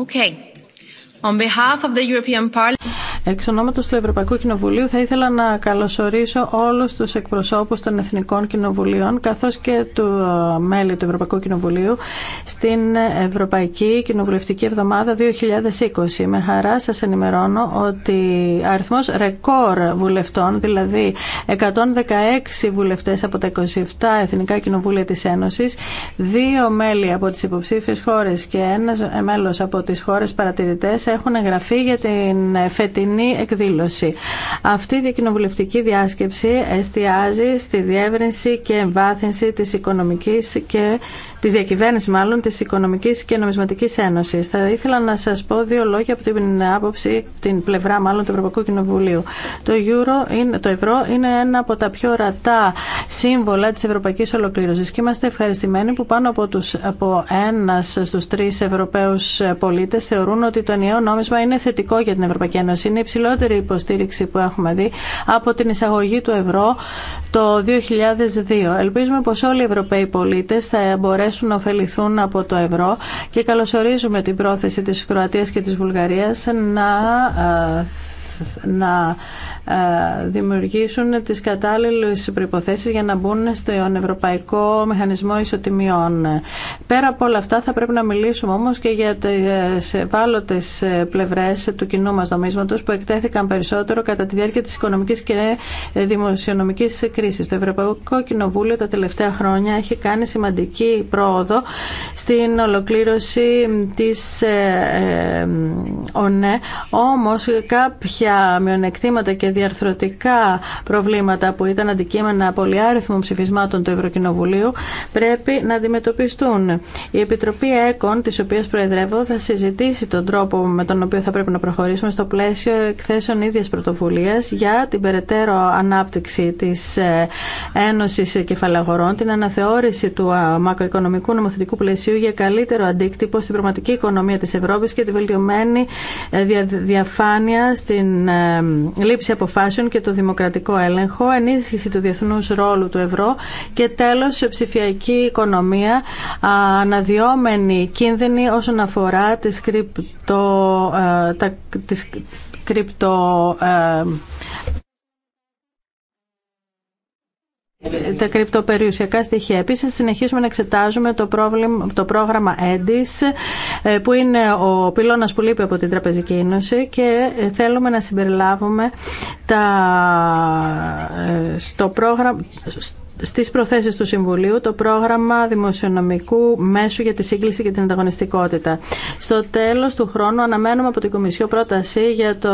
Okay. On behalf of the European Parliament... Εξ ονόματος του Ευρωπαϊκού Κοινοβουλίου θα ήθελα να καλωσορίσω όλους τους εκπροσώπους των Εθνικών Κοινοβουλίων καθώς και του ε, μέλη του Ευρωπαϊκού Κοινοβουλίου στην Ευρωπαϊκή Κοινοβουλευτική Εβδομάδα 2020. Με χαρά σας ενημερώνω ότι αριθμός ρεκόρ βουλευτών, δηλαδή 116 βουλευτές από τα 27 Εθνικά Κοινοβούλια της Ένωσης, δύο μέλη από τις υποψήφιες χώρες και ένας μέλος από τις χώρες παρατηρητές έχουν εγγραφεί για την φετινή εκδήλωση. Αυτή η κοινοβουλευτική διάσκεψη εστιάζει στη διεύρυνση και εμβάθυνση της οικονομικής και τη διακυβέρνηση μάλλον τη Οικονομική και Νομισματική Ένωση. Θα ήθελα να σα πω δύο λόγια από την άποψη, την πλευρά μάλλον του Ευρωπαϊκού Κοινοβουλίου. Το, Euro είναι, το ευρώ είναι ένα από τα πιο ορατά σύμβολα τη ευρωπαϊκή ολοκλήρωση και είμαστε ευχαριστημένοι που πάνω από, τους, από ένα στου τρει Ευρωπαίου πολίτε θεωρούν ότι το ενιαίο νόμισμα είναι θετικό για την Ευρωπαϊκή Ένωση υψηλότερη υποστήριξη που έχουμε δει από την εισαγωγή του ευρώ το 2002. Ελπίζουμε πως όλοι οι Ευρωπαίοι πολίτες θα μπορέσουν να ωφεληθούν από το ευρώ και καλωσορίζουμε την πρόθεση της Κροατίας και της Βουλγαρίας να να ε, δημιουργήσουν τις κατάλληλες προϋποθέσεις για να μπουν στον Ευρωπαϊκό Μηχανισμό Ισοτιμιών. Πέρα από όλα αυτά θα πρέπει να μιλήσουμε όμως και για τις ευάλωτες πλευρές του κοινού μας νομίσματος που εκτέθηκαν περισσότερο κατά τη διάρκεια της οικονομικής και δημοσιονομικής κρίσης. Το Ευρωπαϊκό Κοινοβούλιο τα τελευταία χρόνια έχει κάνει σημαντική πρόοδο στην ολοκλήρωση της ΟΝΕ, ε, ναι. κάποια μειονεκτήματα και διαρθρωτικά προβλήματα που ήταν αντικείμενα πολυάριθμων ψηφισμάτων του Ευρωκοινοβουλίου πρέπει να αντιμετωπιστούν. Η Επιτροπή ΕΚΟΝ, τη οποία προεδρεύω, θα συζητήσει τον τρόπο με τον οποίο θα πρέπει να προχωρήσουμε στο πλαίσιο εκθέσεων ίδια πρωτοβουλία για την περαιτέρω ανάπτυξη τη ε, Ένωση Κεφαλαγορών, την αναθεώρηση του μακροοικονομικού νομοθετικού πλαισίου για καλύτερο αντίκτυπο στην πραγματική οικονομία τη Ευρώπη και τη βελτιωμένη ε, διαφάνεια στην ε, λήψη αποφάσεων και το δημοκρατικό έλεγχο, ενίσχυση του διεθνούς ρόλου του ευρώ και τέλος σε ψηφιακή οικονομία, αναδυόμενη κίνδυνη όσον αφορά τις κρυπτο... Ε, τα, τις κρυπτο ε, τα κρυπτοπεριουσιακά στοιχεία. Επίσης συνεχίζουμε να εξετάζουμε το, πρόβλημα, το πρόγραμμα EDIS ε, που είναι ο πυλώνα που λείπει από την Τραπεζική Ένωση και ε, θέλουμε να συμπεριλάβουμε τα, ε, στο πρόγραμμα, στις προθέσεις του Συμβουλίου το πρόγραμμα δημοσιονομικού μέσου για τη σύγκληση και την ανταγωνιστικότητα. Στο τέλος του χρόνου αναμένουμε από την Κομισιό πρόταση για το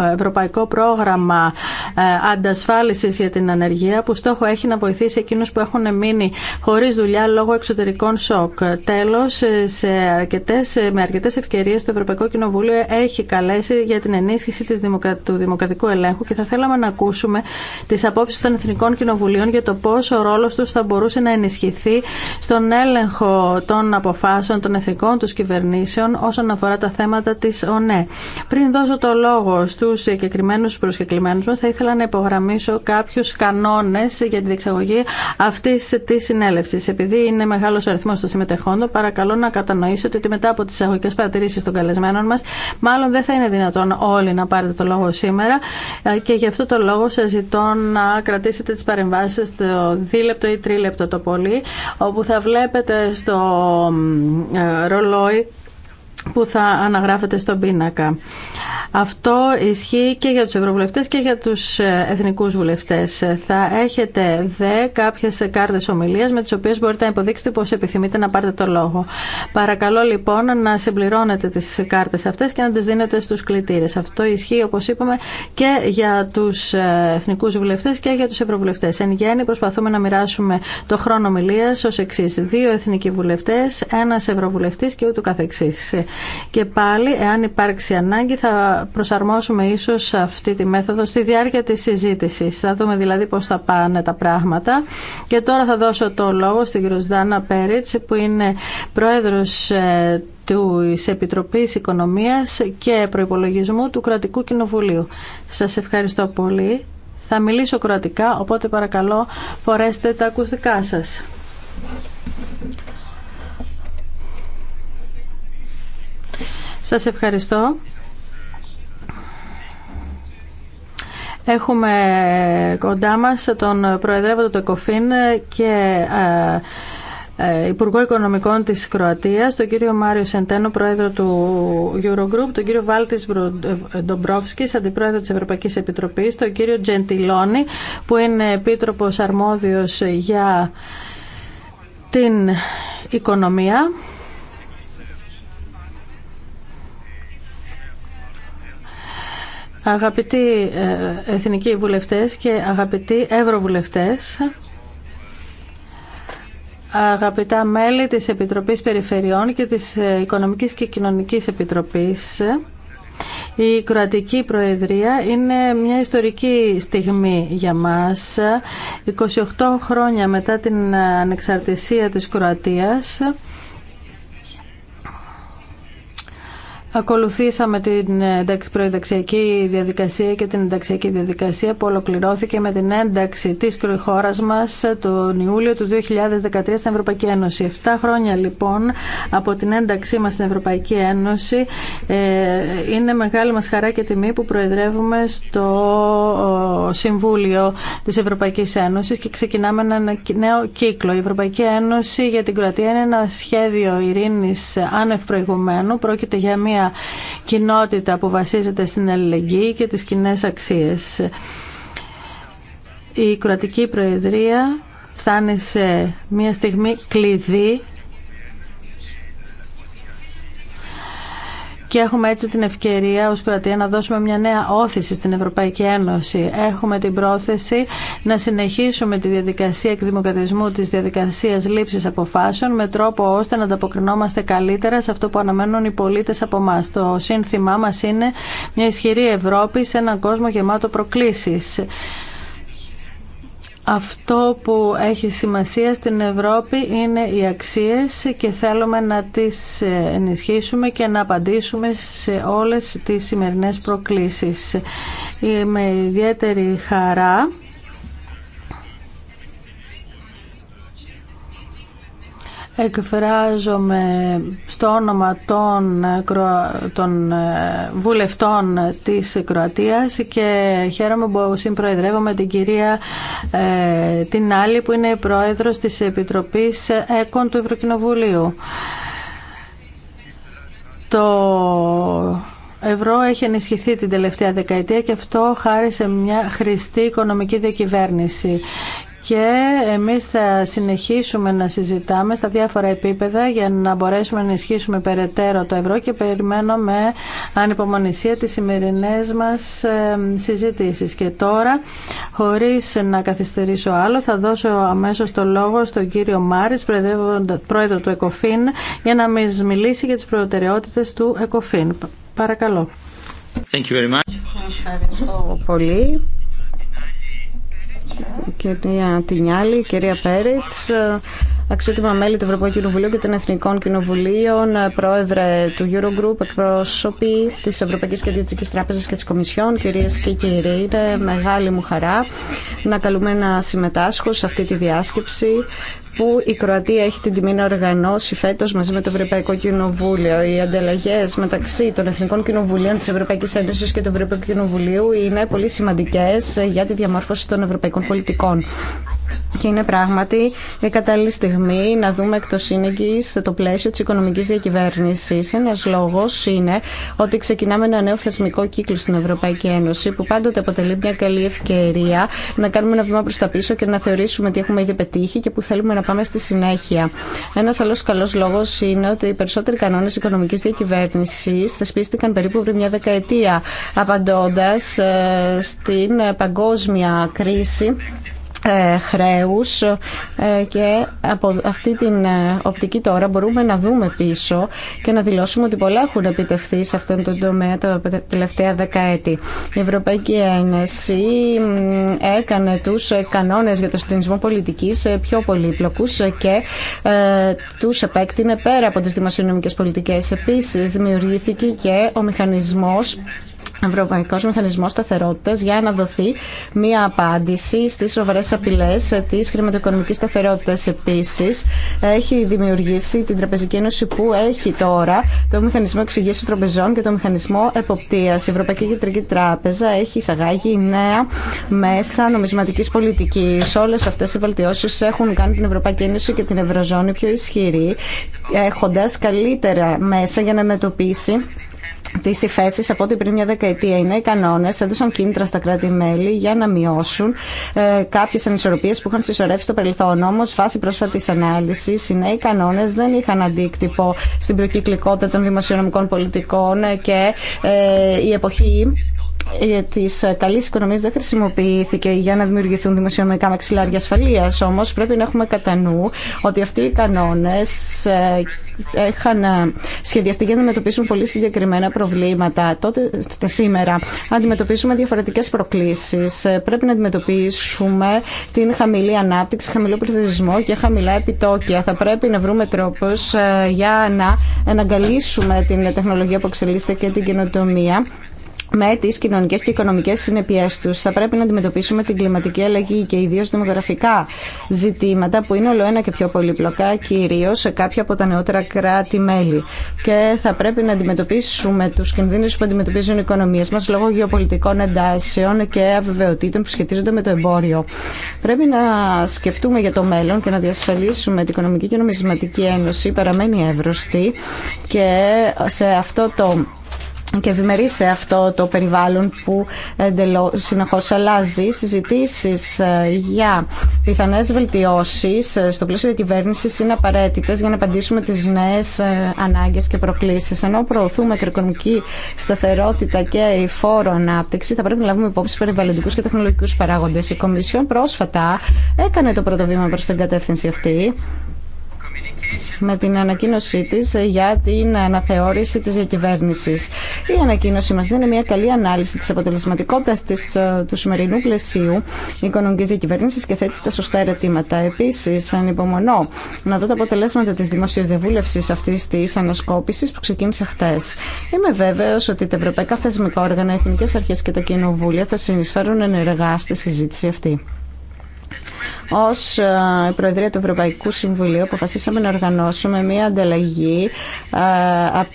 ε, Ευρωπαϊκό Πρόγραμμα ε, Αντασφάλισης για την Ανεργία που στόχο έχει να βοηθήσει εκείνους που έχουν μείνει χωρίς δουλειά λόγω εξωτερικών σοκ. Τέλος, ε, σε αρκετές, με αρκετές ευκαιρίες το Ευρωπαϊκό Κοινοβούλιο έχει καλέσει για την ενίσχυση της του δημοκρατικού ελέγχου και θα θέλαμε να ακούσουμε τις απόψεις των Εθνικών Κοινοβουλίων για το πώς ο ρόλος τους θα μπορούσε να ενισχυθεί στον έλεγχο των αποφάσεων των εθνικών τους κυβερνήσεων όσον αφορά τα θέματα της ΟΝΕ. Πριν δώσω το λόγο στους συγκεκριμένους προσκεκλημένους μας, θα ήθελα να υπογραμμίσω κάποιους κανόνες για τη διεξαγωγή αυτής της συνέλευσης. Επειδή είναι μεγάλος ο αριθμός των συμμετεχόντων, παρακαλώ να κατανοήσετε ότι μετά από τις εισαγωγικές παρατηρήσεις των καλεσμένων μας, μάλλον δεν θα είναι δυνατόν όλοι να πάρετε το λόγο σήμερα ε, και γι' αυτό το λόγο σας ζητώ να κρατήσετε τις παρεμβάσεις στο δίλεπτο ή τρίλεπτο το πολύ, όπου θα βλέπετε στο ε, ρολόι που θα αναγράφεται στον πίνακα. Αυτό ισχύει και για τους ευρωβουλευτές και για τους ε, εθνικούς βουλευτές. Θα έχετε δε κάποιες κάρτες ομιλίας με τις οποίες μπορείτε να υποδείξετε πως επιθυμείτε να πάρετε το λόγο. Παρακαλώ λοιπόν να συμπληρώνετε τις κάρτες αυτές και να τις δίνετε στους κλητήρες. Αυτό ισχύει όπως είπαμε και για τους ε, εθνικούς βουλευτές και για τους ευρωβουλευτές. Εν γέννη προσπαθούμε να μοιράσουμε το χρόνο ομιλίας ως εξή Δύο εθνικοί βουλευτές, ένας ευρωβουλευτής και ούτω καθεξής. Και πάλι, εάν υπάρξει ανάγκη, θα προσαρμόσουμε ίσως αυτή τη μέθοδο στη διάρκεια της συζήτηση. Θα δούμε δηλαδή πώς θα πάνε τα πράγματα. Και τώρα θα δώσω το λόγο στην Κροσδάνα Πέριτς, που είναι πρόεδρος ε, του Επιτροπή Οικονομίας και προπολογισμού του Κρατικού Κοινοβουλίου. Σα ευχαριστώ πολύ. Θα μιλήσω κρατικά, οπότε παρακαλώ φορέστε τα ακουστικά σας. Σας ευχαριστώ. Έχουμε κοντά μας τον Προεδρεύοντα του ΕΚΟΦΗΝ και ε, ε, Υπουργό Οικονομικών της Κροατίας, τον κύριο Μάριο Σεντένο, πρόεδρο του Eurogroup, τον κύριο Βάλτης ε, Ντομπρόφσκης, αντιπρόεδρο της Ευρωπαϊκής Επιτροπής, τον κύριο Τζεντιλόνι, που είναι επίτροπος αρμόδιος για την οικονομία Αγαπητοί ε, εθνικοί βουλευτές και αγαπητοί ευρωβουλευτές, αγαπητά μέλη της Επιτροπής Περιφερειών και της ε, Οικονομικής και Κοινωνικής Επιτροπής, η Κροατική Προεδρία είναι μια ιστορική στιγμή για μας. 28 χρόνια μετά την ε, ανεξαρτησία της Κροατίας, Ακολουθήσαμε την ε, προενταξιακή διαδικασία και την ενταξιακή διαδικασία που ολοκληρώθηκε με την ένταξη της χώρας μας τον Ιούλιο του 2013 στην Ευρωπαϊκή Ένωση. Εφτά χρόνια λοιπόν από την ένταξή μας στην Ευρωπαϊκή Ένωση ε, είναι μεγάλη μας χαρά και τιμή που προεδρεύουμε στο Συμβούλιο της Ευρωπαϊκής Ένωσης και ξεκινάμε ένα νέο κύκλο. Η Ευρωπαϊκή Ένωση για την Κροατία είναι ένα σχέδιο ειρήνης άνευ προηγουμένου. Πρόκειται για μια μια κοινότητα που βασίζεται στην αλληλεγγύη και τις κοινέ αξίες. Η κρατική Προεδρία φτάνει σε μια στιγμή κλειδί και έχουμε έτσι την ευκαιρία ως κρατία να δώσουμε μια νέα όθηση στην Ευρωπαϊκή Ένωση. Έχουμε την πρόθεση να συνεχίσουμε τη διαδικασία εκδημοκρατισμού της διαδικασίας λήψης αποφάσεων με τρόπο ώστε να ανταποκρινόμαστε καλύτερα σε αυτό που αναμένουν οι πολίτες από εμά. Το σύνθημά μας είναι μια ισχυρή Ευρώπη σε έναν κόσμο γεμάτο προκλήσεις. Αυτό που έχει σημασία στην Ευρώπη είναι οι αξίες και θέλουμε να τις ενισχύσουμε και να απαντήσουμε σε όλες τις σημερινές προκλήσεις. Με ιδιαίτερη χαρά εκφράζομαι στο όνομα των, ε, βουλευτών της Κροατίας και χαίρομαι που συμπροεδρεύω με την κυρία ε, την άλλη που είναι η πρόεδρος της Επιτροπής ΕΚΟΝ του Ευρωκοινοβουλίου. Το ευρώ έχει ενισχυθεί την τελευταία δεκαετία και αυτό χάρη σε μια χρηστή οικονομική διακυβέρνηση και εμείς θα συνεχίσουμε να συζητάμε στα διάφορα επίπεδα για να μπορέσουμε να ενισχύσουμε περαιτέρω το ευρώ και περιμένω με ανυπομονησία τις σημερινές μας ε, συζητήσεις. Και τώρα, χωρίς να καθυστερήσω άλλο, θα δώσω αμέσως το λόγο στον κύριο Μάρης, πρόεδρο του ΕΚΟΦΗΝ, για να μας μιλήσει για τις προτεραιότητες του ΕΚΟΦΗΝ. Παρακαλώ. Thank you very Ευχαριστώ πολύ κυρία Τινιάλη, κυρία Πέριτ, αξιότιμα μέλη του Ευρωπαϊκού Κοινοβουλίου και των Εθνικών Κοινοβουλίων, πρόεδρε του Eurogroup, εκπρόσωποι τη Ευρωπαϊκή Κεντρική Τράπεζα και τη Κομισιόν, κυρίε και κύριοι, είναι μεγάλη μου χαρά να καλούμε να συμμετάσχω σε αυτή τη διάσκεψη που η Κροατία έχει την τιμή να οργανώσει φέτο μαζί με το Ευρωπαϊκό Κοινοβούλιο. Οι ανταλλαγέ μεταξύ των Εθνικών Κοινοβουλίων τη Ευρωπαϊκή Ένωση και του Ευρωπαϊκού Κοινοβουλίου είναι πολύ σημαντικέ για τη διαμόρφωση των ευρωπαϊκών πολιτικών. Και είναι πράγματι η κατάλληλη στιγμή να δούμε εκ το σύνεγγυ το πλαίσιο τη οικονομική διακυβέρνηση. Ένα λόγο είναι ότι ξεκινάμε ένα νέο θεσμικό κύκλο στην Ευρωπαϊκή Ένωση που πάντοτε αποτελεί μια καλή ευκαιρία να κάνουμε ένα βήμα προ τα πίσω και να θεωρήσουμε τι έχουμε ήδη πετύχει και που θέλουμε να Πάμε στη συνέχεια. Ένα άλλο καλό λόγο είναι ότι οι περισσότεροι κανόνε οικονομική διακυβέρνηση θεσπίστηκαν περίπου πριν μια δεκαετία, απαντώντα ε, στην παγκόσμια κρίση χρέους ε, και από αυτή την ε, οπτική τώρα μπορούμε να δούμε πίσω και να δηλώσουμε ότι πολλά έχουν επιτευχθεί σε αυτόν τον τομέα τα τελευταία δεκαέτη. Η Ευρωπαϊκή Ένωση έκανε τους κανόνες για το συντονισμό πολιτικής ε, πιο πολύπλοκους και τους επέκτηνε πέρα από τις δημοσιονομικές πολιτικές. Επίσης δημιουργήθηκε και ο μηχανισμός Ευρωπαϊκό Μηχανισμό Σταθερότητα για να δοθεί μία απάντηση στι σοβαρέ απειλέ τη χρηματοοικονομική σταθερότητα. Επίση, έχει δημιουργήσει την Τραπεζική Ένωση που έχει τώρα το Μηχανισμό Εξηγήσεω Τραπεζών και το Μηχανισμό Εποπτεία. Η Ευρωπαϊκή Κεντρική Τράπεζα έχει εισαγάγει νέα μέσα νομισματική πολιτική. Όλε αυτέ οι βελτιώσει έχουν κάνει την Ευρωπαϊκή Ένωση και την Ευρωζώνη πιο ισχυρή, έχοντα καλύτερα μέσα για να μετωπίσει τι υφέσει από ό,τι πριν μια δεκαετία. Οι νέοι κανόνε έδωσαν κίνητρα στα κράτη-μέλη για να μειώσουν ε, κάποιε ανισορροπίε που είχαν συσσωρεύσει στο παρελθόν. Όμω, βάσει πρόσφατη ανάλυση, οι νέοι κανόνε δεν είχαν αντίκτυπο στην προκυκλικότητα των δημοσιονομικών πολιτικών και ε, η εποχή ε, τη καλή οικονομία δεν χρησιμοποιήθηκε για να δημιουργηθούν δημοσιονομικά μαξιλάρια ασφαλεία. Όμω πρέπει να έχουμε κατά νου ότι αυτοί οι κανόνε είχαν ε, σχεδιαστεί για να αντιμετωπίσουν πολύ συγκεκριμένα προβλήματα. Τότε, σήμερα, αντιμετωπίσουμε διαφορετικέ προκλήσει. Ε, πρέπει να αντιμετωπίσουμε την χαμηλή ανάπτυξη, χαμηλό πληθυσμό και χαμηλά επιτόκια. Θα πρέπει να βρούμε τρόπου για να εναγκαλίσουμε την τεχνολογία που εξελίσσεται και την καινοτομία με τι κοινωνικέ και οικονομικέ συνέπειέ του. Θα πρέπει να αντιμετωπίσουμε την κλιματική αλλαγή και ιδίω δημογραφικά ζητήματα που είναι ολοένα και πιο πολύπλοκά, κυρίω σε κάποια από τα νεότερα κράτη-μέλη. Και θα πρέπει να αντιμετωπίσουμε του κινδύνου που αντιμετωπίζουν οι οικονομίε μα λόγω γεωπολιτικών εντάσεων και αβεβαιοτήτων που σχετίζονται με το εμπόριο. Πρέπει να σκεφτούμε για το μέλλον και να διασφαλίσουμε την Οικονομική και Νομισματική Ένωση παραμένει εύρωστη και σε αυτό το και ευημερεί σε αυτό το περιβάλλον που εντελώ, συνεχώς αλλάζει. Συζητήσεις ε, για πιθανές βελτιώσεις ε, στο πλαίσιο κυβέρνηση είναι απαραίτητε για να απαντήσουμε τις νέες ε, ανάγκες και προκλήσεις. Ενώ προωθούμε οικονομική σταθερότητα και η φόρο ανάπτυξη, θα πρέπει να λάβουμε υπόψη περιβαλλοντικούς και τεχνολογικούς παράγοντες. Η Κομισιόν πρόσφατα έκανε το πρώτο βήμα προς την κατεύθυνση αυτή με την ανακοίνωσή τη για την αναθεώρηση τη διακυβέρνηση. Η ανακοίνωση μα δίνει μια καλή ανάλυση τη αποτελεσματικότητα της, ε, του σημερινού πλαισίου οικονομική διακυβέρνηση και θέτει τα σωστά ερωτήματα. Επίση, ανυπομονώ να δω τα αποτελέσματα τη δημοσίας διαβούλευση αυτής της ανασκόπηση που ξεκίνησε χτε. Είμαι βέβαιο ότι τα ευρωπαϊκά θεσμικά όργανα, εθνικέ αρχέ και τα κοινοβούλια θα συνεισφέρουν ενεργά στη συζήτηση αυτή. Ως ε, Προεδρία του Ευρωπαϊκού Συμβουλίου αποφασίσαμε να οργανώσουμε μια ανταλλαγή ε,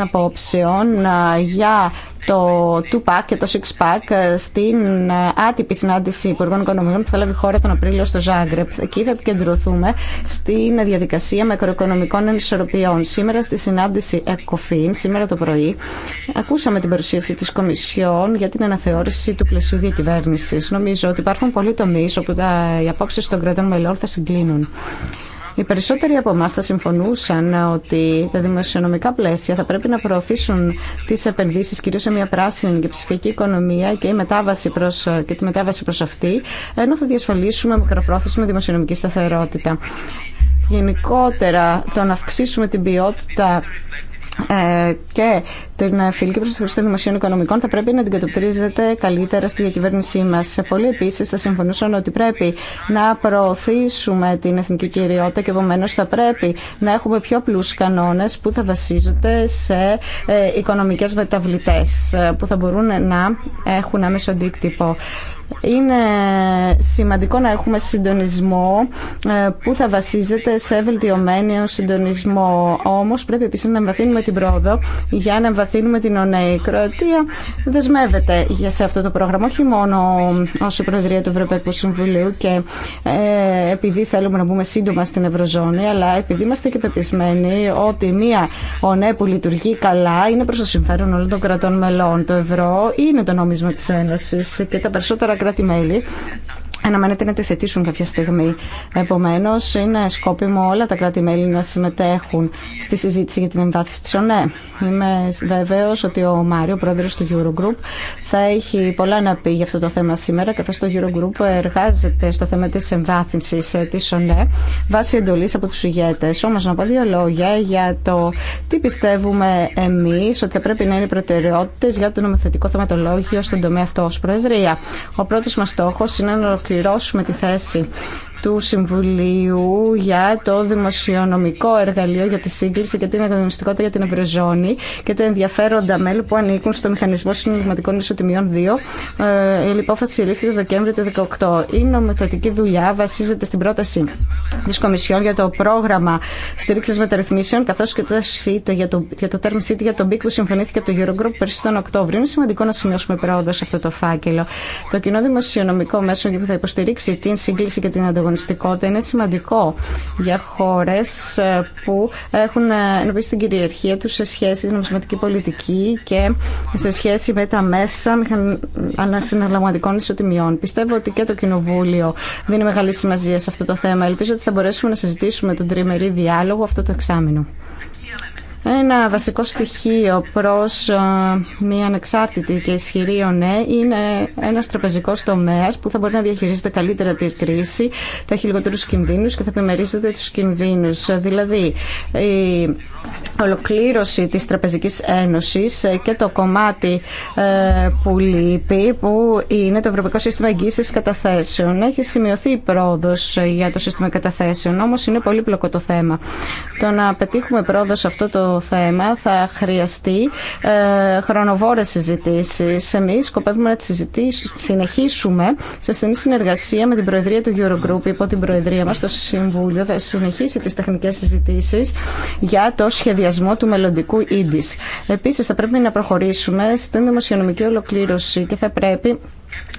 απόψεων ε, για το 2-pack και το 6-pack ε, στην ε, άτυπη συνάντηση Υπουργών Οικονομικών που θα λάβει χώρα τον Απρίλιο στο Ζάγκρεπ. Εκεί θα επικεντρωθούμε στην διαδικασία μακροοικονομικών ενισορροπιών. Σήμερα στη συνάντηση ΕΚΟΦΗΝ, σήμερα το πρωί, ακούσαμε την παρουσίαση τη Κομισιόν για την αναθεώρηση του πλαισίου διακυβέρνηση. Νομίζω ότι υπάρχουν πολλοί τομεί όπου οι απόψει των κρατών μελών θα συγκλίνουν. Οι περισσότεροι από εμά θα συμφωνούσαν ότι τα δημοσιονομικά πλαίσια θα πρέπει να προωθήσουν τι επενδύσει κυρίω σε μια πράσινη και ψηφιακή οικονομία και, η μετάβαση προς, και τη μετάβαση προ αυτή, ενώ θα διασφαλίσουμε μικροπρόθεσμη δημοσιονομική σταθερότητα. Γενικότερα, το να αυξήσουμε την ποιότητα ε, και την φιλική προστασία των δημοσίων οικονομικών θα πρέπει να την κατοπτρίζεται καλύτερα στη διακυβέρνησή μα. Πολλοί επίση θα συμφωνούσαν ότι πρέπει να προωθήσουμε την εθνική κυριότητα και επομένω θα πρέπει να έχουμε πιο απλού κανόνε που θα βασίζονται σε ε, οικονομικέ μεταβλητέ ε, που θα μπορούν να έχουν άμεσο αντίκτυπο. Είναι σημαντικό να έχουμε συντονισμό ε, που θα βασίζεται σε βελτιωμένο συντονισμό. Όμω πρέπει επίση να εμβαθύνουμε την πρόοδο για να εμβαθύνουμε την ΟΝΕΗ. Η Κροατία δεσμεύεται για σε αυτό το πρόγραμμα, όχι μόνο ω Προεδρία του Ευρωπαϊκού Συμβουλίου και ε, επειδή θέλουμε να μπούμε σύντομα στην Ευρωζώνη, αλλά επειδή είμαστε και πεπισμένοι ότι μία ΟΝΕ που λειτουργεί καλά είναι προ το συμφέρον όλων των κρατών μελών. Το ευρώ είναι το νόμισμα τη Ένωση και τα περισσότερα κράτη-μέλη αναμένεται να το υθετήσουν κάποια στιγμή. επομένω, είναι σκόπιμο όλα τα κράτη-μέλη να συμμετέχουν στη συζήτηση για την εμβάθυνση τη ΟΝΕ. Είμαι βεβαίω ότι ο Μάριο, πρόεδρος του Eurogroup, θα έχει πολλά να πει για αυτό το θέμα σήμερα, καθώ το Eurogroup εργάζεται στο θέμα τη εμβάθυνση ε, τη ΟΝΕ βάσει εντολή από του ηγέτε. Όμω να πω δύο λόγια για το τι πιστεύουμε εμεί ότι θα πρέπει να είναι οι προτεραιότητε για το νομοθετικό θεματολόγιο στον τομέα αυτό ω Προεδρία. Ο πρώτο μας είναι να ολοκληρώσουμε τη θέση του Συμβουλίου για το δημοσιονομικό εργαλείο για τη σύγκληση και την αγωνιστικότητα για την Ευρωζώνη και τα ενδιαφέροντα μέλη που ανήκουν στο Μηχανισμό Συνολικματικών Ισοτιμιών 2. Ε, η λιπόφαση λήφθη το Δεκέμβριο του 2018. Η νομοθετική δουλειά βασίζεται στην πρόταση τη Κομισιόν για το πρόγραμμα στήριξη μεταρρυθμίσεων καθώ και το, ΣΥΤΕ για το, για το Term City για τον BIC που συμφωνήθηκε από το Eurogroup πέρσι τον Οκτώβριο. Είναι σημαντικό να σημειώσουμε πρόοδο σε αυτό το φάκελο. Το κοινό δημοσιονομικό μέσο που θα υποστηρίξει την σύγκληση και την ανταγωνιστικότητα ανταγωνιστικότητα είναι σημαντικό για χώρες ε, που έχουν ε, ενωπήσει την κυριαρχία τους σε σχέση με νομισματική πολιτική και σε σχέση με τα μέσα ανασυναλλαγματικών ισοτιμιών. Πιστεύω ότι και το Κοινοβούλιο δίνει μεγάλη σημασία σε αυτό το θέμα. Ελπίζω ότι θα μπορέσουμε να συζητήσουμε τον τριμερή διάλογο αυτό το εξάμεινο. Ένα βασικό στοιχείο προς ε, μια ανεξάρτητη και ισχυρή ΟΝΕ είναι ένας τραπεζικός τομέας που θα μπορεί να διαχειρίζεται καλύτερα τη κρίση, θα έχει λιγότερους κινδύνους και θα επιμερίζεται τους κινδύνους. Δηλαδή, η ολοκλήρωση της Τραπεζικής Ένωσης και το κομμάτι ε, που λείπει, που είναι το Ευρωπαϊκό Σύστημα Εγγύησης Καταθέσεων. Έχει σημειωθεί πρόοδος για το σύστημα καταθέσεων, όμως είναι πολύπλοκο το θέμα. Το να πετύχουμε αυτό το θέμα θα χρειαστεί ε, χρονοβόρες συζητήσεις. Εμείς σκοπεύουμε να τις συνεχίσουμε σε στενή συνεργασία με την Προεδρία του Eurogroup. Υπό την Προεδρία μας, το Συμβούλιο θα συνεχίσει τις τεχνικές συζητήσεις για το σχεδιασμό του μελλοντικού ίντις. Επίσης θα πρέπει να προχωρήσουμε στην δημοσιονομική ολοκλήρωση και θα πρέπει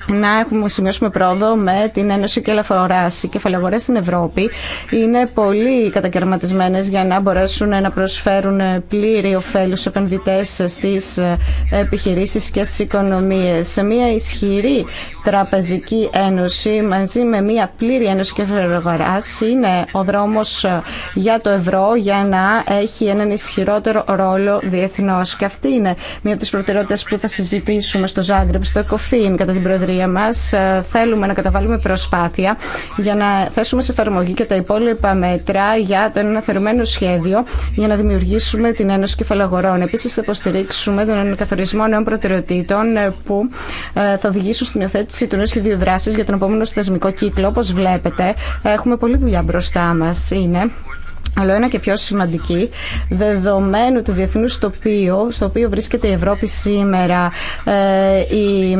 να έχουμε σημειώσουμε πρόοδο με την Ένωση Κελαφοράς. Οι κεφαλαγορέ στην Ευρώπη είναι πολύ κατακαιρματισμένες για να μπορέσουν να προσφέρουν πλήρη ωφέλου στους επενδυτέ στι επιχειρήσει και στι οικονομίε. Μια ισχυρή τραπεζική ένωση μαζί με μια πλήρη ένωση κεφαλαγορά είναι ο δρόμος για το ευρώ για να έχει έναν ισχυρότερο ρόλο διεθνώ. Και αυτή είναι μια από τι προτεραιότητε που θα συζητήσουμε στο Ζάγκρεπ, στο ΕΚΟΦΗΝ, κατά την Προεδρία μα. Ε, θέλουμε να καταβάλουμε προσπάθεια για να θέσουμε σε εφαρμογή και τα υπόλοιπα μέτρα για το αναφερμένο σχέδιο για να δημιουργήσουμε την Ένωση Κεφαλαγορών. Επίση, θα υποστηρίξουμε τον καθορισμό νέων προτεραιοτήτων ε, που ε, θα οδηγήσουν στην υιοθέτηση του νέου σχεδίου δράση για τον επόμενο θεσμικό κύκλο. Όπω βλέπετε, έχουμε πολλή δουλειά μπροστά μα. Είναι αλλά ένα και πιο σημαντική δεδομένου του διεθνού τοπίου στο οποίο βρίσκεται η Ευρώπη σήμερα ε, οι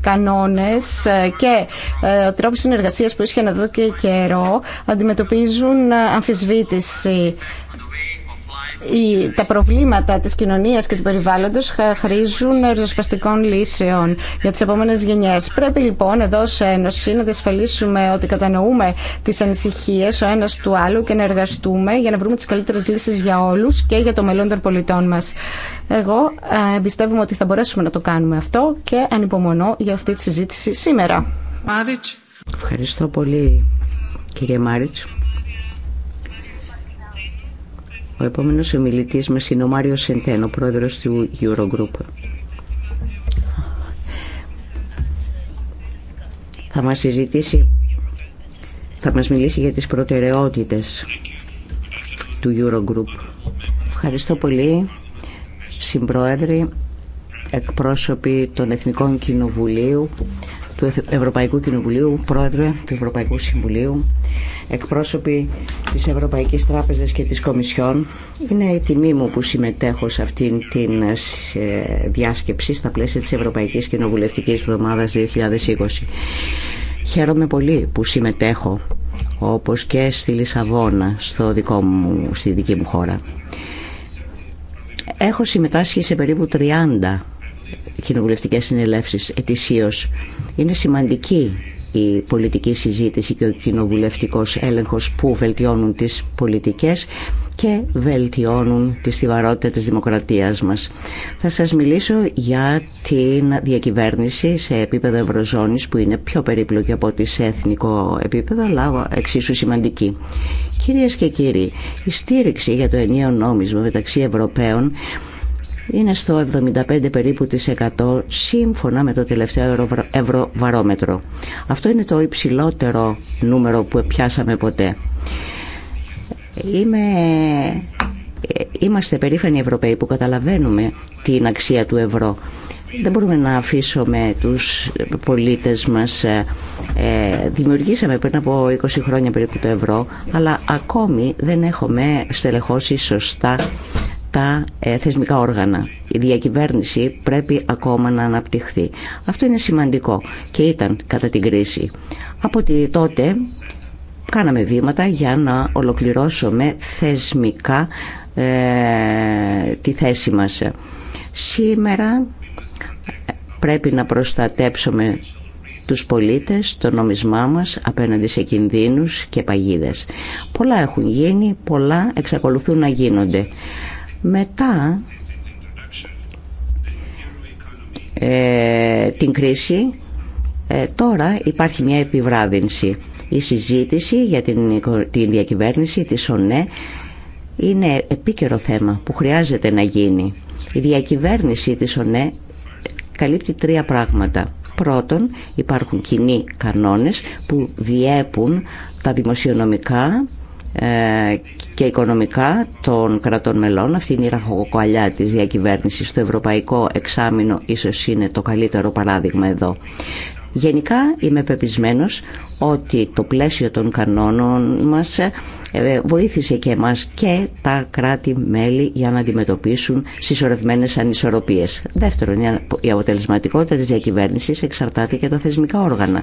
κανόνες ε, και ε, ο τρόπος συνεργασίας που να εδώ και καιρό αντιμετωπίζουν αμφισβήτηση τα προβλήματα της κοινωνίας και του περιβάλλοντος χρήζουν ριζοσπαστικών λύσεων για τις επόμενες γενιές. Πρέπει λοιπόν εδώ σε Ένωση να διασφαλίσουμε ότι κατανοούμε τις ανησυχίες ο ένας του άλλου και να εργαστούμε για να βρούμε τις καλύτερες λύσεις για όλους και για το μέλλον των πολιτών μας. Εγώ ε, πιστεύουμε ότι θα μπορέσουμε να το κάνουμε αυτό και ανυπομονώ για αυτή τη συζήτηση σήμερα. Μάριτς. Ευχαριστώ πολύ κύριε Μάριτς. Ο επόμενος ομιλητή μα είναι ο Μάριος Σεντένο, πρόεδρος του Eurogroup. Θα μας συζητήσει, θα μας μιλήσει για τις προτεραιότητες του Eurogroup. Ευχαριστώ πολύ, συμπρόεδροι, εκπρόσωποι των Εθνικών Κοινοβουλίου, του Ευρωπαϊκού Κοινοβουλίου, πρόεδρε του Ευρωπαϊκού Συμβουλίου, εκπρόσωποι της Ευρωπαϊκής Τράπεζας και της Κομισιόν. Είναι η τιμή μου που συμμετέχω σε αυτήν την ε, διάσκεψη στα πλαίσια της Ευρωπαϊκής Κοινοβουλευτικής Εβδομάδας 2020. Χαίρομαι πολύ που συμμετέχω όπως και στη Λισαβόνα, στο δικό μου, στη δική μου χώρα. Έχω συμμετάσχει σε περίπου 30 κοινοβουλευτικέ συνελεύσει ετησίω Είναι σημαντική η πολιτική συζήτηση και ο κοινοβουλευτικός έλεγχος που βελτιώνουν τις πολιτικές και βελτιώνουν τη στιβαρότητα της δημοκρατίας μας. Θα σας μιλήσω για την διακυβέρνηση σε επίπεδο ευρωζώνης που είναι πιο περίπλοκη από τη σε εθνικό επίπεδο αλλά εξίσου σημαντική. Κυρίες και κύριοι, η στήριξη για το ενιαίο νόμισμα μεταξύ Ευρωπαίων είναι στο 75 περίπου της 100 σύμφωνα με το τελευταίο ευρωβαρόμετρο. Αυτό είναι το υψηλότερο νούμερο που πιάσαμε ποτέ. Ε, είμαστε περήφανοι Ευρωπαίοι που καταλαβαίνουμε την αξία του ευρώ. Δεν μπορούμε να αφήσουμε τους πολίτες μας. Ε, ε, δημιουργήσαμε πριν από 20 χρόνια περίπου το ευρώ, αλλά ακόμη δεν έχουμε στελεχώσει σωστά τα ε, θεσμικά όργανα. Η διακυβέρνηση πρέπει ακόμα να αναπτυχθεί. Αυτό είναι σημαντικό και ήταν κατά την κρίση. Από τότε κάναμε βήματα για να ολοκληρώσουμε θεσμικά ε, τη θέση μας. Σήμερα πρέπει να προστατέψουμε τους πολίτες, το νομισμά μας απέναντι σε κινδύνους και παγίδες. Πολλά έχουν γίνει, πολλά εξακολουθούν να γίνονται. Μετά ε, την κρίση ε, τώρα υπάρχει μια επιβράδυνση. Η συζήτηση για την, διακυβέρνηση της ΟΝΕ είναι επίκαιρο θέμα που χρειάζεται να γίνει. Η διακυβέρνηση της ΟΝΕ καλύπτει τρία πράγματα. Πρώτον, υπάρχουν κοινοί κανόνες που διέπουν τα δημοσιονομικά ε, και οικονομικά των κρατών μελών. Αυτή είναι η ραχοκοκαλιά της διακυβέρνησης. Το ευρωπαϊκό εξάμεινο ίσως είναι το καλύτερο παράδειγμα εδώ. Γενικά είμαι πεπισμένος ότι το πλαίσιο των κανόνων μας ε, βοήθησε και εμάς και τα κράτη-μέλη για να αντιμετωπίσουν συσσωρευμένες ανισορροπίες. Δεύτερον, η αποτελεσματικότητα της διακυβέρνησης εξαρτάται και τα θεσμικά όργανα.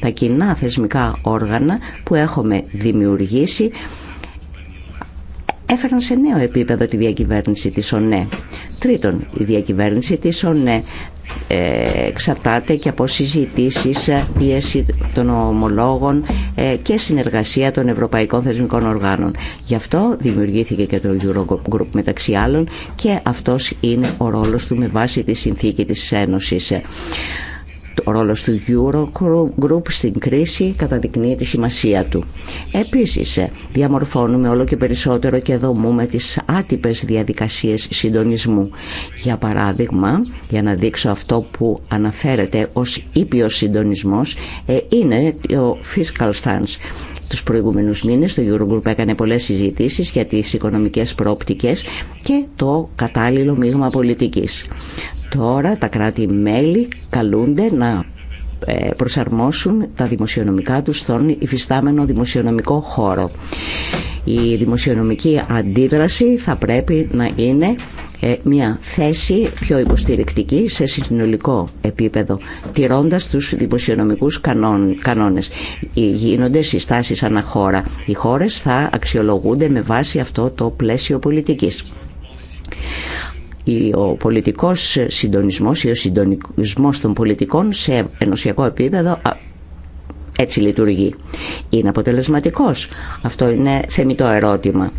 Τα κοινά θεσμικά όργανα που έχουμε δημιουργήσει έφεραν σε νέο επίπεδο τη διακυβέρνηση της ΟΝΕ. Τρίτον, η διακυβέρνηση της ΟΝΕ εξαρτάται και από συζητήσεις, ε, πίεση των ομολόγων ε, και συνεργασία των ευρωπαϊκών θεσμικών οργάνων. Γι' αυτό δημιουργήθηκε και το Eurogroup μεταξύ άλλων και αυτός είναι ο ρόλος του με βάση τη συνθήκη της Ένωσης. Ο ρόλο του Eurogroup στην κρίση καταδεικνύει τη σημασία του. Επίσης, διαμορφώνουμε όλο και περισσότερο και δομούμε τις άτυπε διαδικασίες συντονισμού. Για παράδειγμα, για να δείξω αυτό που αναφέρεται ως ήπιος συντονισμό ε, είναι ο fiscal stance τους προηγούμενους μήνες. Το Eurogroup έκανε πολλές συζητήσεις για τις οικονομικές προοπτικές και το κατάλληλο μείγμα πολιτικής. Τώρα τα κράτη-μέλη καλούνται να ε, προσαρμόσουν τα δημοσιονομικά τους στον υφιστάμενο δημοσιονομικό χώρο. Η δημοσιονομική αντίδραση θα πρέπει να είναι ε, μια θέση πιο υποστηρικτική σε συνολικό επίπεδο, τηρώντας τους δημοσιονομικούς κανόνες. Γίνονται συστάσεις αναχώρα. Οι χώρες θα αξιολογούνται με βάση αυτό το πλαίσιο πολιτικής ο πολιτικός συντονισμός ή ο συντονισμός των πολιτικών σε ενωσιακό επίπεδο έτσι λειτουργεί. Είναι αποτελεσματικός. Αυτό είναι θεμητό ερώτημα.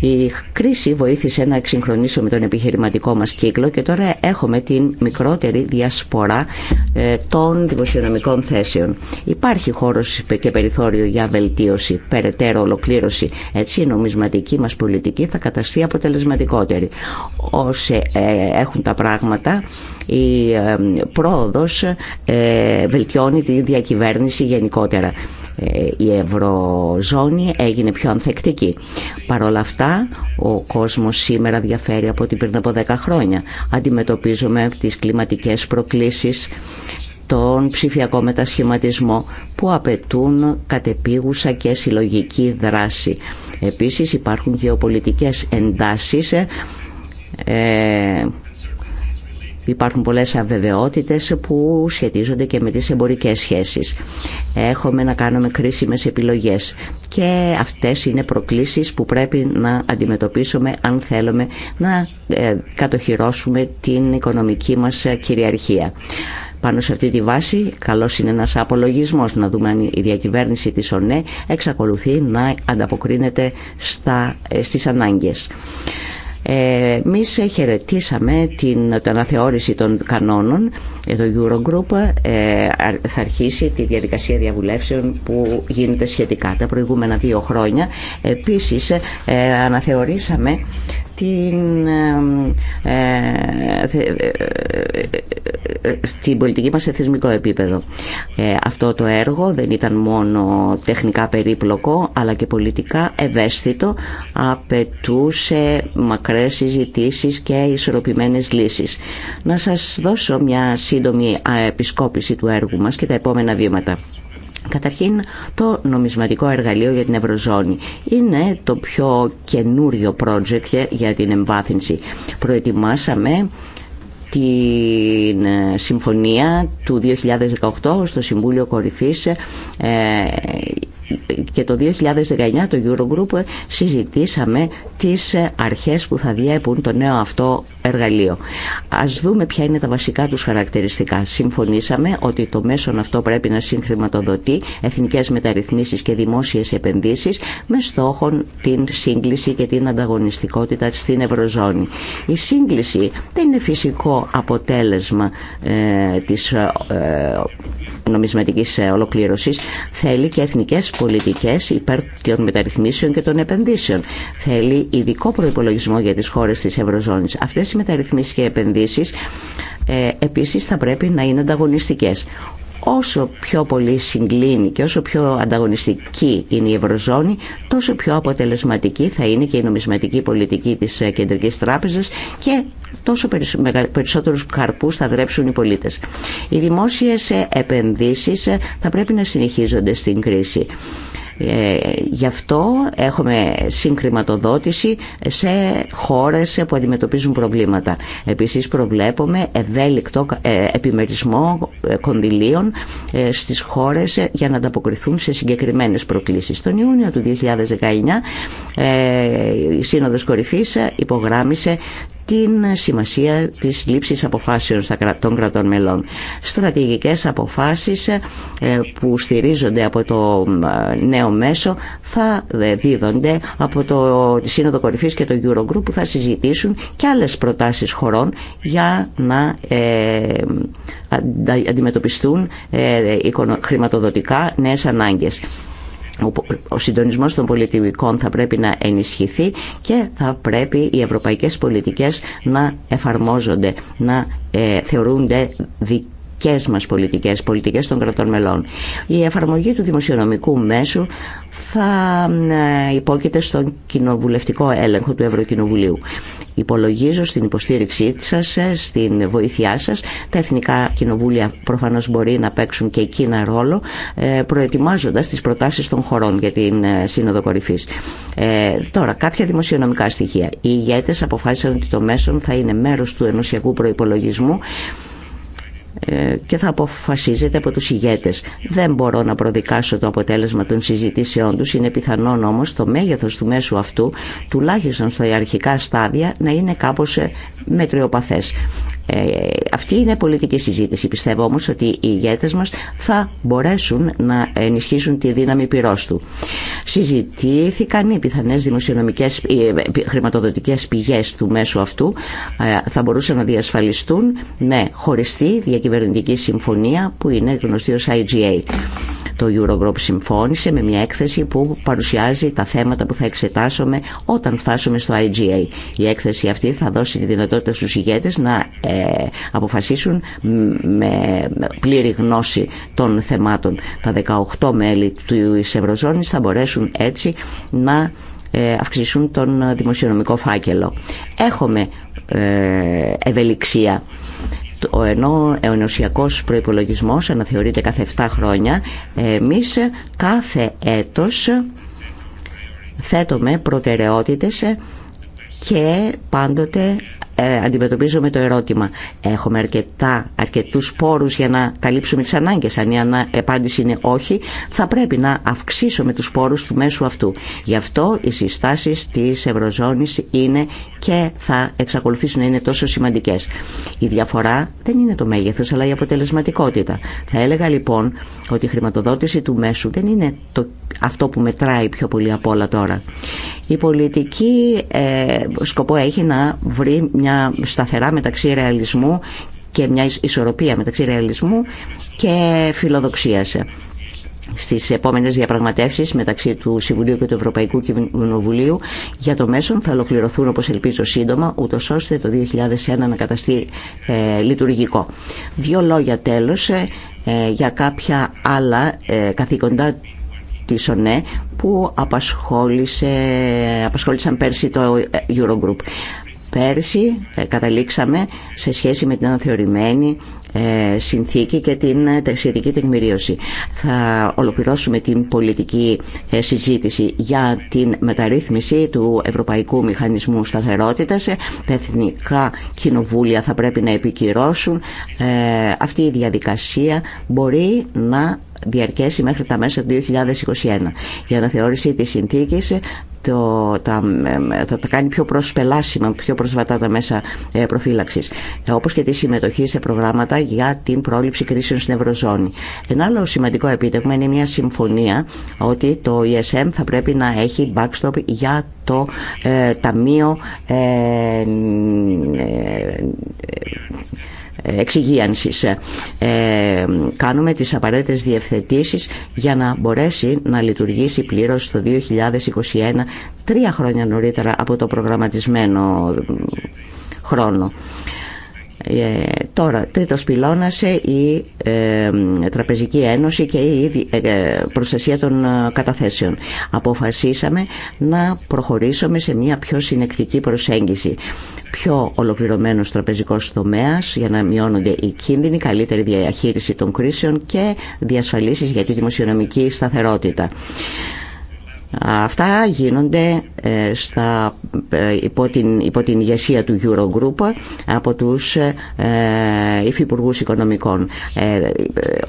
Η κρίση βοήθησε να εξυγχρονίσουμε τον επιχειρηματικό μας κύκλο και τώρα έχουμε την μικρότερη διασπορά ε, των δημοσιονομικών θέσεων. Υπάρχει χώρος και περιθώριο για βελτίωση, περαιτέρω ολοκλήρωση. Έτσι η νομισματική μας πολιτική θα καταστεί αποτελεσματικότερη. Όσοι ε, έχουν τα πράγματα η πρόοδος ε, βελτιώνει τη διακυβέρνηση γενικότερα. Ε, η Ευρωζώνη έγινε πιο ανθεκτική. Παρ' όλα αυτά, ο κόσμος σήμερα διαφέρει από την πριν από 10 χρόνια. Αντιμετωπίζουμε τις κλιματικές προκλήσεις, τον ψηφιακό μετασχηματισμό που απαιτούν κατεπίγουσα και συλλογική δράση. Επίσης υπάρχουν γεωπολιτικές εντάσεις ε, Υπάρχουν πολλές αβεβαιότητες που σχετίζονται και με τις εμπορικές σχέσεις. Έχουμε να κάνουμε κρίσιμες επιλογές και αυτές είναι προκλήσεις που πρέπει να αντιμετωπίσουμε αν θέλουμε να ε, κατοχυρώσουμε την οικονομική μας κυριαρχία. Πάνω σε αυτή τη βάση, καλό είναι ένα απολογισμό να δούμε αν η διακυβέρνηση τη ΟΝΕ εξακολουθεί να ανταποκρίνεται ε, στι ανάγκε. Εμεί χαιρετήσαμε την, την αναθεώρηση των κανόνων. Ε, το Eurogroup ε, θα αρχίσει τη διαδικασία διαβουλεύσεων που γίνεται σχετικά τα προηγούμενα δύο χρόνια. Επίσης ε, αναθεωρήσαμε την, ε, ε, ε, στην πολιτική μας σε θεσμικό επίπεδο. αυτό το έργο δεν ήταν μόνο τεχνικά περίπλοκο αλλά και πολιτικά ευαίσθητο απαιτούσε μακρές συζητήσεις και ισορροπημένες λύσεις. Να σας δώσω μια σύντομη επισκόπηση του έργου μας και τα επόμενα βήματα. Καταρχήν το νομισματικό εργαλείο για την Ευρωζώνη είναι το πιο καινούριο project για την εμβάθυνση. Προετοιμάσαμε την ε, συμφωνία του 2018 στο Συμβούλιο Κορυφής ε, και το 2019 το Eurogroup συζητήσαμε τις ε, αρχές που θα διέπουν το νέο αυτό εργαλείο. Ας δούμε ποια είναι τα βασικά τους χαρακτηριστικά. Συμφωνήσαμε ότι το μέσον αυτό πρέπει να συγχρηματοδοτεί εθνικές μεταρρυθμίσεις και δημόσιες επενδύσεις με στόχο την σύγκληση και την ανταγωνιστικότητα στην Ευρωζώνη. Η σύγκληση δεν είναι φυσικό αποτέλεσμα ε, της ε, νομισματικής ε, ολοκλήρωσης. Θέλει και εθνικές πολιτικές υπέρ των μεταρρυθμίσεων και των επενδύσεων. Θέλει ειδικό προπολογισμό για τις χώρες της Ευρωζώνης. Αυτές οι μεταρρυθμίσεις και επενδύσεις ε, επίσης θα πρέπει να είναι ανταγωνιστικέ. Όσο πιο πολύ συγκλίνει και όσο πιο ανταγωνιστική είναι η Ευρωζώνη, τόσο πιο αποτελεσματική θα είναι και η νομισματική πολιτική της ε, Κεντρικής Τράπεζας και τόσο περισσότερους καρπούς θα δρέψουν οι πολίτες. Οι δημόσιες ε, επενδύσεις ε, θα πρέπει να συνεχίζονται στην κρίση. Ε, γι' αυτό έχουμε συγκριματοδότηση σε χώρες που αντιμετωπίζουν προβλήματα. Επίσης προβλέπουμε ευέλικτο ε, επιμερισμό ε, κονδυλίων στις χώρες για να ανταποκριθούν σε συγκεκριμένες προκλήσεις. Τον Ιούνιο του 2019 η Σύνοδος Κορυφής υπογράμμισε την σημασία της λήψης αποφάσεων των κρατών μελών. Στρατηγικές αποφάσεις ε, που στηρίζονται από το ε, νέο μέσο θα ε, δίδονται από το Σύνοδο Κορυφής και το Eurogroup που θα συζητήσουν και άλλες προτάσεις χωρών για να αντιμετωπιστούν χρηματοδοτικά νέες ανάγκες ο συντονισμός των πολιτικών θα πρέπει να ενισχυθεί και θα πρέπει οι ευρωπαϊκές πολιτικές να εφαρμόζονται, να ε, θεωρούνται δικές δικές μας πολιτικές, πολιτικές των κρατών μελών. Η εφαρμογή του δημοσιονομικού μέσου θα ε, υπόκειται στον κοινοβουλευτικό έλεγχο του Ευρωκοινοβουλίου. Υπολογίζω στην υποστήριξή σας, ε, στην βοήθειά σας. Τα εθνικά κοινοβούλια προφανώς μπορεί να παίξουν και εκείνα ρόλο, ε, προετοιμάζοντας τις προτάσεις των χωρών για την Σύνοδο Κορυφής. Ε, τώρα, κάποια δημοσιονομικά στοιχεία. Οι ηγέτες αποφάσισαν ότι το μέσον θα είναι μέρος του ενωσιακού προϋπολογισμού ε, και θα αποφασίζεται από τους ηγέτες. Δεν μπορώ να προδικάσω το αποτέλεσμα των συζητήσεών τους, είναι πιθανόν όμως το μέγεθος του μέσου αυτού, τουλάχιστον στα αρχικά στάδια, να είναι κάπως ε, μετριοπαθές. Ε, αυτή είναι πολιτική συζήτηση. Πιστεύω όμως ότι οι ηγέτε μας θα μπορέσουν να ενισχύσουν τη δύναμη πυρό του. Συζητήθηκαν οι πιθανέ δημοσιονομικές ε, χρηματοδοτικές πηγές του μέσου αυτού ε, θα μπορούσαν να διασφαλιστούν με χωριστή διακυβερνητική συμφωνία που είναι γνωστή ως IGA. Το Eurogroup συμφώνησε με μια έκθεση που παρουσιάζει τα θέματα που θα εξετάσουμε όταν φτάσουμε στο IGA. Η έκθεση αυτή θα δώσει τη δυνατότητα στους ηγέτες να ε, αποφασίσουν με πλήρη γνώση των θεμάτων. Τα 18 μέλη του Ευρωζώνης θα μπορέσουν έτσι να ε, αυξήσουν τον δημοσιονομικό φάκελο. Έχουμε ε, ευελιξία ο ενώ ενωσιακός προϋπολογισμός αναθεωρείται κάθε 7 χρόνια, εμεί κάθε έτος θέτουμε προτεραιότητες και πάντοτε ε, αντιμετωπίζουμε το ερώτημα έχουμε αρκετά, αρκετούς πόρους για να καλύψουμε τις ανάγκες αν η απάντηση είναι όχι θα πρέπει να αυξήσουμε τους πόρους του μέσου αυτού γι' αυτό οι συστάσεις της Ευρωζώνης είναι και θα εξακολουθήσουν να είναι τόσο σημαντικές η διαφορά δεν είναι το μέγεθος αλλά η αποτελεσματικότητα θα έλεγα λοιπόν ότι η χρηματοδότηση του μέσου δεν είναι το, αυτό που μετράει πιο πολύ από όλα τώρα η πολιτική ε, σκοπό έχει να βρει μια σταθερά μεταξύ ρεαλισμού και μια ισορροπία μεταξύ ρεαλισμού και φιλοδοξίας στις επόμενες διαπραγματεύσεις μεταξύ του Συμβουλίου και του Ευρωπαϊκού Κοινοβουλίου για το μέσον θα ολοκληρωθούν όπως ελπίζω σύντομα ούτω ώστε το 2001 να καταστεί ε, λειτουργικό. Δύο λόγια τέλος ε, για κάποια άλλα ε, καθήκοντα της ΟΝΕ που απασχόλησαν πέρσι το Eurogroup. Πέρσι ε, καταλήξαμε σε σχέση με την αναθεωρημένη ε, συνθήκη και την ε, σχετική τεκμηρίωση. Θα ολοκληρώσουμε την πολιτική συζήτηση για την μεταρρύθμιση του Ευρωπαϊκού Μηχανισμού Σταθερότητας. Τα εθνικά κοινοβούλια θα πρέπει να επικυρώσουν. Αυτή η διαδικασία μπορεί να διαρκέσει μέχρι τα μέσα του 2021. Η αναθεώρηση της συνθήκης το, τα, θα τα κάνει πιο προσπελάσιμα, πιο προσβατά τα μέσα ε, προφύλαξης. Ε, όπως και τη συμμετοχή σε προγράμματα για την πρόληψη κρίσεων στην Ευρωζώνη. Ένα άλλο σημαντικό επίτευγμα είναι μια συμφωνία ότι το ESM θα πρέπει να έχει backstop για το ε, Ταμείο εξυγίανσης. Ε, κάνουμε τις απαραίτητες διευθετήσεις για να μπορέσει να λειτουργήσει πλήρως το 2021, τρία χρόνια νωρίτερα από το προγραμματισμένο χρόνο. Ε, τώρα, τρίτος πυλώνας ε, η ε, Τραπεζική Ένωση και η προστασία των καταθέσεων. Αποφασίσαμε να προχωρήσουμε σε μια πιο συνεκτική προσέγγιση. Πιο ολοκληρωμένος τραπεζικός τομέας για να μειώνονται οι κίνδυνοι, καλύτερη διαχείριση των κρίσεων και διασφαλίσεις για τη δημοσιονομική σταθερότητα. Αυτά γίνονται ε, στα, ε, υπό, την, υπό την ηγεσία του Eurogroup από τους ε, υφυπουργούς οικονομικών. Ε,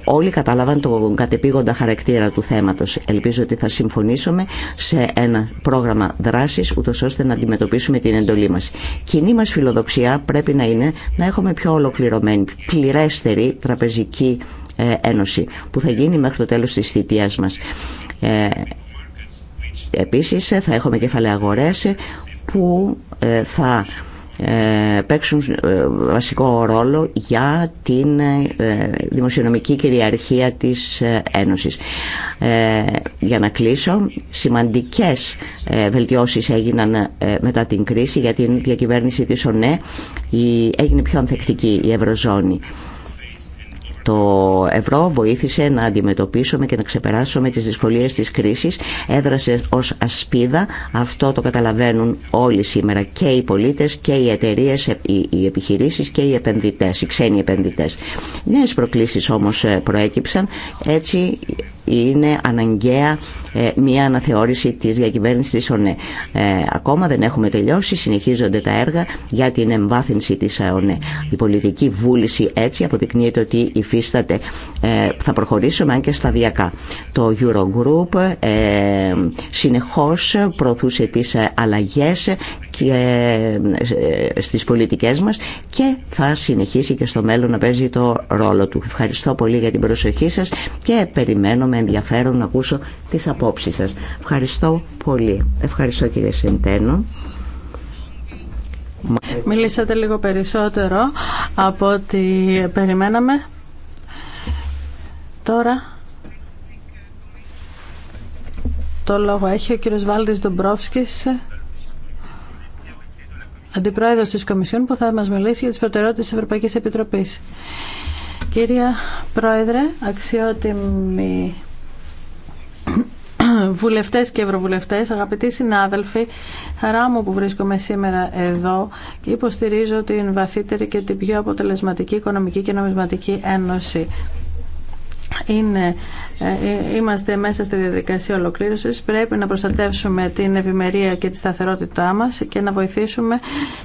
όλοι κατάλαβαν τον κατεπήγοντα χαρακτήρα του θέματος. Ελπίζω ότι θα συμφωνήσουμε σε ένα πρόγραμμα δράσης ούτως ώστε να αντιμετωπίσουμε την εντολή μας. Κοινή μας φιλοδοξία πρέπει να είναι να έχουμε πιο ολοκληρωμένη, πληρέστερη τραπεζική ένωση που θα γίνει μέχρι το τέλος της θητείας μας. Επίσης θα έχουμε κεφαλαία αγορές που ε, θα ε, παίξουν ε, βασικό ρόλο για την δημοσιονομική κυριαρχία της Ένωσης. Για να κλείσω, σημαντικές βελτιώσεις έγιναν μετά την κρίση για την διακυβέρνηση της ΟΝΕ. Έγινε πιο ανθεκτική η Ευρωζώνη. Το ευρώ βοήθησε να αντιμετωπίσουμε και να ξεπεράσουμε τις δυσκολίες της κρίσης. Έδρασε ως ασπίδα. Αυτό το καταλαβαίνουν όλοι σήμερα και οι πολίτες και οι εταιρείε, οι επιχειρήσεις και οι επενδυτές, οι ξένοι επενδυτές. Νέες προκλήσεις όμως ε, προέκυψαν. Έτσι είναι αναγκαία ε, μια αναθεώρηση της διακυβέρνησης της ΟΝΕ. Ε, ακόμα δεν έχουμε τελειώσει, συνεχίζονται τα έργα για την εμβάθυνση της ε, ΟΝΕ. Η πολιτική βούληση έτσι αποδεικνύεται ότι υφίσταται. θα προχωρήσουμε αν και σταδιακά. Το Eurogroup συνεχώς προωθούσε τις αλλαγές και στις πολιτικές μας και θα συνεχίσει και στο μέλλον να παίζει το ρόλο του. Ευχαριστώ πολύ για την προσοχή σας και περιμένουμε με ενδιαφέρον να ακούσω τις απόψεις σας. Ευχαριστώ πολύ. Ευχαριστώ κύριε Σεντένο. Μιλήσατε λίγο περισσότερο από ό,τι περιμέναμε. Τώρα το λόγο έχει ο κύριος Βάλτης Ντομπρόφσκης, αντιπρόεδρος της Κομισιόν, που θα μας μιλήσει για τις προτεραιότητες της Ευρωπαϊκής Επιτροπής. Κύριε Πρόεδρε, αξιότιμοι βουλευτές και ευρωβουλευτές, αγαπητοί συνάδελφοι, χαρά μου που βρίσκομαι σήμερα εδώ και υποστηρίζω την βαθύτερη και την πιο αποτελεσματική οικονομική και νομισματική ένωση. Ε, ε, είμαστε μέσα στη διαδικασία ολοκλήρωσης. Πρέπει να προστατεύσουμε την ευημερία και τη σταθερότητά μας και να βοηθήσουμε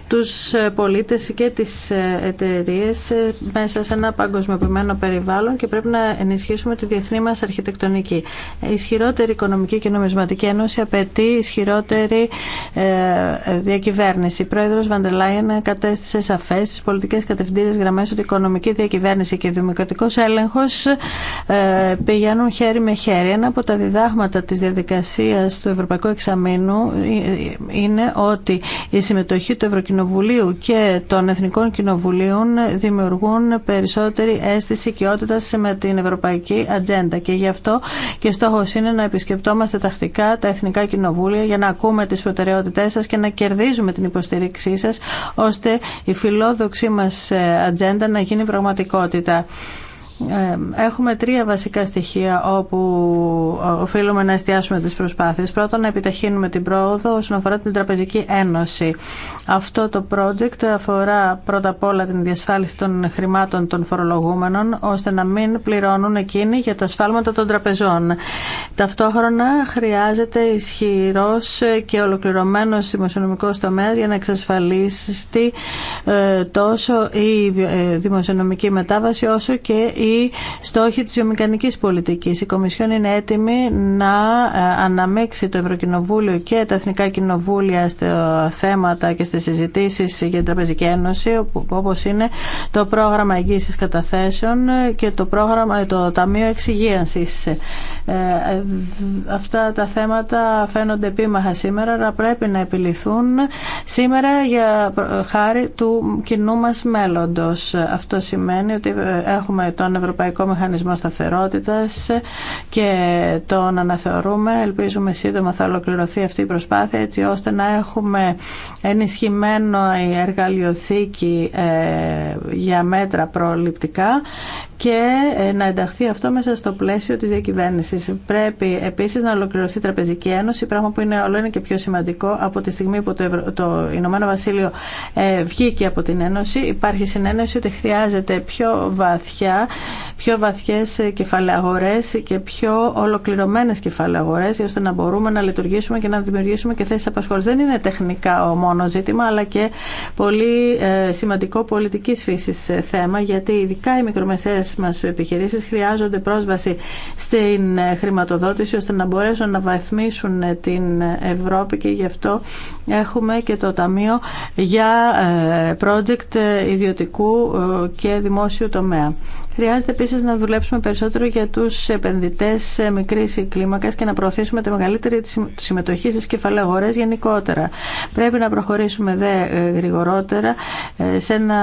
τους ε, πολίτες και τις εταιρείε μέσα σε ένα παγκοσμιοποιημένο περιβάλλον και πρέπει να ενισχύσουμε τη διεθνή μας αρχιτεκτονική. Η ισχυρότερη οικονομική και νομισματική ένωση απαιτεί ισχυρότερη διακυβέρνηση. Η πρόεδρος Βαντελάιεν κατέστησε σαφές στις πολιτικές κατευθυντήριες γραμμές ότι η οικονομική διακυβέρνηση και δημοκρατικός έλεγχος ε, πηγαίνουν χέρι με χέρι. Ένα από τα διδάγματα της διαδικασίας του Ευρωπαϊκού Εξαμήνου ε, ε, είναι ότι η συμμετοχή του Ευρωκοινοβουλίου και των Εθνικών Κοινοβουλίων δημιουργούν περισσότερη αίσθηση οικειότητας με την Ευρωπαϊκή Ατζέντα και γι' αυτό και στόχος είναι να επισκεπτόμαστε τακτικά τα Εθνικά Κοινοβούλια για να ακούμε τις προτεραιότητές σας και να κερδίζουμε την υποστήριξή σας ώστε η φιλόδοξή μας ατζέντα να γίνει πραγματικότητα έχουμε τρία βασικά στοιχεία όπου ε, οφείλουμε να εστιάσουμε τις προσπάθειες. Πρώτον, να επιταχύνουμε την πρόοδο όσον αφορά την Τραπεζική Ένωση. Αυτό το project αφορά πρώτα απ' όλα την διασφάλιση των χρημάτων των φορολογούμενων, ώστε να μην πληρώνουν εκείνοι για τα σφάλματα των τραπεζών. Ταυτόχρονα χρειάζεται ισχυρό και ολοκληρωμένο δημοσιονομικό τομέα για να εξασφαλίσει τόσο η ε, δημοσιονομική μετάβαση όσο και η οι στόχοι της βιομηχανικής πολιτικής. Η Κομισιόν είναι έτοιμη να ε, αναμέξει το Ευρωκοινοβούλιο και τα Εθνικά Κοινοβούλια στα θέματα και στις συζητήσεις για την Τραπεζική Ένωση, όπως είναι το πρόγραμμα εγγύησης καταθέσεων και το, πρόγραμμα, το Ταμείο Εξυγίανσης. Ε, ε, αυτά τα θέματα φαίνονται επίμαχα σήμερα, αλλά πρέπει να επιληθούν σήμερα για χάρη του κοινού μας μέλλοντος. Αυτό σημαίνει ότι έχουμε τον Ευρωπαϊκό Μηχανισμό Σταθερότητας και τον αναθεωρούμε. Ελπίζουμε σύντομα θα ολοκληρωθεί αυτή η προσπάθεια έτσι ώστε να έχουμε ενισχυμένο η εργαλειοθήκη ε, για μέτρα προληπτικά και ε, να ενταχθεί αυτό μέσα στο πλαίσιο της διακυβέρνησης. Πρέπει επίσης να ολοκληρωθεί η Τραπεζική Ένωση, πράγμα που είναι όλο είναι και πιο σημαντικό από τη στιγμή που το, Ευρω... το Ηνωμένο Βασίλειο ε, βγήκε από την Ένωση. Υπάρχει συνένεση ότι χρειάζεται πιο βαθιά πιο βαθιές κεφαλαγορές και πιο ολοκληρωμένες κεφαλαγορές ώστε να μπορούμε να λειτουργήσουμε και να δημιουργήσουμε και θέσεις απασχόλησης. Δεν είναι τεχνικά ο μόνο ζήτημα αλλά και πολύ ε, σημαντικό πολιτικής φύσης ε, θέμα γιατί ειδικά οι μικρομεσαίες μας επιχειρήσεις χρειάζονται πρόσβαση στην ε, χρηματοδότηση ώστε να μπορέσουν να βαθμίσουν την Ευρώπη και γι' αυτό έχουμε και το Ταμείο για project ιδιωτικού και δημόσιου τομέα. Χρειάζεται επίση να δουλέψουμε περισσότερο για του επενδυτέ μικρή κλίμακα και να προωθήσουμε τη μεγαλύτερη συμμετοχή στι κεφαλαίε γενικότερα. Πρέπει να προχωρήσουμε δε ε, γρηγορότερα ε, σε ένα,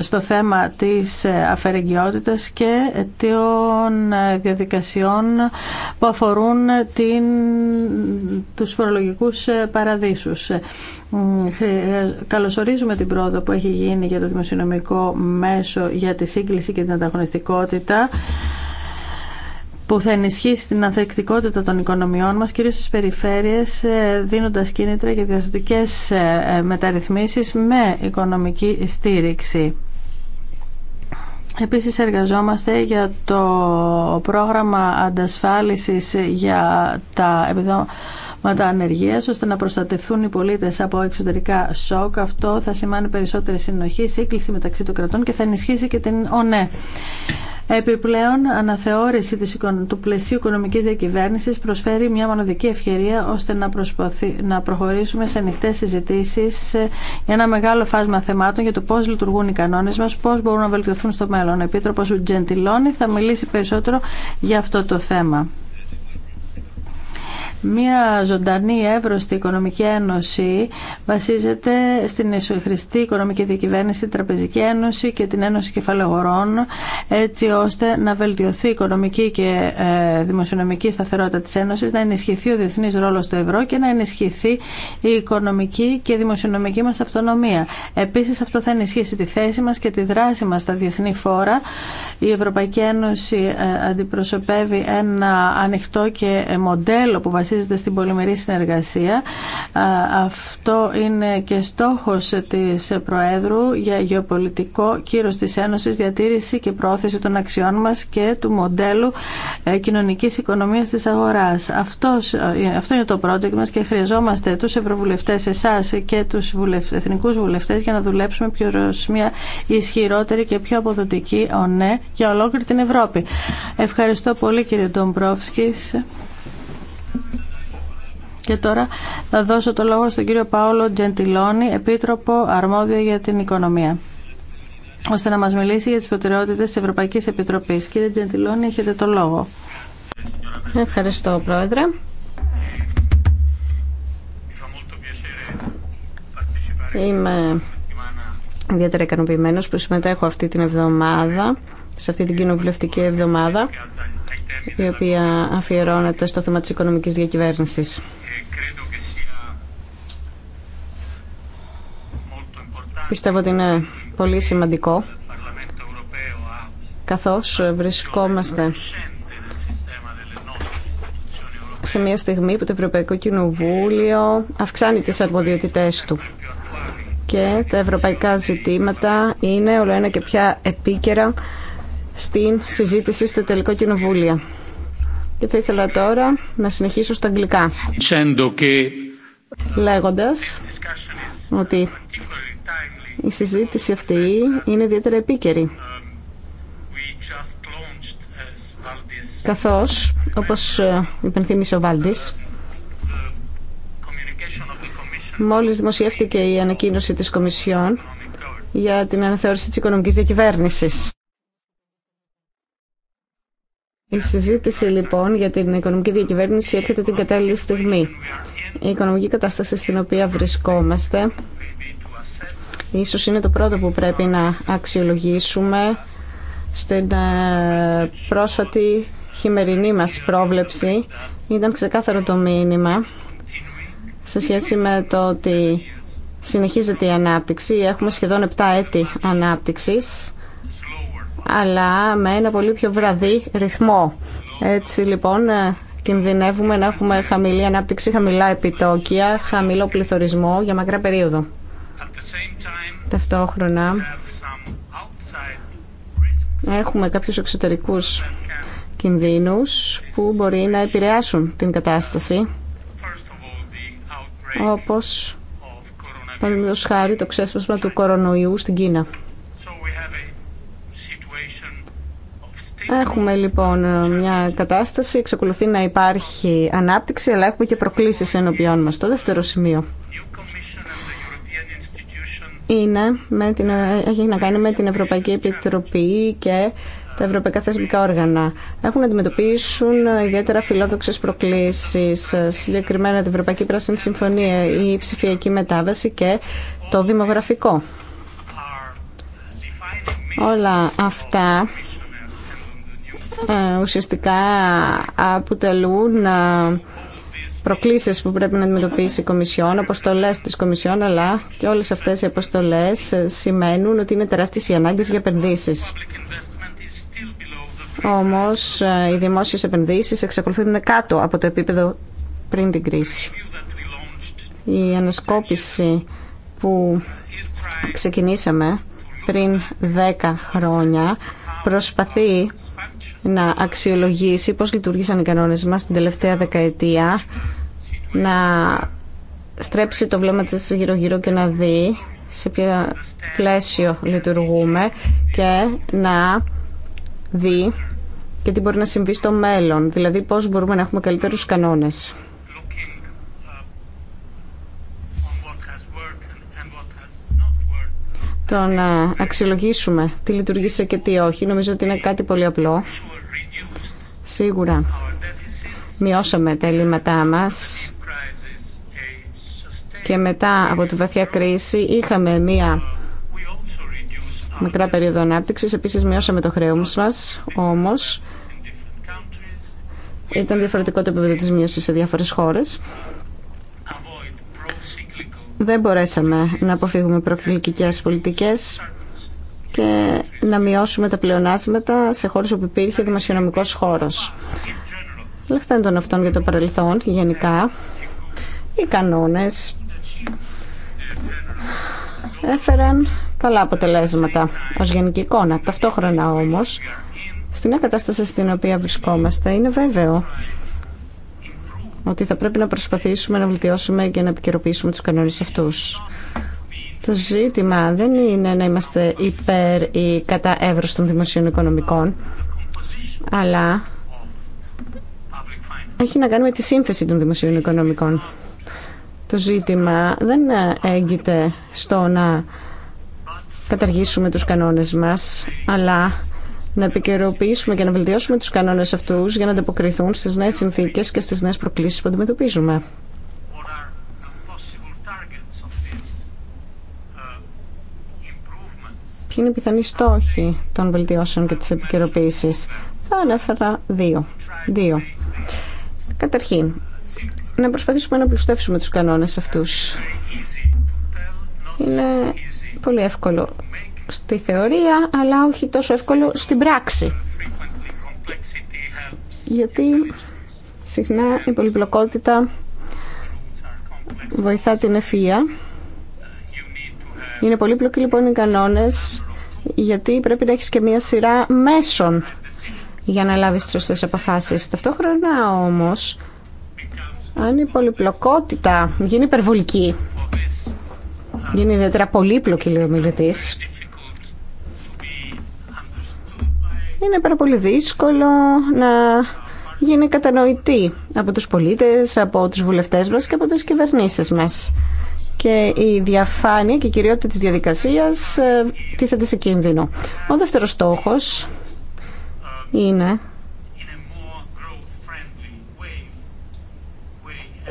στο θέμα της ε, αφαιρεγκαιότητα και των διαδικασιών που αφορούν του τους φορολογικούς Καλωσορίζουμε την πρόοδο που έχει γίνει για το δημοσιονομικό μέσο για τη σύγκληση και την ανταγωνιστικότητα που θα ενισχύσει την ανθεκτικότητα των οικονομιών μας, κυρίως στις περιφέρειες, ε, δίνοντας κίνητρα για διαστατικές ε, ε, μεταρρυθμίσεις με οικονομική στήριξη. Επίσης εργαζόμαστε για το πρόγραμμα αντασφάλισης για τα επιδόματα τα ανεργία, ώστε να προστατευθούν οι πολίτε από εξωτερικά σοκ. Αυτό θα σημάνει περισσότερη συνοχή, σύγκληση μεταξύ των κρατών και θα ενισχύσει και την ΟΝΕ. Επιπλέον, αναθεώρηση της, του πλαισίου οικονομική διακυβέρνηση προσφέρει μια μοναδική ευκαιρία ώστε να, να προχωρήσουμε σε ανοιχτέ συζητήσει για ένα μεγάλο φάσμα θεμάτων για το πώ λειτουργούν οι κανόνε μα, πώ μπορούν να βελτιωθούν στο μέλλον. Ο Επίτροπο Τζεντιλόνι θα μιλήσει περισσότερο για αυτό το θέμα. Μία ζωντανή εύρωστη οικονομική ένωση βασίζεται στην ισοχρηστή οικονομική διακυβέρνηση, την τραπεζική ένωση και την ένωση κεφαλαγορών έτσι ώστε να βελτιωθεί η οικονομική και ε, δημοσιονομική σταθερότητα της Ένωσης, να ενισχυθεί ο διεθνής ρόλος του ευρώ και να ενισχυθεί η οικονομική και δημοσιονομική μας αυτονομία. Επίσης αυτό θα ενισχύσει τη θέση μας και τη δράση μας στα διεθνή φόρα. Η Ευρωπαϊκή Ένωση ε, αντιπροσωπεύει ένα ανοιχτό και ε, μοντέλο που βασίζεται βασίζεται στην πολυμερή συνεργασία. Αυτό είναι και στόχος της Προέδρου για γεωπολιτικό κύρος της Ένωσης, διατήρηση και πρόθεση των αξιών μας και του μοντέλου ε, κοινωνικής οικονομίας της αγοράς. Αυτός, ε, αυτό είναι το project μας και χρειαζόμαστε τους ευρωβουλευτές εσά και τους βουλευτές, εθνικούς βουλευτές για να δουλέψουμε πιο μια ισχυρότερη και πιο αποδοτική ΟΝΕ ναι, για ολόκληρη την Ευρώπη. Ευχαριστώ πολύ κύριε Ντομπρόφσκης. Και τώρα θα δώσω το λόγο στον κύριο Παόλο Τζεντιλόνι, Επίτροπο Αρμόδιο για την Οικονομία ώστε να μας μιλήσει για τις προτεραιότητες της Ευρωπαϊκής Επιτροπής. Κύριε Τζεντιλόνι, έχετε το λόγο. Ευχαριστώ, Πρόεδρε. Είμαι ιδιαίτερα ικανοποιημένο που συμμετέχω αυτή την εβδομάδα, σε αυτή την κοινοβουλευτική εβδομάδα, η οποία αφιερώνεται στο θέμα της οικονομικής διακυβέρνησης. Πιστεύω ότι είναι πολύ σημαντικό καθώς βρισκόμαστε σε μια στιγμή που το Ευρωπαϊκό Κοινοβούλιο αυξάνει τις αρμοδιότητές του και τα ευρωπαϊκά ζητήματα είναι όλο ένα και πια επίκαιρα στην συζήτηση στο τελικό κοινοβούλιο. Και θα ήθελα τώρα να συνεχίσω στα αγγλικά. Λέγοντας ότι η συζήτηση αυτή είναι ιδιαίτερα επίκαιρη. Καθώς, όπως υπενθύμισε ο Βάλτης, μόλις δημοσιεύτηκε η ανακοίνωση της Κομισιόν για την αναθεώρηση της οικονομικής διακυβέρνησης. Η συζήτηση λοιπόν για την οικονομική διακυβέρνηση έρχεται την κατάλληλη στιγμή. Η οικονομική κατάσταση στην οποία βρισκόμαστε ίσως είναι το πρώτο που πρέπει να αξιολογήσουμε στην ε, πρόσφατη χειμερινή μας πρόβλεψη. Ήταν ξεκάθαρο το μήνυμα σε σχέση με το ότι συνεχίζεται η ανάπτυξη. Έχουμε σχεδόν 7 έτη ανάπτυξης, αλλά με ένα πολύ πιο βραδύ ρυθμό. Έτσι λοιπόν ε, κινδυνεύουμε να έχουμε χαμηλή ανάπτυξη, χαμηλά επιτόκια, χαμηλό πληθωρισμό για μακρά περίοδο. Ταυτόχρονα έχουμε κάποιους εξωτερικούς κινδύνους που μπορεί να επηρεάσουν την κατάσταση όπως παραδείγματος χάρη το ξέσπασμα του κορονοϊού στην Κίνα. Έχουμε λοιπόν μια κατάσταση, εξακολουθεί να υπάρχει ανάπτυξη, αλλά έχουμε και προκλήσεις ενώπιόν μας. Το δεύτερο σημείο είναι με την, έχει να κάνει με την Ευρωπαϊκή Επιτροπή και τα ευρωπαϊκά θεσμικά όργανα. Έχουν να αντιμετωπίσουν ιδιαίτερα φιλόδοξε προκλήσει, συγκεκριμένα την Ευρωπαϊκή Πράσινη Συμφωνία, η ψηφιακή μετάβαση και το δημογραφικό. Όλα αυτά ε, ουσιαστικά αποτελούν ε, προκλήσεις που πρέπει να αντιμετωπίσει η Κομισιόν, αποστολές της Κομισιόν, αλλά και όλες αυτές οι αποστολές ε, σημαίνουν ότι είναι τεράστιες οι ανάγκες για επενδύσεις. Όμως ε, οι δημόσιες επενδύσεις εξακολουθούν κάτω από το επίπεδο πριν την κρίση. Η ανασκόπηση που ξεκινήσαμε πριν 10 χρόνια προσπαθεί να αξιολογήσει πώς λειτουργήσαν οι κανόνες μας την τελευταία δεκαετία, να στρέψει το βλέμμα της γύρω-γύρω και να δει σε ποιο πλαίσιο λειτουργούμε και να δει και τι μπορεί να συμβεί στο μέλλον, δηλαδή πώς μπορούμε να έχουμε καλύτερους κανόνες. το να αξιολογήσουμε τι λειτουργήσε και τι όχι. Νομίζω ότι είναι κάτι πολύ απλό. Σίγουρα μειώσαμε τα ελλείμματά μας και μετά από τη βαθιά κρίση είχαμε μία μικρά περίοδο ανάπτυξη. Επίσης μειώσαμε το χρέο μας, όμως ήταν διαφορετικό το επίπεδο της μείωσης σε διάφορες χώρες δεν μπορέσαμε να αποφύγουμε προκλητικές πολιτικές και να μειώσουμε τα πλεονάσματα σε χώρες όπου υπήρχε δημοσιονομικός χώρος. Λεχθέν των αυτών για το παρελθόν, γενικά, οι κανόνες έφεραν καλά αποτελέσματα ως γενική εικόνα. Ταυτόχρονα όμως, στην κατάσταση στην οποία βρισκόμαστε είναι βέβαιο ότι θα πρέπει να προσπαθήσουμε να βελτιώσουμε και να επικαιροποιήσουμε τους κανόνες αυτούς. Το ζήτημα δεν είναι να είμαστε υπέρ ή κατά εύρος των δημοσίων οικονομικών, αλλά έχει να κάνει με τη σύνθεση των δημοσίων οικονομικών. Το ζήτημα δεν έγκυται στο να καταργήσουμε τους κανόνες μας, αλλά να επικαιροποιήσουμε και να βελτιώσουμε τους κανόνες αυτούς για να ανταποκριθούν στις νέες συνθήκες και στις νέες προκλήσεις που αντιμετωπίζουμε. Uh, Ποιοι είναι οι πιθανοί στόχοι των βελτιώσεων και της επικαιροποίηση, Θα ανέφερα δύο. δύο. Καταρχήν, να προσπαθήσουμε να πλουστεύσουμε τους κανόνες αυτούς. Είναι πολύ εύκολο στη θεωρία, αλλά όχι τόσο εύκολο στην πράξη. Γιατί συχνά η πολυπλοκότητα βοηθά την ευφυΐα. Είναι πολύπλοκοι λοιπόν οι κανόνες, γιατί πρέπει να έχεις και μία σειρά μέσων για να λάβεις τις σωστές αποφάσεις. Ταυτόχρονα όμως, αν η πολυπλοκότητα γίνει υπερβολική, γίνει ιδιαίτερα πολύπλοκη λέει ο μιλητής, είναι πάρα πολύ δύσκολο να γίνει κατανοητή από τους πολίτες, από τους βουλευτές μας και από τις κυβερνήσεις μας. Και η διαφάνεια και η κυριότητα της διαδικασίας ε, τίθεται σε κίνδυνο. Ο δεύτερος στόχος είναι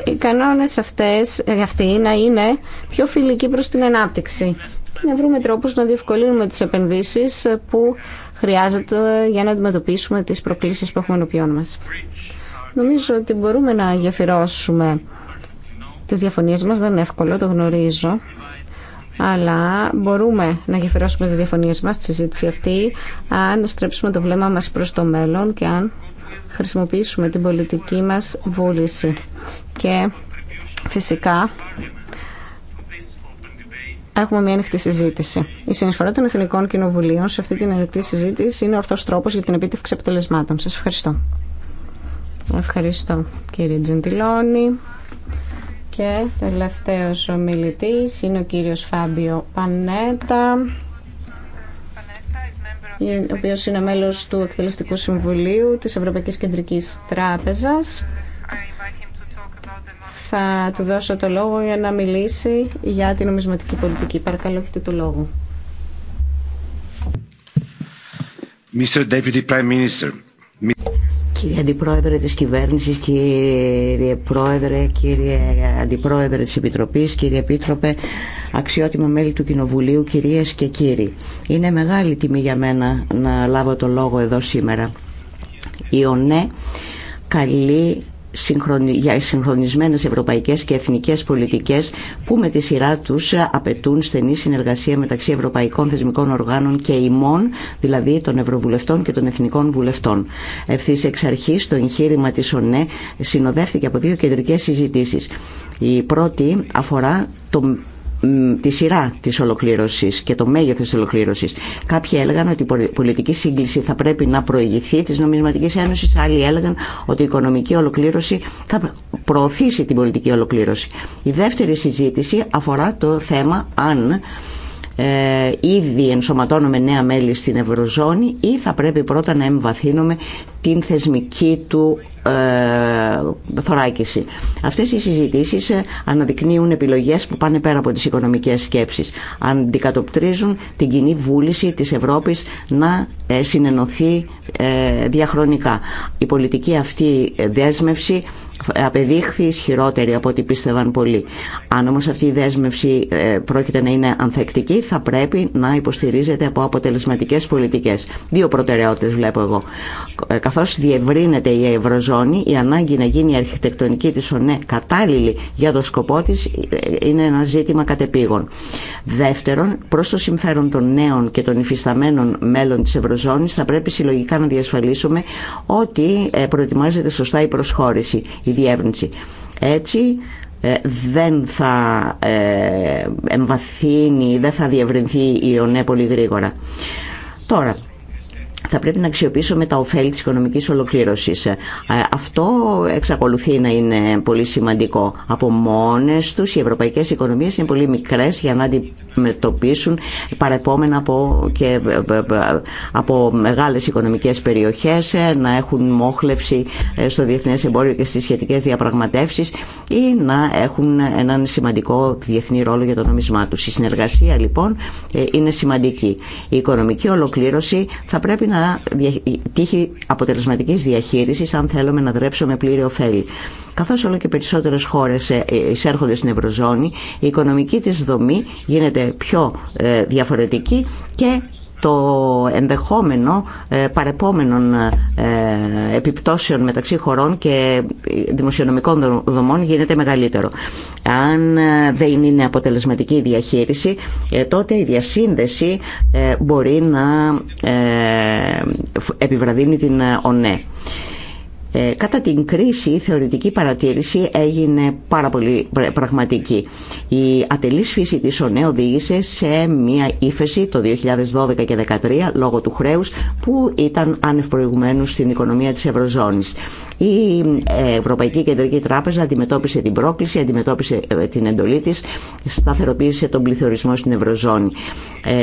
οι κανόνες αυτές, ε, αυτοί να είναι πιο φιλικοί προς την ανάπτυξη. Να βρούμε τρόπους να διευκολύνουμε τις επενδύσεις ε, που χρειάζεται για να αντιμετωπίσουμε τις προκλήσεις που έχουμε ενωπιών μας. Νομίζω ότι μπορούμε να γεφυρώσουμε τις διαφωνίες μας, δεν είναι εύκολο, το γνωρίζω. Αλλά μπορούμε να γεφυρώσουμε τις διαφωνίες μας στη συζήτηση αυτή αν στρέψουμε το βλέμμα μας προς το μέλλον και αν χρησιμοποιήσουμε την πολιτική μας βούληση. Και φυσικά έχουμε μια ανοιχτή συζήτηση. Η συνεισφορά των Εθνικών Κοινοβουλίων σε αυτή την ανοιχτή συζήτηση είναι ορθο τρόπο για την επίτευξη αποτελεσμάτων. Σα ευχαριστώ. Ευχαριστώ κύριε Τζεντιλόνη. Και τελευταίος ομιλητή είναι ο κύριο Φάμπιο Πανέτα, ο οποίο είναι μέλο του Εκτελεστικού Συμβουλίου τη Ευρωπαϊκή Κεντρική Τράπεζα θα του δώσω το λόγο για να μιλήσει για την νομισματική πολιτική. Παρακαλώ, έχετε το λόγο. Κύριε Αντιπρόεδρε της Κυβέρνησης, κύριε Πρόεδρε, κύριε Αντιπρόεδρε της Επιτροπής, κύριε Επίτροπε, αξιότιμα μέλη του Κοινοβουλίου, κυρίες και κύριοι. Είναι μεγάλη τιμή για μένα να λάβω το λόγο εδώ σήμερα. Η ΟΝΕ καλεί για συγχρονισμένες ευρωπαϊκές και εθνικές πολιτικές που με τη σειρά τους απαιτούν στενή συνεργασία μεταξύ ευρωπαϊκών θεσμικών οργάνων και ημών, δηλαδή των Ευρωβουλευτών και των Εθνικών Βουλευτών. Ευθύ εξ αρχή, το εγχείρημα της ΟΝΕ συνοδεύτηκε από δύο κεντρικές συζητήσεις. Η πρώτη αφορά το τη σειρά της ολοκλήρωσης και το μέγεθος της ολοκλήρωσης. Κάποιοι έλεγαν ότι η πολιτική σύγκληση θα πρέπει να προηγηθεί τη νομισματική Ένωση, άλλοι έλεγαν ότι η οικονομική ολοκλήρωση θα προωθήσει την πολιτική ολοκλήρωση. Η δεύτερη συζήτηση αφορά το θέμα αν ε, ήδη ενσωματώνουμε νέα μέλη στην Ευρωζώνη ή θα πρέπει πρώτα να εμβαθύνουμε την θεσμική του ε, θωράκιση. Αυτές οι συζητήσεις ε, αναδεικνύουν επιλογές που πάνε πέρα από τις οικονομικές σκέψεις. Αντικατοπτρίζουν την κοινή βούληση της Ευρώπης να ε, συνενωθεί διαχρονικά. Η πολιτική αυτή δέσμευση απεδείχθη ισχυρότερη από ό,τι πίστευαν πολλοί. Αν όμως αυτή η δέσμευση πρόκειται να είναι ανθεκτική, θα πρέπει να υποστηρίζεται από αποτελεσματικές πολιτικές. Δύο προτεραιότητες βλέπω εγώ καθώς διευρύνεται η Ευρωζώνη η ανάγκη να γίνει η αρχιτεκτονική της ΟΝΕ κατάλληλη για το σκοπό της ε, είναι ένα ζήτημα κατεπήγων. Δεύτερον, προς το συμφέρον των νέων και των υφισταμένων μέλων της Ευρωζώνης θα πρέπει συλλογικά να διασφαλίσουμε ότι ε, προετοιμάζεται σωστά η προσχώρηση, η διεύρυνση. Έτσι ε, δεν θα εμβαθύνει, δεν θα διευρυνθεί η ΟΝΕ πολύ γρήγορα. Τώρα, θα πρέπει να αξιοποιήσουμε τα ωφέλη της οικονομικής ολοκλήρωσης. Ε, αυτό εξακολουθεί να είναι πολύ σημαντικό. Από μόνες τους οι ευρωπαϊκές οικονομίες είναι πολύ μικρές για να αντιμετωπίσουν παρεπόμενα από, και, ε, ε, από μεγάλες οικονομικές περιοχές, να έχουν μόχλευση στο διεθνές εμπόριο και στις σχετικές διαπραγματεύσεις ή να έχουν έναν σημαντικό διεθνή ρόλο για το νομισμά τους. Η συνεργασία λοιπόν είναι σημαντική. Η οικονομική ολοκλήρωση θα πρέπει να να τύχει αποτελεσματικής διαχείρισης αν θέλουμε να δρέψουμε πλήρη ωφέλη. Καθώς όλο και περισσότερες χώρες ε, εισέρχονται στην Ευρωζώνη, η οικονομική της δομή γίνεται πιο ε, διαφορετική και το ενδεχόμενο ε, παρεπόμενων ε, επιπτώσεων μεταξύ χωρών και δημοσιονομικών δομών γίνεται μεγαλύτερο. Αν ε, δεν είναι αποτελεσματική η διαχείριση, τότε η διασύνδεση μπορεί να επιβραδύνει την ΟΝΕ. Ε, κατά την κρίση η θεωρητική παρατήρηση έγινε πάρα πολύ πραγματική. Η ατελής φύση της ΩΝΕ οδήγησε σε μια ύφεση το 2012 και 2013 λόγω του χρέους που ήταν άνευ στην οικονομία της Ευρωζώνης. Η ε, Ευρωπαϊκή Κεντρική Τράπεζα αντιμετώπισε την πρόκληση, αντιμετώπισε ε, την εντολή της, σταθεροποίησε τον πληθωρισμό στην Ευρωζώνη,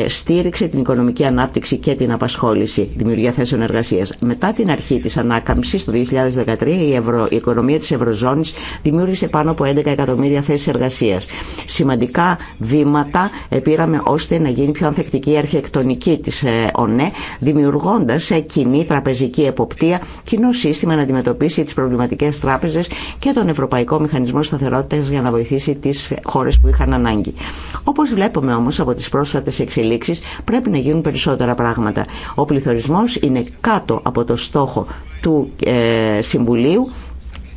στήριξε την οικονομική ανάπτυξη και την απασχόληση, δημιουργία θέσεων εργασίας. Μετά την αρχή της ανάκαμψης το 2013 η, οικονομία της Ευρωζώνης δημιούργησε πάνω από 11 εκατομμύρια θέσεις εργασίας. Σημαντικά βήματα πήραμε ώστε να γίνει πιο ανθεκτική η αρχιεκτονική της ε, ΟΝΕ, δημιουργώντας ε, κοινή τραπεζική εποπτεία, κοινό σύστημα να αντιμετωπίσει τις προβληματικές τράπεζες και τον Ευρωπαϊκό Μηχανισμό Σταθερότητας για να βοηθήσει τις χώρες που είχαν ανάγκη. Όπως βλέπουμε όμως από τις πρόσφατες εξελίξεις, πρέπει να γίνουν περισσότερα πράγματα. Ο πληθωρισμός είναι κάτω από το στόχο του ε, Συμβουλίου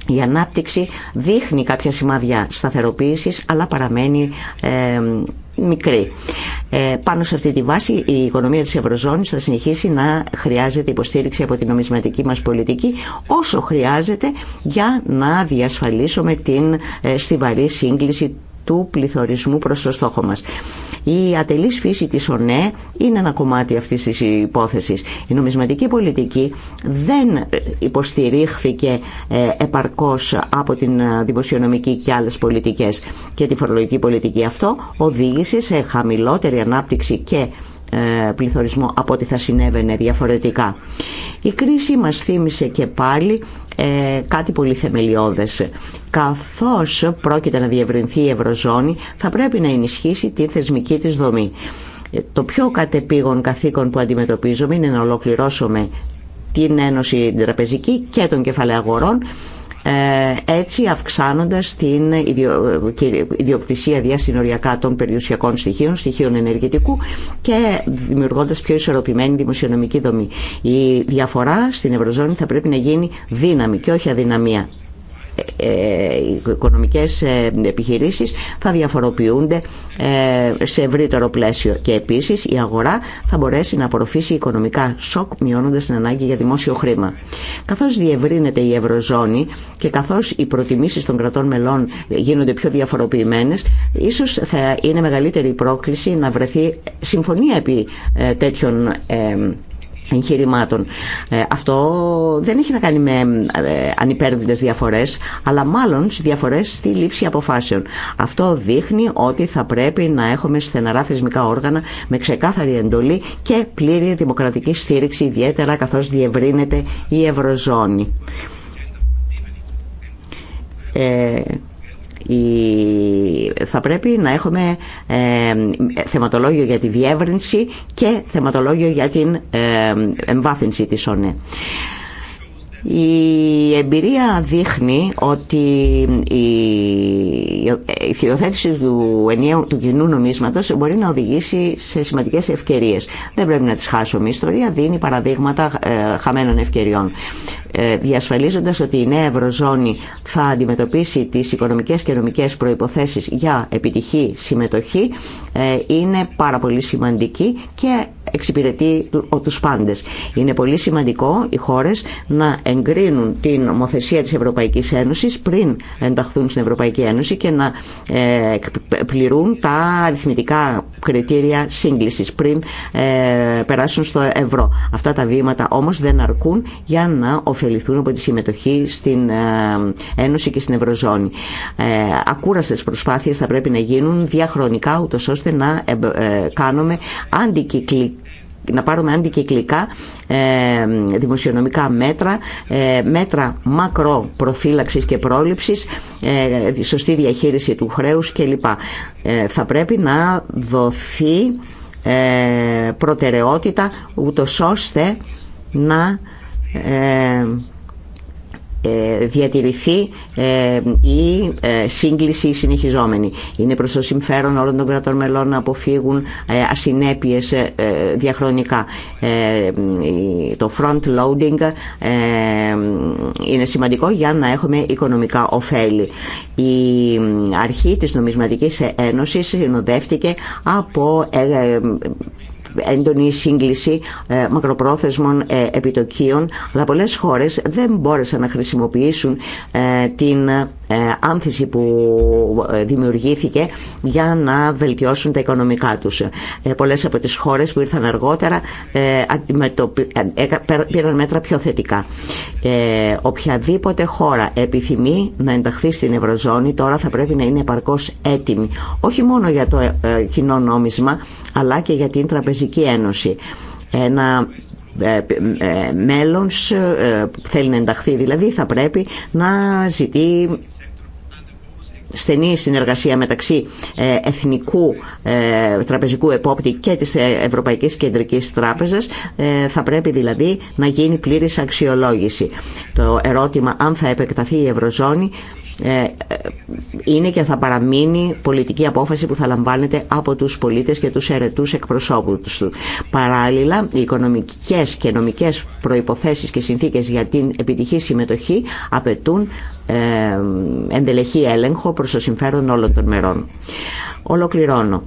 η ανάπτυξη δείχνει κάποια σημάδια σταθεροποίησης αλλά παραμένει ε, μικρή. Ε, πάνω σε αυτή τη βάση η οικονομία της Ευρωζώνης θα συνεχίσει να χρειάζεται υποστήριξη από την νομισματική μας πολιτική όσο χρειάζεται για να διασφαλίσουμε την ε, στιβαρή σύγκληση του πληθωρισμού προς το στόχο μας. Η ατελής φύση της ΟΝΕ είναι ένα κομμάτι αυτής της υπόθεσης. Η νομισματική πολιτική δεν υποστηρίχθηκε ε, επαρκώς από την ε, δημοσιονομική και άλλες πολιτικές και τη φορολογική πολιτική. Αυτό οδήγησε σε χαμηλότερη ανάπτυξη και ε, πληθωρισμό από ό,τι θα συνέβαινε διαφορετικά. Η κρίση μας θύμισε και πάλι ε, κάτι πολύ θεμελιώδες. Καθώς πρόκειται να διευρυνθεί η Ευρωζώνη θα πρέπει να ενισχύσει τη θεσμική της δομή. Ε, το πιο κατεπήγον καθήκον που αντιμετωπίζουμε είναι να ολοκληρώσουμε την Ένωση Τραπεζική και των Κεφαλαίων Αγορών ε, έτσι αυξάνοντας την ιδιοκτησία διασυνοριακά των περιουσιακών στοιχείων, στοιχείων ενεργητικού και δημιουργώντας πιο ισορροπημένη δημοσιονομική δομή. Η διαφορά στην Ευρωζώνη θα πρέπει να γίνει δύναμη και όχι αδυναμία. Οι ε, ε, οικονομικές ε, επιχειρήσεις θα διαφοροποιούνται σε ευρύτερο πλαίσιο και επίσης η αγορά θα μπορέσει να απορροφήσει οικονομικά σοκ μειώνοντας την ανάγκη για δημόσιο χρήμα. Καθώς διευρύνεται η Ευρωζώνη και καθώς οι προτιμήσεις των κρατών μελών γίνονται πιο διαφοροποιημένες ίσως θα είναι μεγαλύτερη η πρόκληση να βρεθεί συμφωνία επί τέτοιων εγχειρημάτων. Ε, αυτό δεν έχει να κάνει με ε, διαφορές, αλλά μάλλον διαφορές στη λήψη αποφάσεων. Αυτό δείχνει ότι θα πρέπει να έχουμε στεναρά θεσμικά όργανα με ξεκάθαρη εντολή και πλήρη δημοκρατική στήριξη, ιδιαίτερα καθώς διευρύνεται η Ευρωζώνη. Ε, θα πρέπει να έχουμε ε, θεματολόγιο για τη διεύρυνση και θεματολόγιο για την ε, εμβάθυνση της ΩΝΕ. Η εμπειρία δείχνει ότι η θηλοθέτηση του ενιαίου του κοινού νομίσματος μπορεί να οδηγήσει σε σημαντικές ευκαιρίες. Δεν πρέπει να τις χάσουμε. Η ιστορία δίνει παραδείγματα ε, χαμένων ευκαιριών. Ε, διασφαλίζοντας ότι η νέα Ευρωζώνη θα αντιμετωπίσει τις οικονομικές και νομικές προϋποθέσεις για επιτυχή συμμετοχή ε, είναι πάρα πολύ σημαντική και εξυπηρετεί τους πάντες. Είναι πολύ σημαντικό οι χώρες να εγκρίνουν την νομοθεσία της Ευρωπαϊκής Ένωσης πριν ενταχθούν στην Ευρωπαϊκή Ένωση και να ε, πληρούν τα αριθμητικά κριτήρια σύγκλησης πριν ε, περάσουν στο ευρώ. Αυτά τα βήματα όμως δεν αρκούν για να ωφεληθούν από τη συμμετοχή στην ε, Ένωση και στην Ευρωζώνη. Ακούραστες προσπάθειες θα πρέπει να γίνουν διαχρονικά ούτως ώστε να κάνουμε αντικυκλικά να πάρουμε αντικυκλικά ε, δημοσιονομικά μέτρα, ε, μέτρα μακρό προφύλαξης και πρόληψης, ε, σωστή διαχείριση του χρέους κλπ. Ε, θα πρέπει να δοθεί ε, προτεραιότητα ούτω ώστε να ε, διατηρηθεί ε, η ε, σύγκληση συνεχιζόμενη. Είναι προς το συμφέρον όλων των κρατών μελών να αποφύγουν ασυνέπειες διαχρονικά. Το front loading είναι σημαντικό για να έχουμε οικονομικά ωφέλη. Η αρχή της νομισματικής ένωσης συνοδεύτηκε από έντονη σύγκληση ε, μακροπρόθεσμων ε, επιτοκίων, αλλά πολλές χώρες δεν μπόρεσαν να χρησιμοποιήσουν ε, την άνθηση που δημιουργήθηκε για να βελτιώσουν τα οικονομικά τους. Πολλές από τις χώρες που ήρθαν αργότερα πήραν μέτρα πιο θετικά. Οποιαδήποτε χώρα επιθυμεί να ενταχθεί στην Ευρωζώνη τώρα θα πρέπει να είναι επαρκώς έτοιμη. Όχι μόνο για το κοινό νόμισμα αλλά και για την τραπεζική Τραπεζική Ένωση. Ένα ε, ε, μέλλον ε, που θέλει να ενταχθεί δηλαδή θα πρέπει να ζητεί στενή συνεργασία μεταξύ εθνικού τραπεζικού επόπτη και της Ευρωπαϊκής Κεντρικής Τράπεζας θα πρέπει δηλαδή να γίνει πλήρης αξιολόγηση. Το ερώτημα αν θα επεκταθεί η Ευρωζώνη ε, ε, είναι και θα παραμείνει πολιτική απόφαση που θα λαμβάνεται από τους πολίτες και τους αιρετούς εκπροσώπους του. Παράλληλα, οι οικονομικές και νομικές προϋποθέσεις και συνθήκες για την επιτυχή συμμετοχή απαιτούν ε, εντελεχή έλεγχο προς το συμφέρον όλων των μερών. Ολοκληρώνω.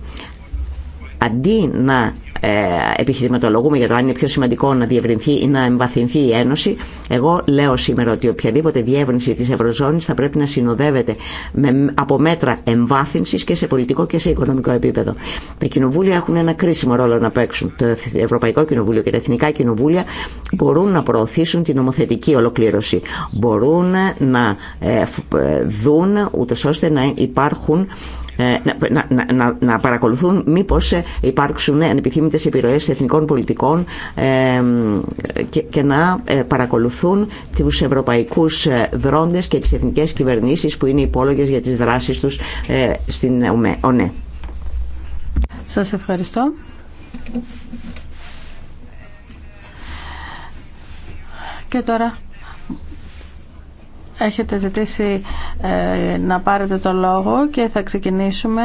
Αντί να ε, επιχειρηματολογούμε για το αν είναι πιο σημαντικό να διευρυνθεί ή να εμβαθυνθεί η Ένωση. Εγώ λέω σήμερα ότι οποιαδήποτε διεύρυνση της Ευρωζώνης θα πρέπει να εμβαθυνθει η ενωση εγω λεω σημερα οτι οποιαδηποτε διευρυνση τη ευρωζωνη θα πρεπει να συνοδευεται με, από μέτρα εμβαθυνση και σε πολιτικό και σε οικονομικό επίπεδο. Τα κοινοβούλια έχουν ένα κρίσιμο ρόλο να παίξουν. Το Ευρωπαϊκό Κοινοβούλιο και τα Εθνικά Κοινοβούλια μπορούν να προωθήσουν την νομοθετική ολοκλήρωση. Μπορούν να ε, ε, δουν ούτω ώστε να υπάρχουν ε, να, να, να παρακολουθούν μήπως ε, υπάρξουν ανεπιθύμητες επιρροές εθνικών πολιτικών ε, και, και να παρακολουθούν τους ευρωπαϊκούς δρόντες και τις εθνικές κυβερνήσεις που είναι υπόλογες για τις δράσεις τους στην ΟΝΕ. Σας ευχαριστώ. Και τώρα έχετε ζητήσει ε, να πάρετε το λόγο και θα ξεκινήσουμε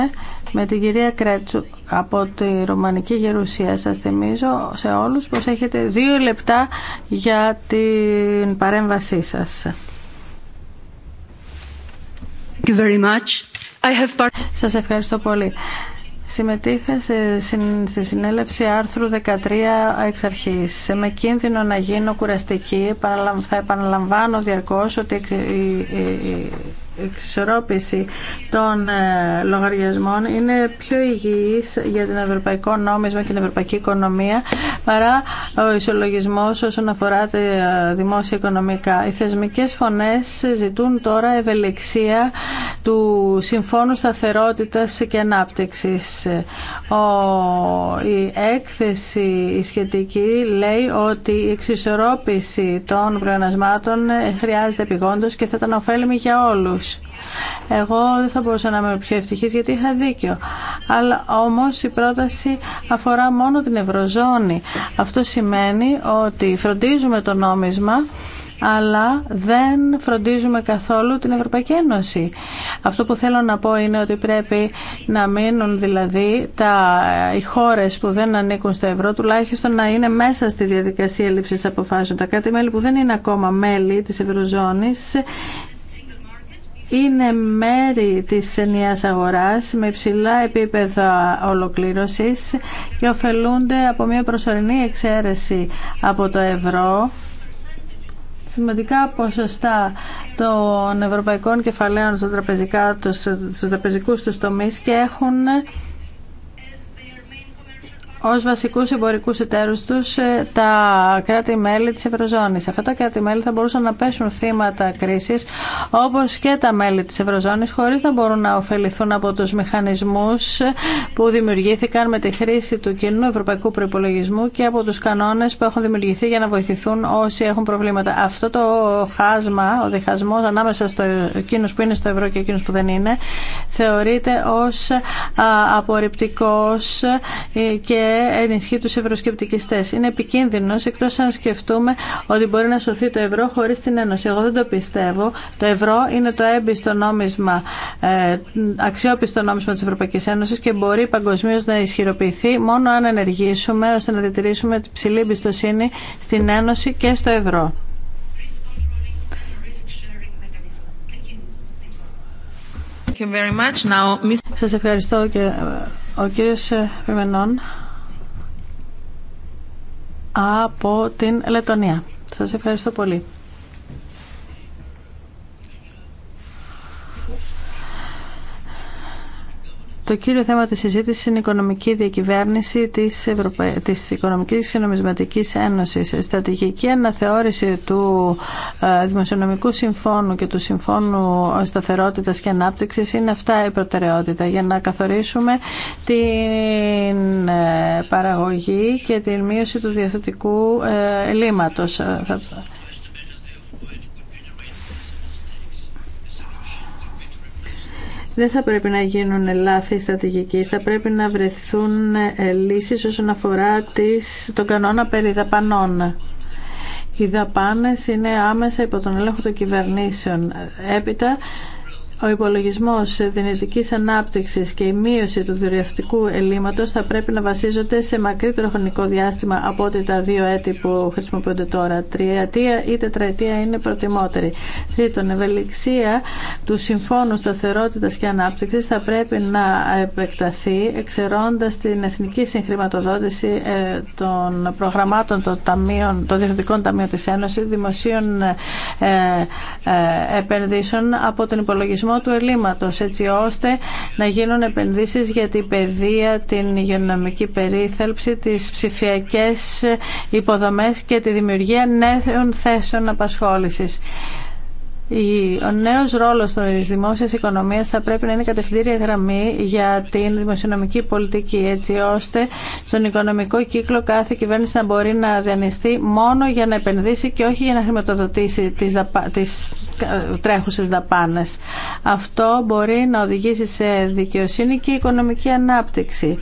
με την κυρία Κρέτσου από τη Ρωμανική Γερουσία. Σας θυμίζω σε όλους πως έχετε δύο λεπτά για την παρέμβασή σας. Σας ευχαριστώ πολύ. Συμμετείχα σε, στη συνέλευση άρθρου 13 εξ αρχής. Με κίνδυνο να γίνω κουραστική, θα επαναλαμβάνω διαρκώς ότι εξισορρόπηση των ε, λογαριασμών είναι πιο υγιής για την ευρωπαϊκό νόμισμα και την ευρωπαϊκή οικονομία παρά ο ισολογισμός όσον αφορά τα δημόσια οικονομικά. Οι θεσμικές φωνές ζητούν τώρα ευελιξία του Συμφώνου Σταθερότητας και Ανάπτυξης. η έκθεση η σχετική λέει ότι η εξισορρόπηση των πλεονασμάτων χρειάζεται επιγόντως και θα ήταν ωφέλιμη για όλους. Εγώ δεν θα μπορούσα να είμαι πιο ευτυχής γιατί είχα δίκιο. Αλλά όμως η πρόταση αφορά μόνο την Ευρωζώνη. Αυτό σημαίνει ότι φροντίζουμε το νόμισμα αλλά δεν φροντίζουμε καθόλου την Ευρωπαϊκή Ένωση. Αυτό που θέλω να πω είναι ότι πρέπει να μείνουν δηλαδή τα, οι χώρε που δεν ανήκουν στο ευρώ τουλάχιστον να είναι μέσα στη διαδικασία λήψη αποφάσεων. Τα κάτι μελη που δεν είναι ακόμα μέλη της Ευρωζώνης είναι μέρη της ενιαίας αγοράς με υψηλά επίπεδα ολοκλήρωσης και ωφελούνται από μια προσωρινή εξαίρεση από το ευρώ σημαντικά ποσοστά των ευρωπαϊκών κεφαλαίων στους τραπεζικούς τους τομείς και έχουν ως βασικούς εμπορικούς εταίρους τους ε, τα κράτη-μέλη της Ευρωζώνης. Αυτά τα κράτη-μέλη θα μπορούσαν να πέσουν θύματα κρίσης όπως και τα μέλη της Ευρωζώνης χωρίς να μπορούν να ωφεληθούν από τους μηχανισμούς ε, που δημιουργήθηκαν με τη χρήση του κοινού ευρωπαϊκού προπολογισμού και από τους κανόνες που έχουν δημιουργηθεί για να βοηθηθούν όσοι έχουν προβλήματα. Αυτό το χάσμα, ο διχασμός ανάμεσα στο εκείνους που είναι στο ευρώ και εκείνους που δεν είναι θεωρείται ως ε, απορριπτικός και ενισχύει τους ευρωσκεπτικιστές. Είναι επικίνδυνος εκτός αν σκεφτούμε ότι μπορεί να σωθεί το ευρώ χωρίς την Ένωση. Εγώ δεν το πιστεύω. Το ευρώ είναι το έμπιστο νόμισμα, ε, αξιόπιστο νόμισμα της Ευρωπαϊκής Ένωσης και μπορεί παγκοσμίω να ισχυροποιηθεί μόνο αν ενεργήσουμε ώστε να διατηρήσουμε ψηλή εμπιστοσύνη στην Ένωση και στο ευρώ. Σας ευχαριστώ και ε, ο κύριος ε, Περμενών από την Λετωνία. Σας ευχαριστώ πολύ. Το κύριο θέμα της συζήτησης είναι η οικονομική διακυβέρνηση της, Ευρωπα... της Οικονομικής Ένωσης. Στρατηγική αναθεώρηση του ε, Δημοσιονομικού Συμφώνου και του Συμφώνου Σταθερότητας και Ανάπτυξης είναι αυτά η προτεραιότητα για να καθορίσουμε την ε, παραγωγή και την μείωση του διαθετικού ε, λίματος. δεν θα πρέπει να γίνουν λάθη στρατηγική. Θα πρέπει να βρεθούν ε, λύσεις όσον αφορά τις, τον κανόνα περί δαπανών. Οι δαπάνε είναι άμεσα υπό τον έλεγχο των κυβερνήσεων. Έπειτα ο υπολογισμό δυνητική ανάπτυξη και η μείωση του διορθωτικού ελλείμματο θα πρέπει να βασίζονται σε μακρύτερο χρονικό διάστημα από ότι τα δύο έτη που χρησιμοποιούνται τώρα. Τριετία ή τετραετία είναι προτιμότερη. Τρίτον, ευελιξία του Συμφώνου Σταθερότητα και Ανάπτυξη θα πρέπει να επεκταθεί εξαιρώντα την εθνική συγχρηματοδότηση ε, των προγραμμάτων των, ταμείων, των διευθυντικών ταμείων τη Ένωση, δημοσίων ε, ε, επενδύσεων από τον υπολογισμό του ελλείμματος έτσι ώστε να γίνουν επενδύσεις για την παιδεία, την υγειονομική περίθαλψη, τις ψηφιακές υποδομές και τη δημιουργία νέων θέσεων απασχόλησης. Ο νέο ρόλο τη δημόσια οικονομία θα πρέπει να είναι κατευθυντήρια γραμμή για την δημοσιονομική πολιτική, έτσι ώστε στον οικονομικό κύκλο κάθε κυβέρνηση να μπορεί να διανυστεί μόνο για να επενδύσει και όχι για να χρηματοδοτήσει τι τις τρέχουσες δαπάνες. Αυτό μπορεί να οδηγήσει σε δικαιοσύνη και οικονομική ανάπτυξη.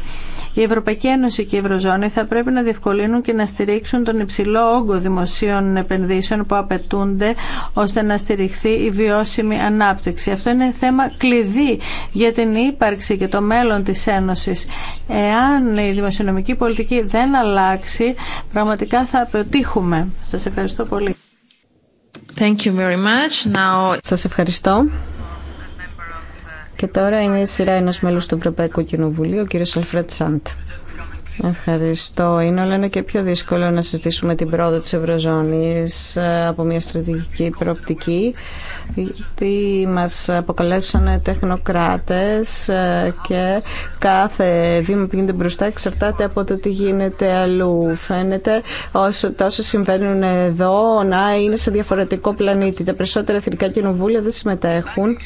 Η Ευρωπαϊκή Ένωση και η Ευρωζώνη θα πρέπει να διευκολύνουν και να στηρίξουν τον υψηλό όγκο δημοσίων επενδύσεων που απαιτούνται ώστε να στηριχθεί η βιώσιμη ανάπτυξη. Αυτό είναι θέμα κλειδί για την ύπαρξη και το μέλλον της Ένωσης. Εάν η δημοσιονομική πολιτική δεν αλλάξει, πραγματικά θα αποτύχουμε. Σας ευχαριστώ πολύ. Thank you very much. Now... Σας ευχαριστώ. Και τώρα είναι η σειρά ενός μέλους του Ευρωπαϊκού Κοινοβουλίου, ο κύριος Αλφρέτ Σάντ. Ευχαριστώ. Είναι όλο ένα και πιο δύσκολο να συζητήσουμε την πρόοδο της Ευρωζώνης ε, από μια στρατηγική προοπτική γιατί μας αποκαλέσαν τεχνοκράτες ε, και κάθε βήμα που γίνεται μπροστά εξαρτάται από το τι γίνεται αλλού. Φαίνεται όσο, συμβαίνουν εδώ να είναι σε διαφορετικό πλανήτη. Τα περισσότερα εθνικά κοινοβούλια δεν συμμετέχουν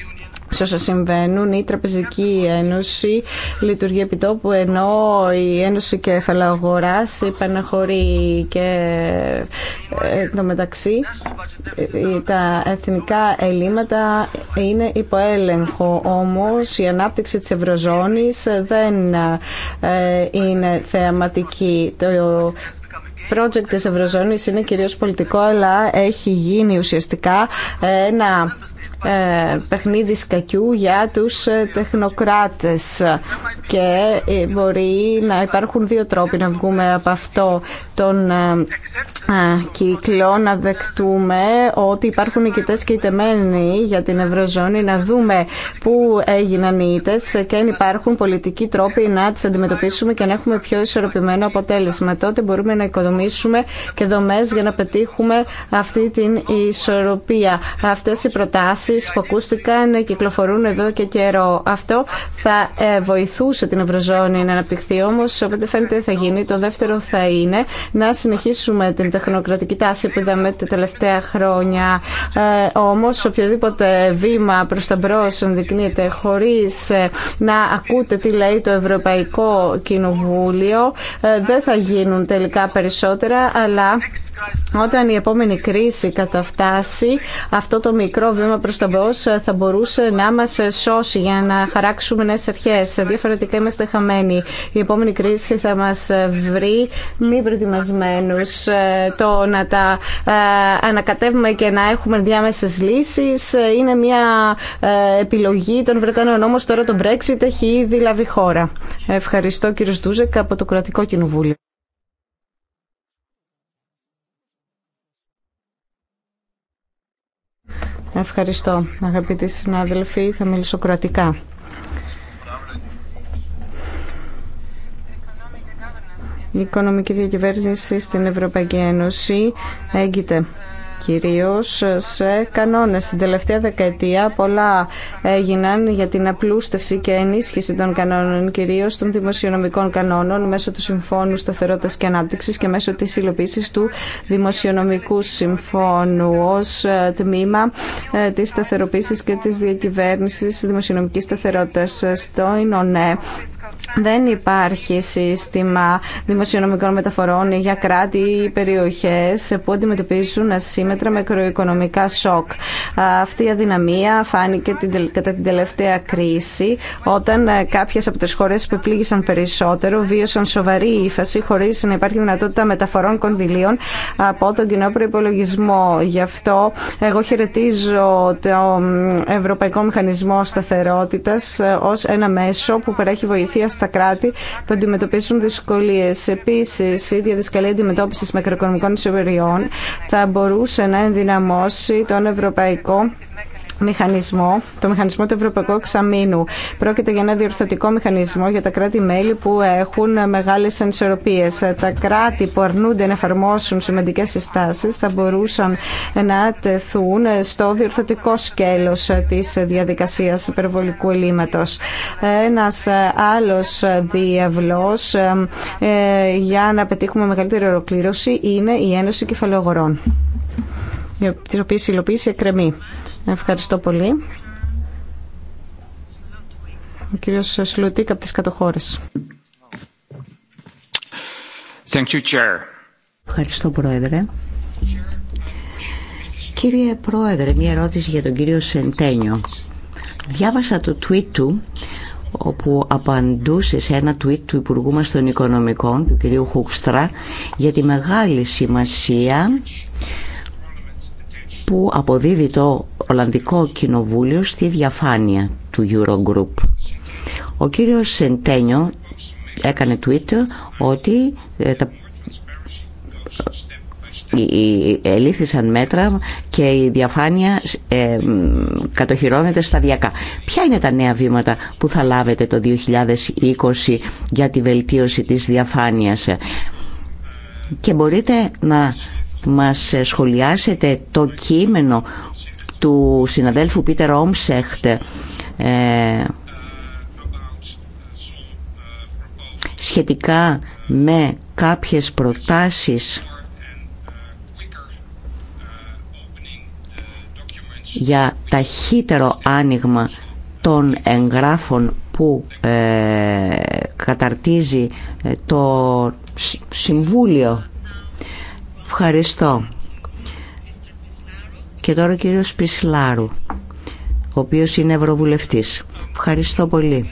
σε όσα συμβαίνουν. Η Τραπεζική Ένωση λειτουργεί επί τόπου, ενώ η Ένωση Κεφαλαγοράς υπαναχωρεί και ε, το μεταξύ τα εθνικά ελλείμματα είναι υποέλεγχο. Όμως η ανάπτυξη της Ευρωζώνης δεν ε, είναι θεαματική. Το project της Ευρωζώνης είναι κυρίως πολιτικό, αλλά έχει γίνει ουσιαστικά ένα ε, παιχνίδι σκακιού για τους ε, τεχνοκράτες και ε, μπορεί να υπάρχουν δύο τρόποι να βγούμε από αυτό τον κύκλων ε, ε, να δεκτούμε ότι υπάρχουν νικητές και ιτεμένοι για την Ευρωζώνη, να δούμε πού έγιναν οι ήτες και αν υπάρχουν πολιτικοί τρόποι να τις αντιμετωπίσουμε και να έχουμε πιο ισορροπημένο αποτέλεσμα. Τότε μπορούμε να οικοδομήσουμε και δομές για να πετύχουμε αυτή την ισορροπία. Αυτές οι προτάσεις που ακούστηκαν κυκλοφορούν εδώ και καιρό. Αυτό θα ε, βοηθούσε την Ευρωζώνη να αναπτυχθεί, όμως όποτε φαίνεται θα γίνει. Το δεύτερο θα είναι να συνεχίσουμε την τεχνοκρατική τάση που είδαμε τα τελευταία χρόνια. Ε, Όμω, οποιοδήποτε βήμα προ τα μπρο ενδεικνύεται χωρί ε, να ακούτε τι λέει το Ευρωπαϊκό Κοινοβούλιο, ε, δεν θα γίνουν τελικά περισσότερα, αλλά όταν η επόμενη κρίση καταφτάσει, αυτό το μικρό βήμα προς τα μπρος θα μπορούσε να μας σώσει για να χαράξουμε νέες αρχές. Διαφορετικά είμαστε χαμένοι. Η επόμενη κρίση θα μας βρει μη προετοιμασμένους. Ε, το να τα ε, ανακατεύουμε και να έχουμε διάμεσες λύσεις είναι μια ε, επιλογή των Βρετανών. Όμως τώρα το Brexit έχει ήδη λάβει χώρα. Ευχαριστώ κύριο Στούζεκ από το Κρατικό Κοινοβούλιο. Ευχαριστώ, αγαπητοί συνάδελφοι. Θα μιλήσω κρατικά. Η οικονομική διακυβέρνηση στην Ευρωπαϊκή Ένωση έγκυται κυρίως σε κανόνες. Στην τελευταία δεκαετία πολλά έγιναν για την απλούστευση και ενίσχυση των κανόνων, κυρίως των δημοσιονομικών κανόνων μέσω του Συμφώνου Σταθερότητας και Ανάπτυξης και μέσω της υλοποίησης του Δημοσιονομικού Συμφώνου ως ε, τμήμα ε, της σταθεροποίησης και της διακυβέρνησης δημοσιονομικής σταθερότητας ε, στο ΙΝΟΝΕ δεν υπάρχει σύστημα δημοσιονομικών μεταφορών για κράτη ή περιοχές που αντιμετωπίζουν ασύμετρα μικροοικονομικά σοκ. Αυτή η αδυναμία φάνηκε κατά την τελευταία κρίση όταν ε, κάποιες από τις χώρες που επλήγησαν περισσότερο βίωσαν σοβαρή ύφαση χωρίς να υπάρχει δυνατότητα μεταφορών κονδυλίων από τον κοινό προπολογισμό. Γι' αυτό εγώ χαιρετίζω το Ευρωπαϊκό Μηχανισμό Σταθερότητας ε, ως ένα μέσο που παρέχει βοήθεια στα κράτη που αντιμετωπίζουν δυσκολίε. Επίση, η διαδικασία αντιμετώπιση μακροοικονομικών ισοβεριών θα μπορούσε να ενδυναμώσει τον ευρωπαϊκό μηχανισμό, το μηχανισμό του Ευρωπαϊκού Εξαμήνου. Πρόκειται για ένα διορθωτικό μηχανισμό για τα κράτη-μέλη που έχουν μεγάλε ανισορροπίε. Τα κράτη που αρνούνται να εφαρμόσουν σημαντικέ συστάσει θα μπορούσαν να τεθούν στο διορθωτικό σκέλο τη διαδικασία υπερβολικού ελλείμματο. Ένα άλλο διαβλό ε, για να πετύχουμε μεγαλύτερη ολοκλήρωση είναι η Ένωση Κεφαλαιογορών, τη οποία υλοποίηση εκκρεμεί. Ευχαριστώ πολύ. Ο κύριος Σλουτίκ από τις κατοχώρες. Thank you, Chair. Ευχαριστώ, Πρόεδρε. Κύριε Πρόεδρε, μια ερώτηση για τον κύριο Σεντένιο. Διάβασα το tweet του όπου απαντούσε σε ένα tweet του Υπουργού μας των Οικονομικών, του κυρίου Χουκστρά, για τη μεγάλη σημασία που αποδίδει το Ολλανδικό Κοινοβούλιο στη διαφάνεια του Eurogroup. Ο κύριος Σεντένιο έκανε tweet ότι ε, τα ε, ε, ελήφθησαν μέτρα και η διαφάνεια ε, κατοχυρώνεται σταδιακά. Ποια είναι τα νέα βήματα που θα λάβετε το 2020 για τη βελτίωση της διαφάνειας και μπορείτε να μας σχολιάσετε το κείμενο του συναδέλφου Πίτερ Όμσεχτ ε, σχετικά με κάποιες προτάσεις για ταχύτερο άνοιγμα των εγγράφων που ε, καταρτίζει ε, το Συμβούλιο Ευχαριστώ. Και τώρα ο κύριος Πισλάρου, ο οποίος είναι ευρωβουλευτής. Ευχαριστώ πολύ.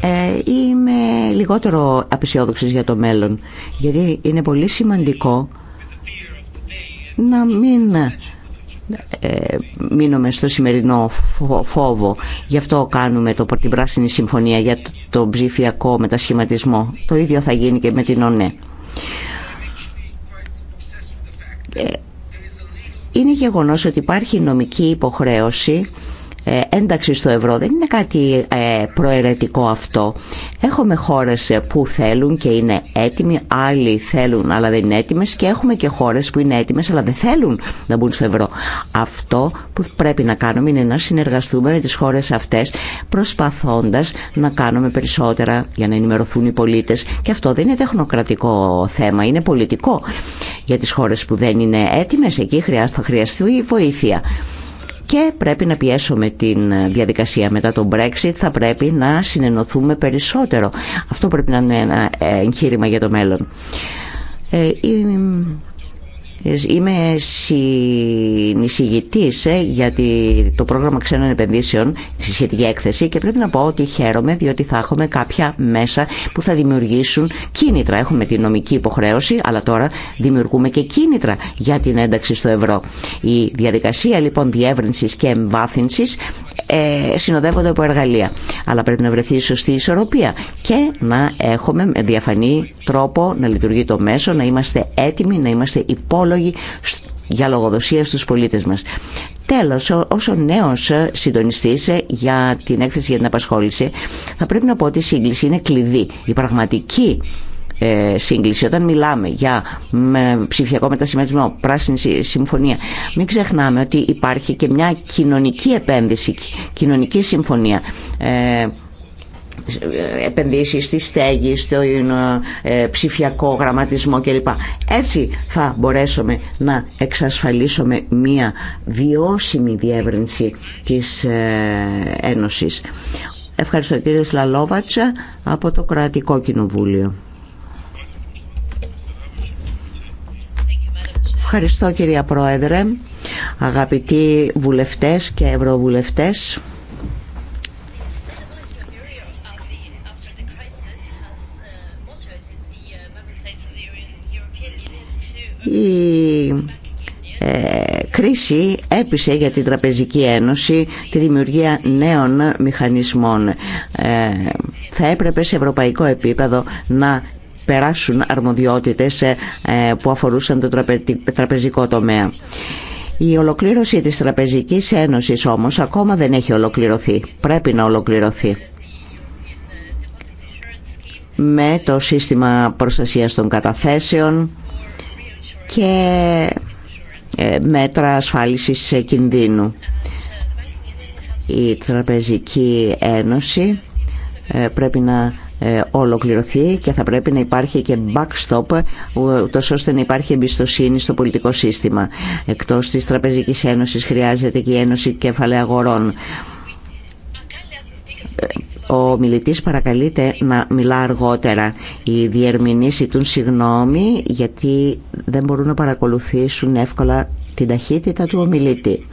Ε, είμαι λιγότερο απεσιόδοξη για το μέλλον, γιατί είναι πολύ σημαντικό να μην ε, μείνουμε στο σημερινό φόβο. Γι' αυτό κάνουμε το, την πράσινη συμφωνία για τον το ψηφιακό μετασχηματισμό. Το ίδιο θα γίνει και με την ΟΝΕ. Ε, είναι γεγονός ότι υπάρχει νομική υποχρέωση ε, ένταξη στο ευρώ. Δεν είναι κάτι ε, προαιρετικό αυτό. Έχουμε χώρες ε, που θέλουν και είναι έτοιμοι, άλλοι θέλουν αλλά δεν είναι έτοιμες και έχουμε και χώρες που είναι έτοιμες αλλά δεν θέλουν να μπουν στο ευρώ. Αυτό που πρέπει να κάνουμε είναι να συνεργαστούμε με τις χώρες αυτές προσπαθώντας να κάνουμε περισσότερα για να ενημερωθούν οι πολίτες και αυτό δεν είναι τεχνοκρατικό θέμα, είναι πολιτικό. Για τις χώρες που δεν είναι έτοιμες εκεί θα χρειαστεί βοήθεια και πρέπει να πιέσουμε την ε, διαδικασία μετά τον Brexit, θα πρέπει να συνενωθούμε περισσότερο. Αυτό πρέπει να είναι ένα ε, εγχείρημα για το μέλλον. Ε, Είμαι ε, για το πρόγραμμα ξένων επενδύσεων στη σχετική έκθεση και πρέπει να πω ότι χαίρομαι διότι θα έχουμε κάποια μέσα που θα δημιουργήσουν κίνητρα. Έχουμε την νομική υποχρέωση αλλά τώρα δημιουργούμε και κίνητρα για την ένταξη στο ευρώ. Η διαδικασία λοιπόν διεύρυνση και εμβάθυνση ε, συνοδεύονται από εργαλεία. Αλλά πρέπει να βρεθεί η σωστή ισορροπία και να έχουμε διαφανή τρόπο να λειτουργεί το μέσο, να είμαστε έτοιμοι, να είμαστε υπόλοιποι ψυχολόγοι για λογοδοσία στους πολίτες μας. Τέλος, όσο νέος ε, συντονιστής ε, για την έκθεση για την απασχόληση, θα πρέπει να πω ότι η σύγκληση είναι κλειδί. Η πραγματική ε, σύγκληση. Όταν μιλάμε για ψηφιακό μετασυμματισμό, πράσινη συμφωνία, μην ξεχνάμε ότι υπάρχει και μια κοινωνική επένδυση, κοινωνική συμφωνία. Επενδύσεις στη στέγη, στο ε, ε, ψηφιακό γραμματισμό κλπ. Έτσι θα μπορέσουμε να εξασφαλίσουμε μία βιώσιμη διεύρυνση της ε, Ένωσης. Ευχαριστώ κύριε Σλαλόβατσα από το Κρατικό Κοινοβούλιο. Ευχαριστώ κυρία Πρόεδρε, αγαπητοί βουλευτές και ευρωβουλευτές. Η ε, κρίση έπεισε για την Τραπεζική Ένωση τη δημιουργία νέων μηχανισμών. Ε, θα έπρεπε σε ευρωπαϊκό επίπεδο να περάσουν αρμοδιότητες ε, που αφορούσαν το τραπεζικό τομέα. Η ολοκλήρωση της Τραπεζικής Ένωσης όμως ακόμα δεν έχει ολοκληρωθεί. Πρέπει να ολοκληρωθεί με το σύστημα προστασίας των καταθέσεων και ε, μέτρα ασφάλισης κινδύνου. Η Τραπεζική Ένωση ε, πρέπει να ε, ολοκληρωθεί και θα πρέπει να υπάρχει και backstop ούτως ώστε να υπάρχει εμπιστοσύνη στο πολιτικό σύστημα. Εκτός της Τραπεζικής Ένωσης χρειάζεται και η Ένωση Κεφαλαίου Αγορών ο μιλητής παρακαλείται να μιλά αργότερα. Οι διερμηνείς ζητούν συγγνώμη γιατί δεν μπορούν να παρακολουθήσουν εύκολα την ταχύτητα του ομιλητή.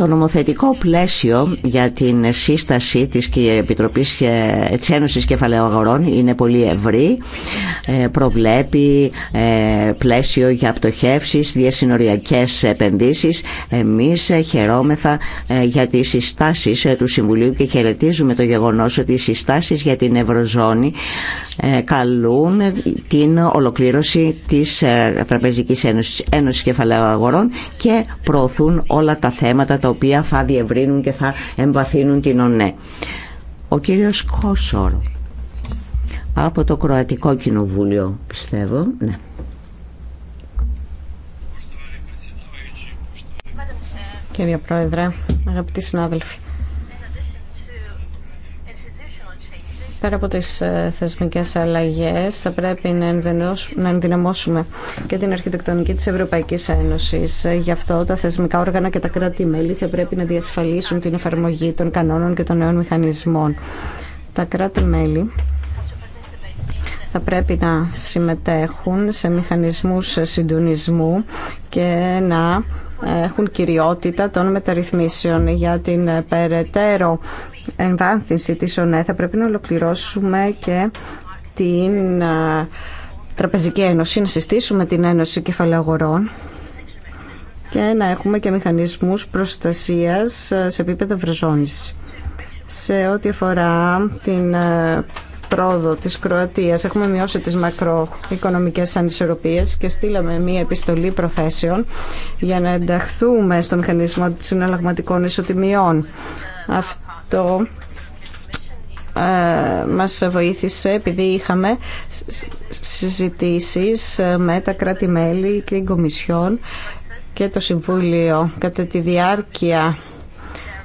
Το νομοθετικό πλαίσιο για την σύσταση της Επιτροπής της Ένωσης Κεφαλαίου Αγορών είναι πολύ ευρύ. Ε, προβλέπει ε, πλαίσιο για πτωχεύσεις, διασυνοριακές επενδύσεις. Εμείς χαιρόμεθα ε, για τις συστάσεις του Συμβουλίου και χαιρετίζουμε το γεγονός ότι οι συστάσεις για την Ευρωζώνη καλούν την ολοκλήρωση της Τραπεζικής Ένωσης, Ένωσης Κεφαλαίου Αγορών και προωθούν όλα τα θέματα οποία θα διευρύνουν και θα εμβαθύνουν την ΟΝΕ. Ο κύριος Κόσορ από το Κροατικό Κοινοβούλιο πιστεύω. Ναι. Κύριε Πρόεδρε, αγαπητοί συνάδελφοι, Πέρα από τις ε, θεσμικές αλλαγές θα πρέπει να ενδυναμώσουμε και την αρχιτεκτονική της Ευρωπαϊκής Ένωσης. Ε, γι' αυτό τα θεσμικά όργανα και τα κράτη-μέλη θα πρέπει να διασφαλίσουν την εφαρμογή των κανόνων και των νέων μηχανισμών. Τα κράτη-μέλη θα πρέπει να συμμετέχουν σε μηχανισμούς συντονισμού και να έχουν κυριότητα των μεταρρυθμίσεων για την περαιτέρω εμβάνθυνση της ΟΝΕ θα πρέπει να ολοκληρώσουμε και την Τραπεζική Ένωση, να συστήσουμε την Ένωση Κεφαλαγορών και να έχουμε και μηχανισμούς προστασίας σε επίπεδο βρεζόνης. Σε ό,τι αφορά την πρόοδο της Κροατίας. Έχουμε μειώσει τις μακροοικονομικές ανισορροπίες και στείλαμε μία επιστολή προθέσεων για να ενταχθούμε στο μηχανισμό των συναλλαγματικών ισοτιμιών. Αυτό ε, μας βοήθησε επειδή είχαμε συζητήσεις ε, με τα κράτη-μέλη και την Κομισιόν και το Συμβούλιο κατά τη διάρκεια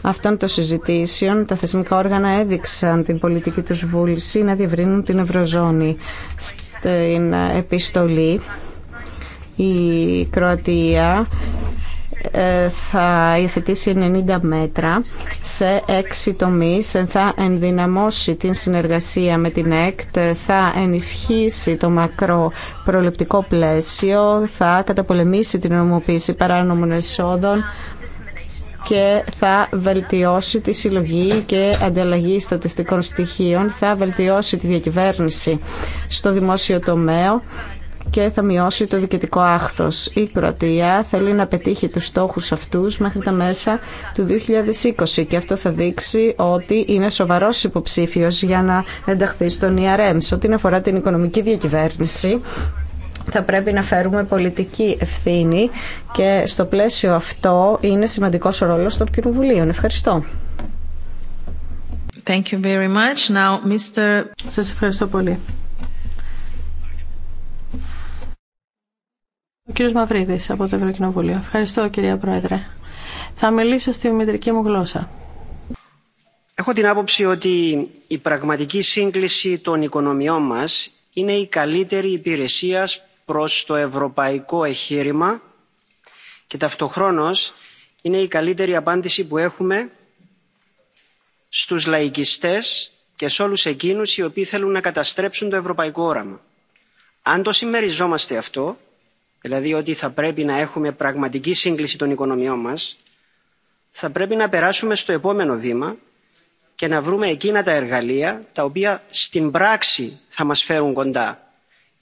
αυτών των συζητήσεων τα θεσμικά όργανα έδειξαν την πολιτική τους βούληση να διευρύνουν την Ευρωζώνη. Στην επιστολή η Κροατία ε, θα υιοθετήσει 90 μέτρα σε έξι τομείς, θα ενδυναμώσει την συνεργασία με την ΕΚΤ, θα ενισχύσει το μακρό προληπτικό πλαίσιο, θα καταπολεμήσει την νομοποίηση παράνομων εσόδων, και θα βελτιώσει τη συλλογή και ανταλλαγή στατιστικών στοιχείων, θα βελτιώσει τη διακυβέρνηση στο δημόσιο τομέα και θα μειώσει το διοικητικό άχθος. Η Κροατία θέλει να πετύχει τους στόχους αυτούς μέχρι τα μέσα του 2020 και αυτό θα δείξει ότι είναι σοβαρός υποψήφιος για να ενταχθεί στον ERM. Σε ό,τι αφορά την οικονομική διακυβέρνηση, θα πρέπει να φέρουμε πολιτική ευθύνη και στο πλαίσιο αυτό είναι σημαντικός ο ρόλος των κοινοβουλίων. Ευχαριστώ. Thank you very Now, Mr. Σας ευχαριστώ πολύ. Ο κύριος Μαυρίδης από το Ευρωκοινοβούλιο. Ευχαριστώ κυρία Πρόεδρε. Θα μιλήσω στη μητρική μου γλώσσα. Έχω την άποψη ότι η πραγματική σύγκληση των οικονομιών μας είναι η καλύτερη υπηρεσία προς το ευρωπαϊκό εγχείρημα και ταυτοχρόνως είναι η καλύτερη απάντηση που έχουμε στους λαϊκιστές και σε όλους εκείνους οι οποίοι θέλουν να καταστρέψουν το ευρωπαϊκό όραμα. Αν το συμμεριζόμαστε αυτό, δηλαδή ότι θα πρέπει να έχουμε πραγματική σύγκληση των οικονομιών μας, θα πρέπει να περάσουμε στο επόμενο βήμα και να βρούμε εκείνα τα εργαλεία τα οποία στην πράξη θα μας φέρουν κοντά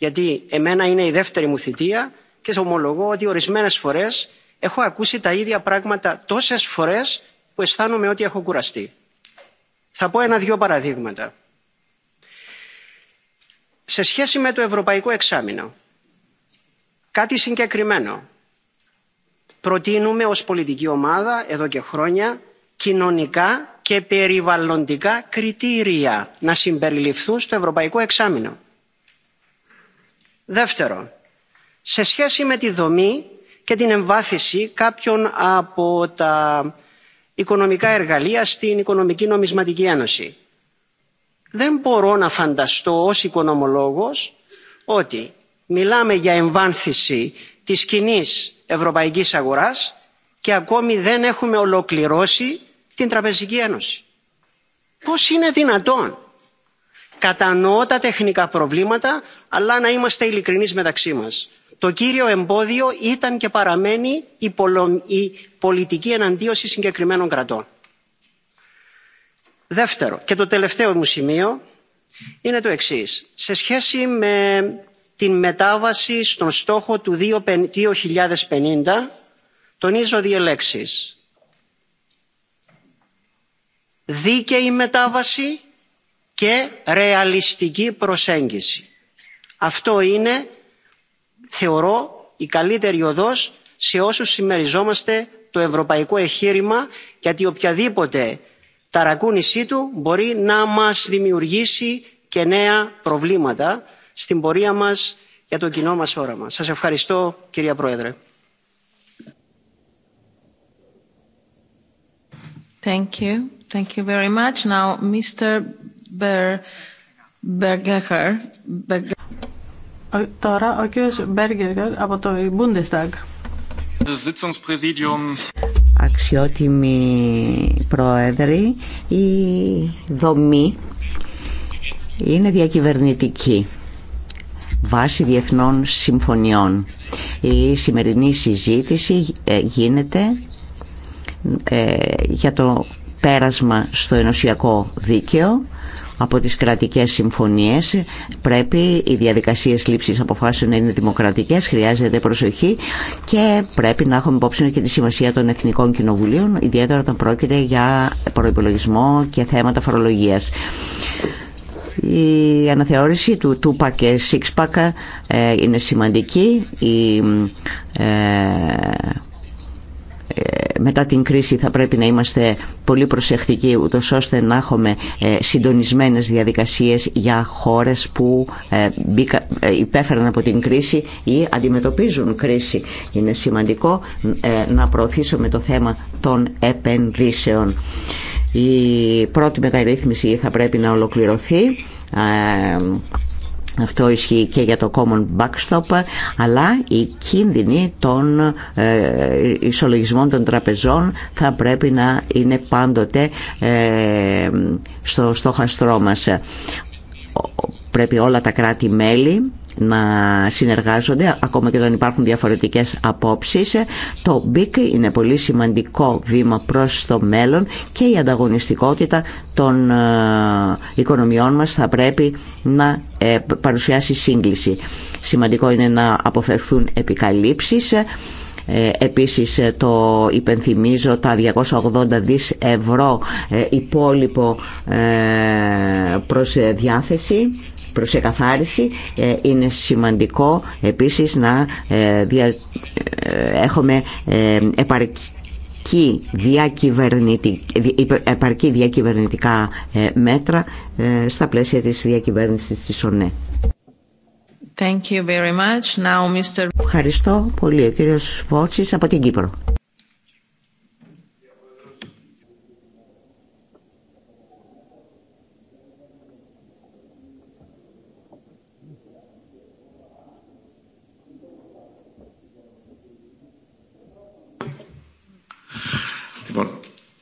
γιατί εμένα είναι η δεύτερη μου θητεία και ομολογώ ότι ορισμένες φορές έχω ακούσει τα ίδια πράγματα τόσες φορές που αισθάνομαι ότι έχω κουραστεί. θα πω ένα δυο παραδείγματα. σε σχέση με το ευρωπαϊκό εξάμεινο κάτι συγκεκριμένο προτείνουμε ως πολιτική ομάδα εδώ και χρόνια κοινωνικά και περιβαλλοντικά κριτήρια να συμπεριληφθούν στο ευρωπαϊκό εξάμεινο δεύτερον σε σχέση με τη δομή και την εμβάθυνση κάποιων από τα οικονομικά εργαλεία στην οικονομική νομισματική ένωση δεν μπορώ να φανταστώ ως οικονομολόγος ότι μιλάμε για εμβάνθηση της κοινή ευρωπαϊκής αγοράς και ακόμη δεν έχουμε ολοκληρώσει την τραπεζική ένωση. πώς είναι δυνατόν κατανοώ τα τεχνικά προβλήματα αλλά να είμαστε ειλικρινεί μεταξύ μα το κύριο εμπόδιο ήταν και παραμένει η πολιτική εναντίωση συγκεκριμένων κρατών. δεύτερο και το τελευταίο μου σημείο είναι το εξή σε σχέση με την μετάβαση στον στόχο του 2050 τονίζω δύο λέξεις δίκαιη μετάβαση και ρεαλιστική προσέγγιση. αυτό είναι θεωρώ η καλύτερη οδός σε όσους συμμεριζόμαστε το ευρωπαϊκό εγχείρημα γιατί οποιαδήποτε ταρακούνησή του μπορεί να μας δημιουργήσει και νέα προβλήματα στην πορεία μας για το κοινό μας όραμα. Σας ευχαριστώ κυρία Πρόεδρε. Τώρα ο κύριος από το Bundestag. Αξιότιμοι πρόεδροι, η δομή είναι διακυβερνητική βάσει διεθνών συμφωνιών. Η σημερινή συζήτηση ε, γίνεται ε, για το πέρασμα στο ενωσιακό δίκαιο από τις κρατικές συμφωνίες. Πρέπει οι διαδικασίες λήψης αποφάσεων να είναι δημοκρατικές, χρειάζεται προσοχή και πρέπει να έχουμε υπόψη και τη σημασία των εθνικών κοινοβουλίων, ιδιαίτερα όταν πρόκειται για προϋπολογισμό και θέματα φορολογίας. Η αναθεώρηση του 2 και 6 ε, είναι σημαντική. Η, ε, μετά την κρίση θα πρέπει να είμαστε πολύ προσεκτικοί ούτως ώστε να έχουμε ε, συντονισμένες διαδικασίες για χώρες που ε, ε, υπέφεραν από την κρίση ή αντιμετωπίζουν κρίση. Είναι σημαντικό να προωθήσουμε το θέμα των επενδύσεων. Η πρώτη μεταρρύθμιση θα πρέπει να ολοκληρωθεί αυτό ισχύει και για το Common Backstop, αλλά οι κίνδυνη των ε, ισολογισμών των τραπεζών θα πρέπει να είναι πάντοτε ε, στο στόχαστρό μας. Πρέπει όλα τα κράτη-μέλη να συνεργάζονται ακόμα και όταν υπάρχουν διαφορετικές απόψεις το BIC είναι πολύ σημαντικό βήμα προς το μέλλον και η ανταγωνιστικότητα των ε, οικονομιών μας θα πρέπει να ε, παρουσιάσει σύγκληση σημαντικό είναι να αποφευθούν επικαλύψεις ε, επίσης το υπενθυμίζω τα 280 δις ευρώ υπόλοιπο προς διάθεση προς εκαθάριση ε, είναι σημαντικό επίσης να ε, ε, έχουμε επαρκή διακυβερνητικά μέτρα στα πλαίσια της διακυβέρνησης της ΟΝΕ. Thank you Ευχαριστώ πολύ. Ο κύριος Βότσης από την Κύπρο.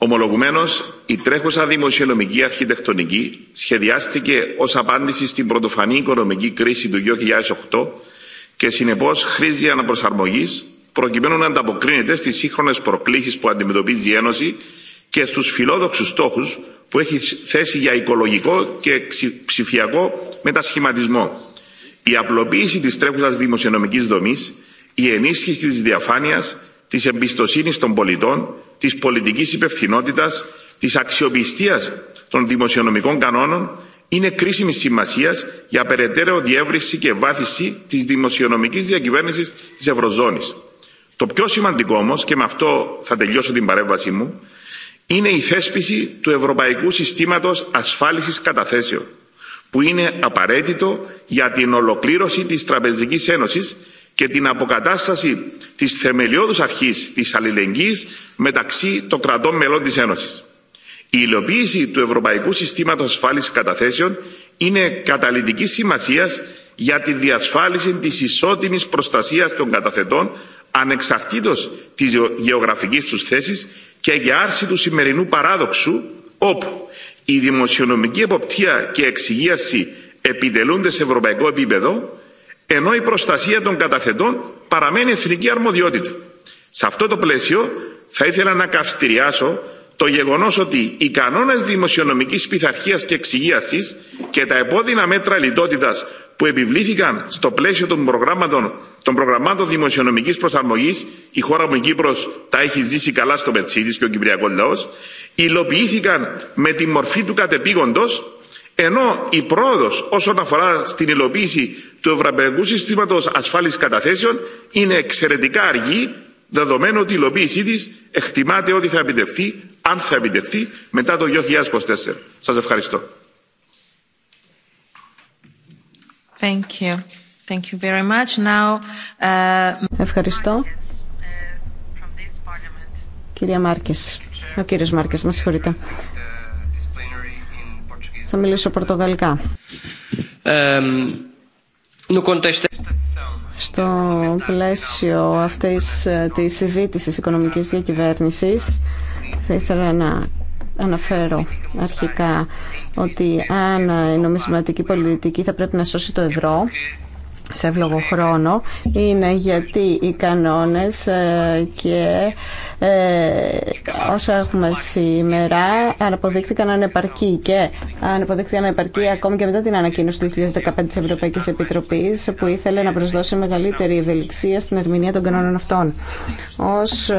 Ομολογουμένω, η τρέχουσα δημοσιονομική αρχιτεκτονική σχεδιάστηκε ω απάντηση στην πρωτοφανή οικονομική κρίση του 2008 και συνεπώ χρήζει αναπροσαρμογή προκειμένου να ανταποκρίνεται στι σύγχρονε προκλήσει που αντιμετωπίζει η Ένωση και στου φιλόδοξου στόχου που έχει θέσει για οικολογικό και ψηφιακό μετασχηματισμό. Η απλοποίηση τη τρέχουσα δημοσιονομική δομή, η ενίσχυση τη διαφάνεια της εμπιστοσύνης των πολιτών της πολιτικής υπευθυνότητας της αξιοπιστίας των δημοσιονομικών κανόνων είναι κρίσιμη σημασία για περαιτέρω διεύρυνση και βάθηση τη δημοσιονομική διακυβέρνηση τη Ευρωζώνη. Το πιο σημαντικό όμω, και με αυτό θα τελειώσω την παρέμβασή μου, είναι η θέσπιση του Ευρωπαϊκού Συστήματο Ασφάλιση Καταθέσεων, που είναι απαραίτητο για την ολοκλήρωση τη Τραπεζική Ένωση και την αποκατάσταση της θεμελιώδους αρχής της αλληλεγγύης μεταξύ των κρατών μελών της Ένωσης. Η υλοποίηση του Ευρωπαϊκού Συστήματος Ασφάλισης Καταθέσεων είναι καταλητική σημασίας για τη διασφάλιση της ισότιμης προστασίας των καταθετών ανεξαρτήτως της γεωγραφικής τους θέσης και για άρση του σημερινού παράδοξου όπου η δημοσιονομική εποπτεία και εξυγίαση επιτελούνται σε ευρωπαϊκό επίπεδο ενώ η προστασία των καταθετών παραμένει εθνική αρμοδιότητα. Σε αυτό το πλαίσιο θα ήθελα να καυστηριάσω το γεγονός ότι οι κανόνες δημοσιονομικής πειθαρχία και εξυγίασης και τα επώδυνα μέτρα λιτότητας που επιβλήθηκαν στο πλαίσιο των προγραμμάτων, των προγραμμάτων δημοσιονομικής προσαρμογής, η χώρα μου η Κύπρος τα έχει ζήσει καλά στο πετσί και ο Κυπριακό λαός, υλοποιήθηκαν με τη μορφή του κατεπήγοντος ενώ η πρόοδο όσον αφορά στην υλοποίηση του ευρωπαϊκού συστήματο ασφάλισης καταθέσεων είναι εξαιρετικά αργή δεδομένου ότι η υλοποίησή τη εκτιμάται ότι θα επιτευχθεί αν θα επιτευχθεί μετά το 2024. Σας ευχαριστώ. Thank you. Thank you very much. Now, uh, Ευχαριστώ. Uh, Κυρία Μάρκες, ο Μάρκες, συγχωρείτε. Θα μιλήσω πορτογαλικά. Στο πλαίσιο αυτής ε, της συζήτησης οικονομικής διακυβέρνησης θα ήθελα να αναφέρω αρχικά ότι αν η νομισματική πολιτική θα πρέπει να σώσει το ευρώ σε ευλογό χρόνο είναι γιατί οι κανόνες ε, και ε, όσα έχουμε σήμερα αναποδείχθηκαν ανεπαρκή και αναποδείχθηκαν ανεπαρκή ακόμη και μετά την ανακοίνωση του 2015 της Ευρωπαϊκής Επιτροπής που ήθελε να προσδώσει μεγαλύτερη ευελιξία στην ερμηνεία των κανόνων αυτών. Ως, ε,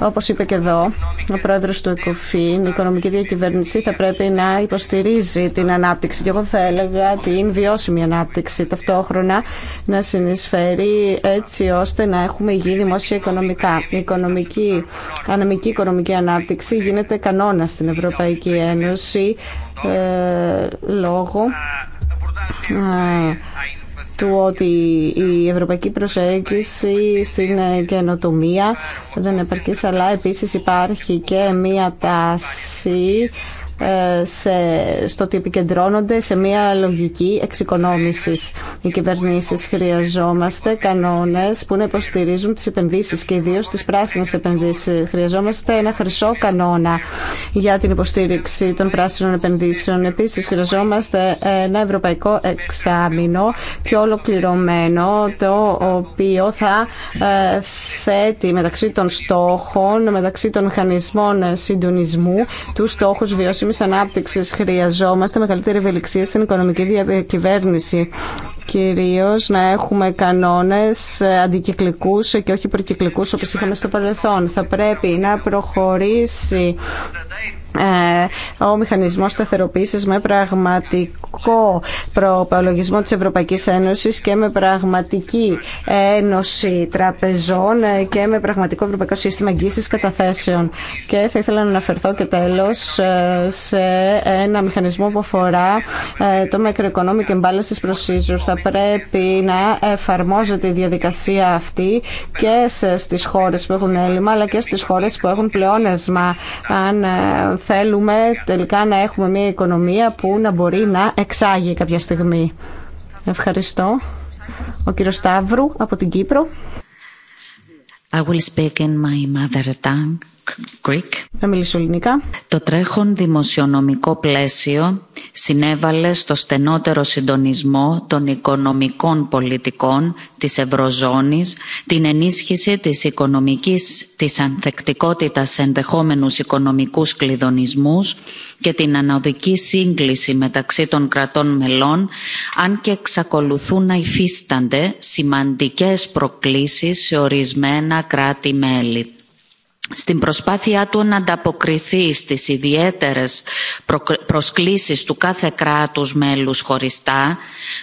όπως είπε και εδώ ο πρόεδρος του ΕΚΟΦΗΝ, η οικονομική διακυβέρνηση θα πρέπει να υποστηρίζει την ανάπτυξη και εγώ θα έλεγα την βιώσιμη ανάπτυξη ταυτόχρονα να συνεισφέρει έτσι ώστε να έχουμε υγιή δημόσια οικονομικά. Η οικονομική, οικονομική ανάπτυξη γίνεται κανόνα στην Ευρωπαϊκή Ένωση ε, λόγω ε, του ότι η ευρωπαϊκή προσέγγιση στην καινοτομία δεν επαρκεί αλλά επίσης υπάρχει και μία τάση ε, σε, στο ότι επικεντρώνονται σε μια λογική εξοικονόμησης. Οι κυβερνήσεις χρειαζόμαστε κανόνες που να υποστηρίζουν τις επενδύσεις και ιδίως τις πράσινες επενδύσεις. Χρειαζόμαστε ένα χρυσό κανόνα για την υποστήριξη των πράσινων επενδύσεων. Επίσης χρειαζόμαστε ένα ευρωπαϊκό εξάμεινο πιο ολοκληρωμένο το οποίο θα ε, θέτει μεταξύ των στόχων, μεταξύ των μηχανισμών συντονισμού του στόχους βιώσιμη ανάπτυξη χρειαζόμαστε μεγαλύτερη ευελιξία στην οικονομική διακυβέρνηση. Κυρίω να έχουμε κανόνε αντικυκλικού και όχι προκυκλικού όπω είχαμε στο παρελθόν. Θα πρέπει να προχωρήσει ε, ο μηχανισμός σταθεροποίησης με πραγματικό προπαλογισμό της Ευρωπαϊκής Ένωσης και με πραγματική ένωση τραπεζών ε, και με πραγματικό ευρωπαϊκό σύστημα εγγύησης καταθέσεων. Και θα ήθελα να αναφερθώ και τέλος ε, σε ένα μηχανισμό που αφορά το macroeconomic imbalances procedure. Θα πρέπει να εφαρμόζεται η διαδικασία αυτή και στις χώρες που έχουν έλλειμμα αλλά και στις χώρες που έχουν πλεόνασμα θέλουμε τελικά να έχουμε μια οικονομία που να μπορεί να εξάγει κάποια στιγμή. Ευχαριστώ. Ο κύριος Σταύρου από την Κύπρο. I will speak in my mother tongue. Το τρέχον δημοσιονομικό πλαίσιο συνέβαλε στο στενότερο συντονισμό των οικονομικών πολιτικών της Ευρωζώνης, την ενίσχυση της οικονομικής της ανθεκτικότητας σε ενδεχόμενους οικονομικούς κλειδονισμούς και την αναδική σύγκληση μεταξύ των κρατών μελών, αν και εξακολουθούν να υφίστανται σημαντικές προκλήσεις σε ορισμένα κράτη-μέλη στην προσπάθειά του να ανταποκριθεί στις ιδιαίτερες προσκλήσεις του κάθε κράτους μέλους χωριστά,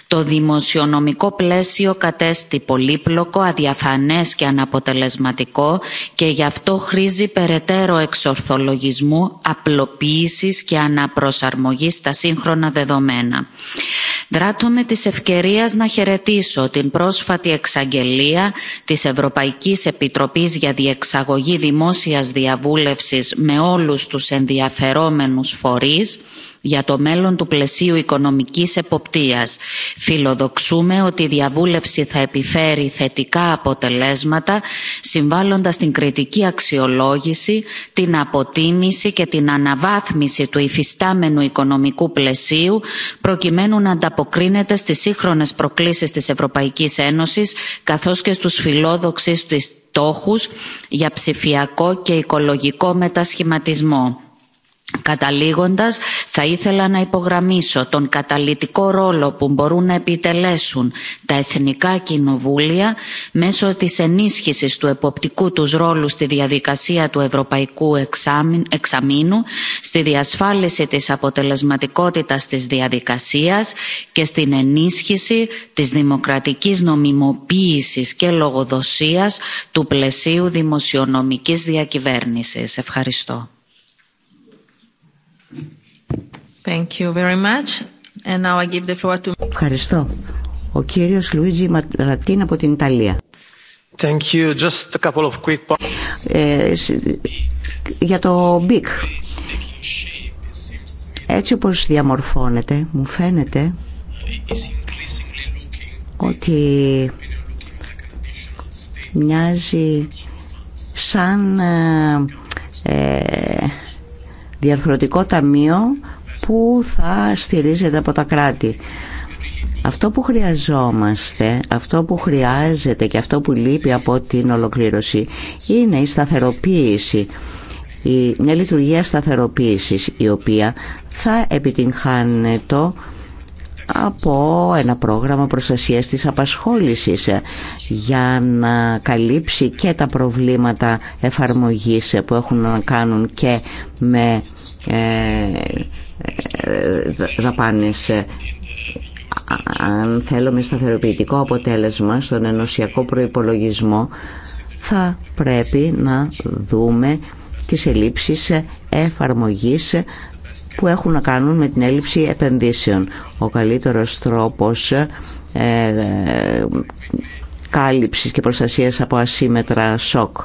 το δημοσιονομικό πλαίσιο κατέστη πολύπλοκο, αδιαφανές και αναποτελεσματικό και γι' αυτό χρήζει περαιτέρω εξορθολογισμού, απλοποίησης και αναπροσαρμογής στα σύγχρονα δεδομένα. Δράτω με της ευκαιρίας να χαιρετήσω την πρόσφατη εξαγγελία της Ευρωπαϊκής Επιτροπής για διεξαγωγή Δημόσιας δημόσιας διαβούλευσης με όλους τους ενδιαφερόμενους φορείς για το μέλλον του πλαισίου οικονομικής εποπτείας. Φιλοδοξούμε ότι η διαβούλευση θα επιφέρει θετικά αποτελέσματα συμβάλλοντας την κριτική αξιολόγηση, την αποτίμηση και την αναβάθμιση του υφιστάμενου οικονομικού πλαισίου προκειμένου να ανταποκρίνεται στις σύγχρονες προκλήσεις της Ευρωπαϊκής Ένωσης καθώς και στους φιλόδοξους της για ψηφιακό και οικολογικό μετασχηματισμό καταλήγοντας θα ήθελα να υπογραμμίσω τον καταλυτικό ρόλο που μπορούν να επιτελέσουν τα εθνικά κοινοβούλια μέσω της ενίσχυσης του εποπτικού τους ρόλου στη διαδικασία του ευρωπαϊκού εξαμήνου στη διασφάλιση της αποτελεσματικότητας της διαδικασίας και στην ενίσχυση της δημοκρατικής νομιμοποίησης και λογοδοσίας του πλαισίου δημοσιονομικής διακυβέρνησης. ευχαριστώ. Ευχαριστώ. Ο κύριος Λουίτζι Ματρατίν από την Ιταλία. you. Ε, για το BIC. Έτσι όπως διαμορφώνεται, μου φαίνεται ότι μοιάζει σαν ε, ε, διαρθρωτικό ταμείο που θα στηρίζεται από τα κράτη. Αυτό που χρειαζόμαστε, αυτό που χρειάζεται και αυτό που λείπει από την ολοκλήρωση είναι η σταθεροποίηση, η, μια λειτουργία σταθεροποίησης η οποία θα επιτυγχάνεται από ένα πρόγραμμα προστασίας της απασχόλησης για να καλύψει και τα προβλήματα εφαρμογής που έχουν να κάνουν και με ε, ε, δαπάνες αν θέλουμε σταθεροποιητικό αποτέλεσμα στον ενωσιακό προϋπολογισμό θα πρέπει να δούμε τις ελλείψεις εφαρμογής που έχουν να κάνουν με την έλλειψη επενδύσεων. Ο καλύτερος τρόπος ε, κάλυψης και προστασίας από ασύμετρα σοκ.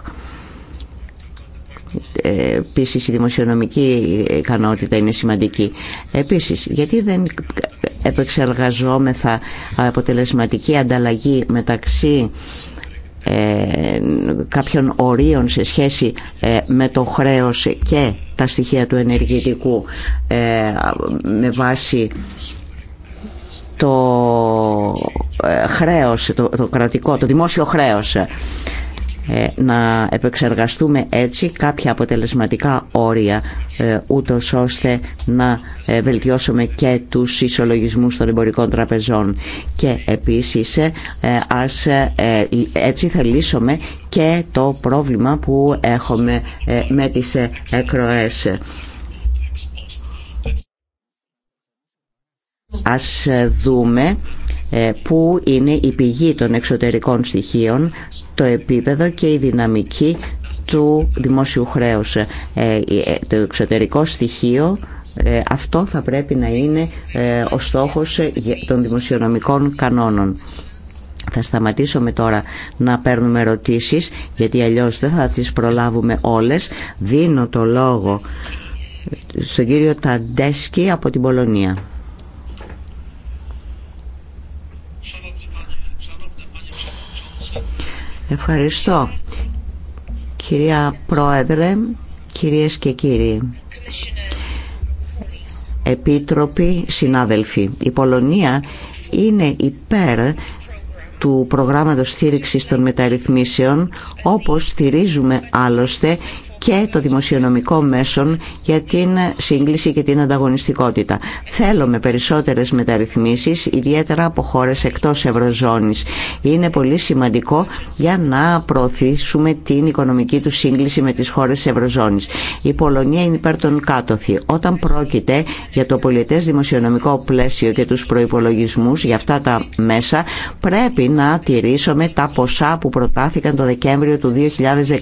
Ε, Επίση, η δημοσιονομική ικανότητα είναι σημαντική. Επίσης, γιατί δεν επεξεργαζόμεθα αποτελεσματική ανταλλαγή μεταξύ ε, κάποιων ορίων σε σχέση ε, με το χρέος και τα στοιχεία του ενεργητικού ε, με βάση το χρέος, το, το κρατικό, το δημόσιο χρέος ε, να επεξεργαστούμε έτσι κάποια αποτελεσματικά όρια ε, ούτως ώστε να ε, βελτιώσουμε και τους ισολογισμούς των εμπορικών τραπεζών και επίσης ας, έτσι θα λύσουμε και το πρόβλημα που έχουμε με τις εκροές. Ας δούμε ε, που είναι η πηγή των εξωτερικών στοιχείων, το επίπεδο και η δυναμική του δημόσιου χρέους. Ε, ε, το εξωτερικό στοιχείο, αυτό θα πρέπει να είναι ο στόχος των δημοσιονομικών κανόνων. Θα σταματήσουμε τώρα να παίρνουμε ερωτήσεις, γιατί αλλιώς δεν θα τις προλάβουμε όλες. Δίνω το λόγο στον κύριο Ταντέσκι από την Πολωνία. Ευχαριστώ. Κυρία Πρόεδρε, κυρίες και κύριοι, Επίτροποι, συνάδελφοι, η Πολωνία είναι υπέρ του προγράμματος στήριξης των μεταρρυθμίσεων, όπως στηρίζουμε άλλωστε και το δημοσιονομικό μέσον για την σύγκληση και την ανταγωνιστικότητα. Θέλουμε περισσότερε μεταρρυθμίσεις, ιδιαίτερα από χώρε εκτό Ευρωζώνης. Είναι πολύ σημαντικό για να προωθήσουμε την οικονομική του σύγκληση με τις χώρες Ευρωζώνης. Η Πολωνία είναι υπέρ των κάτωθη. Όταν πρόκειται για το πολιτές δημοσιονομικό πλαίσιο και του προπολογισμού για αυτά τα μέσα, πρέπει να τηρήσουμε τα ποσά που προτάθηκαν το Δεκέμβριο του 2019.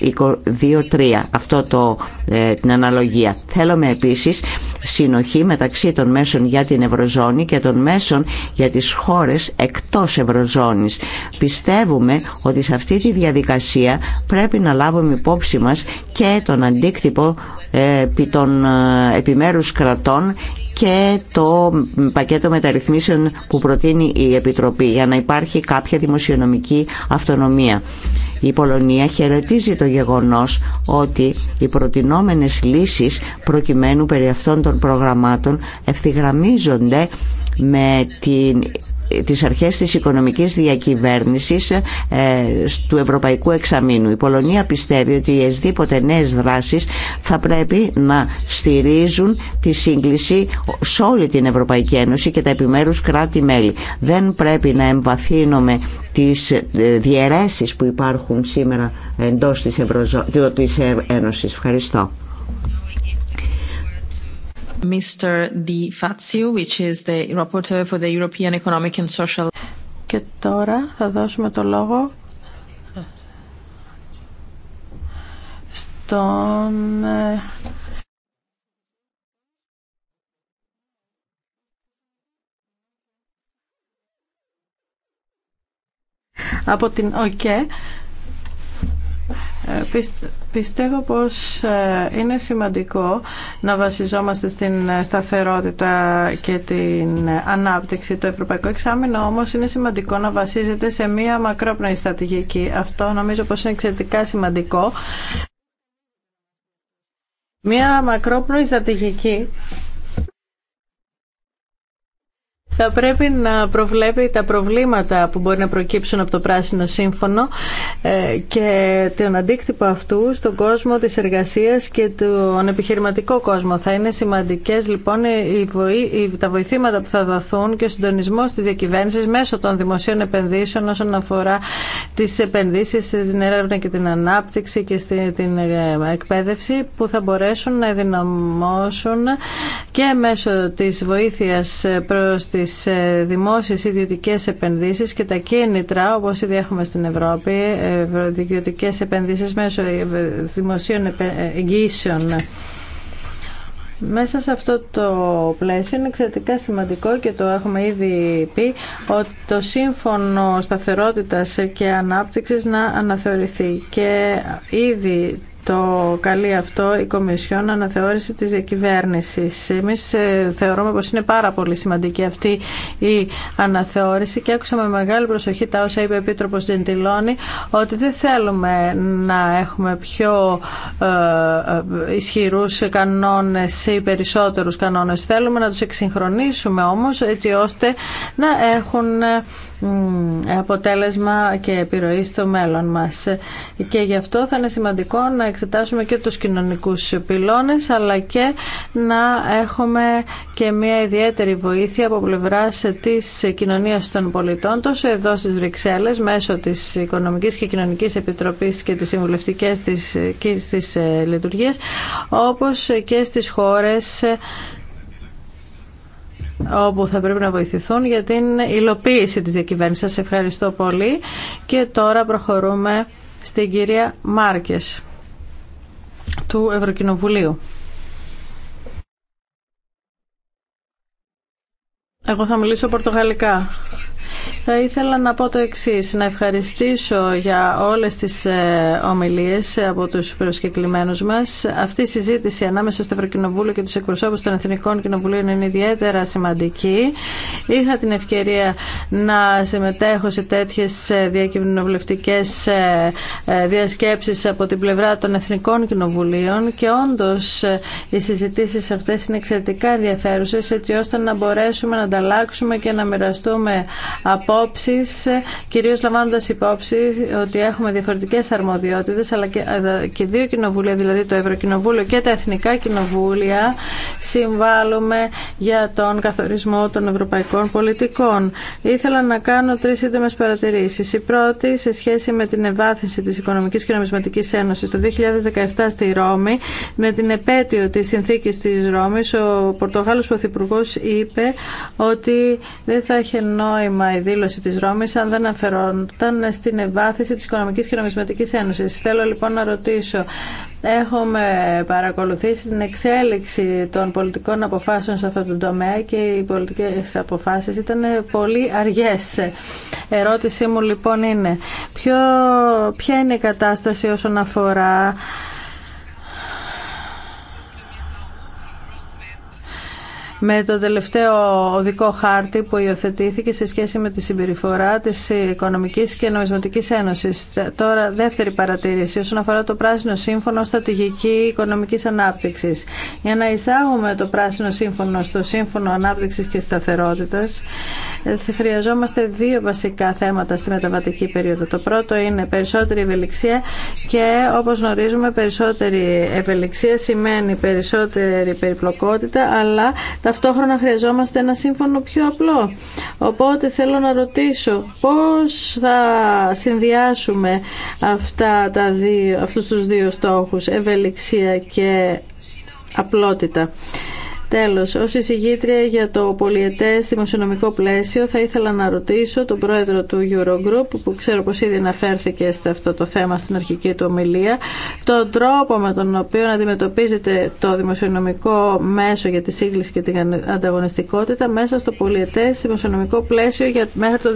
2 3 αυτό το, ε, την αναλογία. Θέλουμε επίσης συνοχή μεταξύ των μέσων για την Ευρωζώνη και των μέσων για τις χώρες εκτός Ευρωζώνης. Πιστεύουμε ότι σε αυτή τη διαδικασία πρέπει να λάβουμε υπόψη μας και τον αντίκτυπο ε, των ε, επιμέρους κρατών και το πακέτο μεταρρυθμίσεων που προτείνει η Επιτροπή για να υπάρχει κάποια δημοσιονομική αυτονομία. Η Πολωνία χαιρετίζει το γεγονός ότι οι προτινόμενες λύσεις προκειμένου περί αυτών των προγραμμάτων ευθυγραμμίζονται με την, τις αρχές της οικονομικής διακυβέρνησης ε, του Ευρωπαϊκού Εξαμήνου. Η Πολωνία πιστεύει ότι οι εσδήποτε νέες δράσεις θα πρέπει να στηρίζουν τη σύγκληση σε όλη την Ευρωπαϊκή Ένωση και τα επιμέρους κράτη-μέλη. Δεν πρέπει να εμβαθύνουμε τις ε, διαιρέσεις που υπάρχουν σήμερα εντός της, Ευρωζω... της Ένωσης. Ευχαριστώ. Mr. Di Fazio, which is the rapporteur for the European Economic and Social. θα δώσουμε το Πιστεύω πως ε, είναι σημαντικό να βασιζόμαστε στην ε, σταθερότητα και την ε, ανάπτυξη. Το Ευρωπαϊκό Εξάμεινο όμως είναι σημαντικό να βασίζεται σε μία μακρόπνοη στρατηγική. Αυτό νομίζω πως είναι εξαιρετικά σημαντικό. Μία μακρόπνοη στρατηγική θα πρέπει να προβλέπει τα προβλήματα που μπορεί να προκύψουν από το Πράσινο Σύμφωνο ε, και τον αντίκτυπο αυτού στον κόσμο της εργασίας και τον επιχειρηματικό κόσμο. Θα είναι σημαντικές λοιπόν τα βοηθήματα που θα δοθούν και ο συντονισμός της διακυβέρνησης μέσω των δημοσίων επενδύσεων όσον αφορά τις επενδύσεις στην έρευνα και την ανάπτυξη και στην ε, εκπαίδευση που θα μπορέσουν να δυναμώσουν και μέσω της βοήθειας προς τη τις ε, δημόσιες ιδιωτικές επενδύσεις και τα κίνητρα όπως ήδη έχουμε στην Ευρώπη, ιδιωτικές επενδύσεις μέσω ε, δημοσίων ε, εγγύσεων. Μέσα σε αυτό το πλαίσιο είναι εξαιρετικά σημαντικό και το έχουμε ήδη πει ότι το σύμφωνο σταθερότητας και ανάπτυξης να αναθεωρηθεί και ήδη το καλεί αυτό η Κομισιόν αναθεώρηση της διακυβέρνησης. Εμείς ε, θεωρούμε πως είναι πάρα πολύ σημαντική αυτή η αναθεώρηση και άκουσα με μεγάλη προσοχή τα όσα είπε ο Επίτροπος Τζεντιλόνη ότι δεν θέλουμε να έχουμε πιο ε, ε, ισχυρούς κανόνες ή περισσότερους κανόνες. Θέλουμε να τους εξυγχρονίσουμε όμως έτσι ώστε να έχουν ε, αποτέλεσμα και επιρροή στο μέλλον μας. Και γι' αυτό θα είναι σημαντικό να εξετάσουμε και τους κοινωνικούς πυλώνες αλλά και να έχουμε και μια ιδιαίτερη βοήθεια από πλευράς της κοινωνίας των πολιτών τόσο εδώ στις Βρυξέλλες μέσω της Οικονομικής και Κοινωνικής Επιτροπής και της συμβουλευτική της, ε, λειτουργία, όπως και στις χώρες όπου θα πρέπει να βοηθηθούν για την υλοποίηση της διακυβέρνησης. Σας ευχαριστώ πολύ και τώρα προχωρούμε στην κυρία Μάρκες του Ευρωκοινοβουλίου. Εγώ θα μιλήσω πορτογαλικά. Θα ήθελα να πω το εξή, να ευχαριστήσω για όλες τις ε, ομιλίες από τους προσκεκλημένους μας. Αυτή η συζήτηση ανάμεσα στο Ευρωκοινοβούλιο και τους εκπροσώπους των Εθνικών Κοινοβουλίων είναι ιδιαίτερα σημαντική. Είχα την ευκαιρία να συμμετέχω σε τέτοιες ε, διακοινοβουλευτικές ε, διασκέψεις από την πλευρά των Εθνικών Κοινοβουλίων και όντω οι συζητήσεις αυτές είναι εξαιρετικά ενδιαφέρουσες έτσι ώστε να μπορέσουμε να ανταλλάξουμε και να μοιραστούμε από υπόψη, κυρίως λαμβάνοντας υπόψη ότι έχουμε διαφορετικέ αρμοδιότητε, αλλά ε, και, δύο κοινοβούλια, δηλαδή το Ευρωκοινοβούλιο και τα Εθνικά Κοινοβούλια, συμβάλλουμε για τον καθορισμό των ευρωπαϊκών πολιτικών. Ήθελα να κάνω τρει σύντομε παρατηρήσει. Η πρώτη, σε σχέση με την ευάθυνση τη Οικονομικής και Νομισματικής Ένωσης το 2017 στη Ρώμη, με την επέτειο τη συνθήκη τη Ρώμη, ο Πορτογάλος Πρωθυπουργό είπε ότι δεν θα έχει νόημα η της Ρώμης αν δεν αφαιρόταν στην ευάθυνση της Οικονομικής και Νομισματικής Ένωσης. Θέλω λοιπόν να ρωτήσω, έχουμε παρακολουθήσει την εξέλιξη των πολιτικών αποφάσεων σε αυτό το τομέα και οι πολιτικές αποφάσεις ήταν πολύ αργές. Ερώτησή μου λοιπόν είναι, ποιο, ποια είναι η κατάσταση όσον αφορά με το τελευταίο οδικό χάρτη που υιοθετήθηκε σε σχέση με τη συμπεριφορά της Οικονομικής και Νομισματικής Ένωσης. Τώρα, δεύτερη παρατήρηση όσον αφορά το Πράσινο Σύμφωνο Στατηγική Οικονομικής Ανάπτυξης. Για να εισάγουμε το Πράσινο Σύμφωνο στο Σύμφωνο Ανάπτυξης και Σταθερότητας, ε, χρειαζόμαστε δύο βασικά θέματα στη μεταβατική περίοδο. Το πρώτο είναι περισσότερη ευελιξία και όπως γνωρίζουμε περισσότερη ευελιξία σημαίνει περισσότερη περιπλοκότητα αλλά Ταυτόχρονα χρειαζόμαστε ένα σύμφωνο πιο απλό. Οπότε θέλω να ρωτήσω πώς θα συνδυάσουμε αυτά τα δύο, αυτούς τους δύο στόχους, ευελιξία και απλότητα. Τέλος, ως εισηγήτρια για το πολιετές δημοσιονομικό πλαίσιο θα ήθελα να ρωτήσω τον πρόεδρο του Eurogroup που ξέρω πως ήδη αναφέρθηκε σε αυτό το θέμα στην αρχική του ομιλία τον τρόπο με τον οποίο αντιμετωπίζεται το δημοσιονομικό μέσο για τη σύγκληση και την ανταγωνιστικότητα μέσα στο πολιετές δημοσιονομικό πλαίσιο για, μέχρι το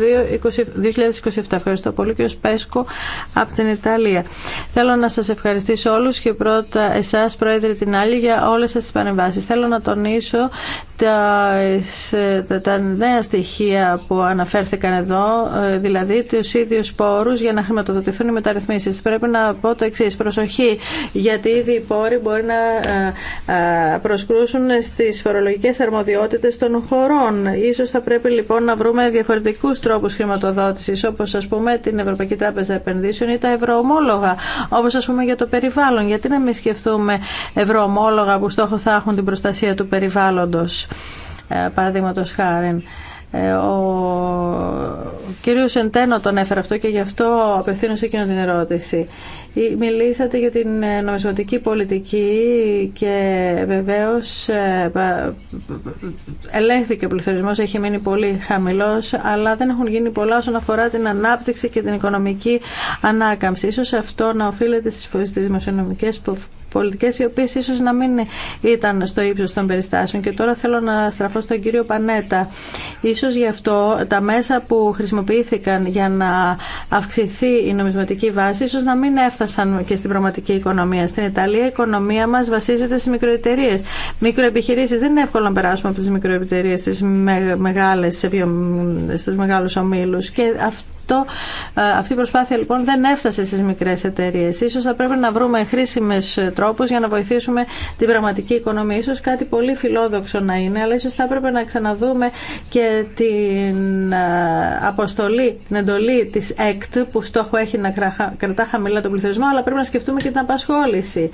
2027. Ευχαριστώ πολύ και ως πέσκο από την Ιταλία. Θέλω να σας ευχαριστήσω όλους και πρώτα εσάς πρόεδρε την άλλη για όλες σας τις Θέλω να τον τονίσω τα, τα νέα στοιχεία που αναφέρθηκαν εδώ, ε, δηλαδή του ίδιου πόρου για να χρηματοδοτηθούν οι μεταρρυθμίσει. Πρέπει να πω το εξή. Προσοχή, γιατί ήδη οι πόροι μπορεί να ε, ε, προσκρούσουν στι φορολογικέ αρμοδιότητε των χωρών. σω θα πρέπει λοιπόν να βρούμε διαφορετικού τρόπου χρηματοδότηση, όπω α πούμε την Ευρωπαϊκή Τράπεζα Επενδύσεων ή τα ευρωομόλογα, όπω α πούμε για το περιβάλλον. Γιατί να μην σκεφτούμε ευρωομόλογα που στόχο θα έχουν την προστασία του περιβάλλοντος, ε, παραδείγματος χάρη. Ε, ο κύριος Σεντένο τον έφερε αυτό και γι' αυτό απευθύνω σε εκείνο την ερώτηση. Μιλήσατε για την ε, νομισματική πολιτική και βεβαίως ελέγχθηκε ο πληθωρισμός, έχει μείνει πολύ χαμηλός, αλλά δεν έχουν γίνει πολλά όσον αφορά την ανάπτυξη και την οικονομική ανάκαμψη. Ίσως αυτό να οφείλεται στις δημοσιονομικές πολιτικές οι οποίες ίσως να μην ήταν στο ύψος των περιστάσεων και τώρα θέλω να στραφώ στον κύριο Πανέτα. Ίσως γι' αυτό τα μέσα που χρησιμοποιήθηκαν για να αυξηθεί η νομισματική βάση ίσως να μην έφτασαν και στην πραγματική οικονομία. Στην Ιταλία η οικονομία μας βασίζεται στις μικροεταιρείε. Μικροεπιχειρήσεις δεν είναι εύκολο να περάσουμε από τι μικροεπιτερίε στις μεγάλες, ομίλου. και ε, αυτή η προσπάθεια λοιπόν δεν έφτασε στις μικρές εταιρείε. Ίσως θα πρέπει να βρούμε χρήσιμες ε, τρόπους για να βοηθήσουμε την πραγματική οικονομία. Ίσως κάτι πολύ φιλόδοξο να είναι, αλλά ίσως θα έπρεπε να ξαναδούμε και την ε, αποστολή, την εντολή της ΕΚΤ που στόχο έχει να κρατά χαμηλά τον πληθωρισμό, αλλά πρέπει να σκεφτούμε και την απασχόληση.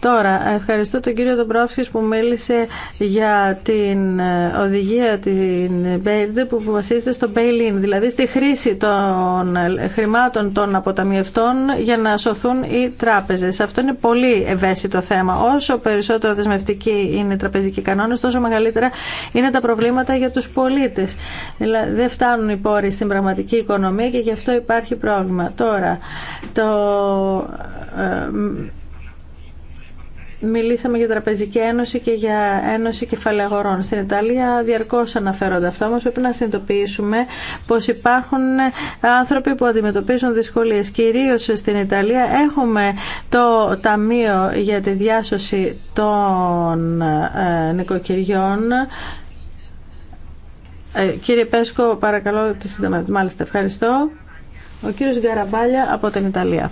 Τώρα, ευχαριστώ τον κύριο Ντομπρόφσκης που μίλησε για την ε, οδηγία την Μπέιρντε που βασίζεται στο Μπέιλιν, δηλαδή στη χρήση των ε, χρημάτων των αποταμιευτών για να σωθούν οι τράπεζε. Αυτό είναι πολύ ευαίσθητο θέμα. Όσο περισσότερο δεσμευτικοί είναι οι τραπεζικοί κανόνε, τόσο μεγαλύτερα είναι τα προβλήματα για του πολίτε. Δηλαδή, δεν φτάνουν οι πόροι στην πραγματική οικονομία και γι' αυτό υπάρχει πρόβλημα. Τώρα, το ε, Μιλήσαμε για Τραπεζική Ένωση και για Ένωση αγορών. Στην Ιταλία διαρκώ αναφέρονται αυτά, όμω πρέπει να συνειδητοποιήσουμε πω υπάρχουν άνθρωποι που αντιμετωπίζουν δυσκολίε. Κυρίω στην Ιταλία έχουμε το Ταμείο για τη Διάσωση των ε, Νοικοκυριών. Ε, κύριε Πέσκο, παρακαλώ τη σύντομα. Μάλιστα, ευχαριστώ. Ο κύριος Γκαραμπάλια από την Ιταλία.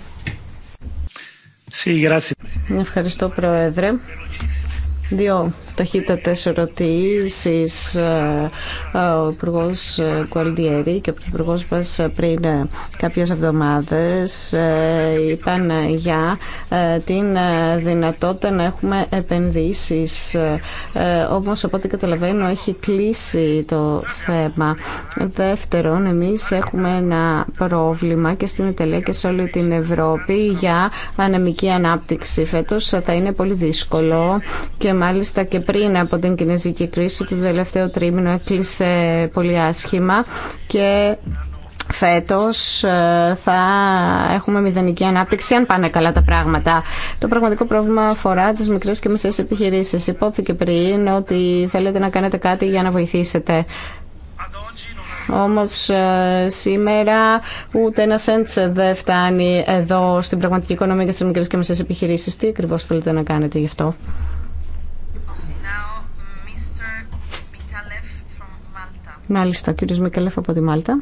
Ευχαριστώ, Πρόεδρε. Δύο ταχύτατε ερωτήσει. Ε, ο υπουργό Κουαλντιέρη και ο Πρωθυπουργό μα πριν κάποιες εβδομάδες ε, είπαν για ε, την δυνατότητα να έχουμε επενδύσεις. Όμως από ό,τι καταλαβαίνω έχει κλείσει το θέμα. Δεύτερον, εμείς έχουμε ένα πρόβλημα και στην Ιταλία και σε όλη την Ευρώπη για ανεμική ανάπτυξη. Φέτος θα είναι πολύ δύσκολο και μάλιστα και πριν από την κινέζικη κρίση το τελευταίο τρίμηνο έκλεισε πολύ άσχημα και φέτος ε, θα έχουμε μηδενική ανάπτυξη αν πάνε καλά τα πράγματα. Το πραγματικό πρόβλημα αφορά τις μικρές και μεσαίες επιχειρήσεις. Υπόθηκε πριν ότι θέλετε να κάνετε κάτι για να βοηθήσετε. Όμως ε, σήμερα ούτε ένα σέντς δεν φτάνει εδώ στην πραγματική οικονομία και στις μικρές και μεσαίες επιχειρήσεις. Τι ακριβώς θέλετε να κάνετε γι' αυτό. Μάλιστα, ο κύριος Μικελέφ από τη Μάλτα.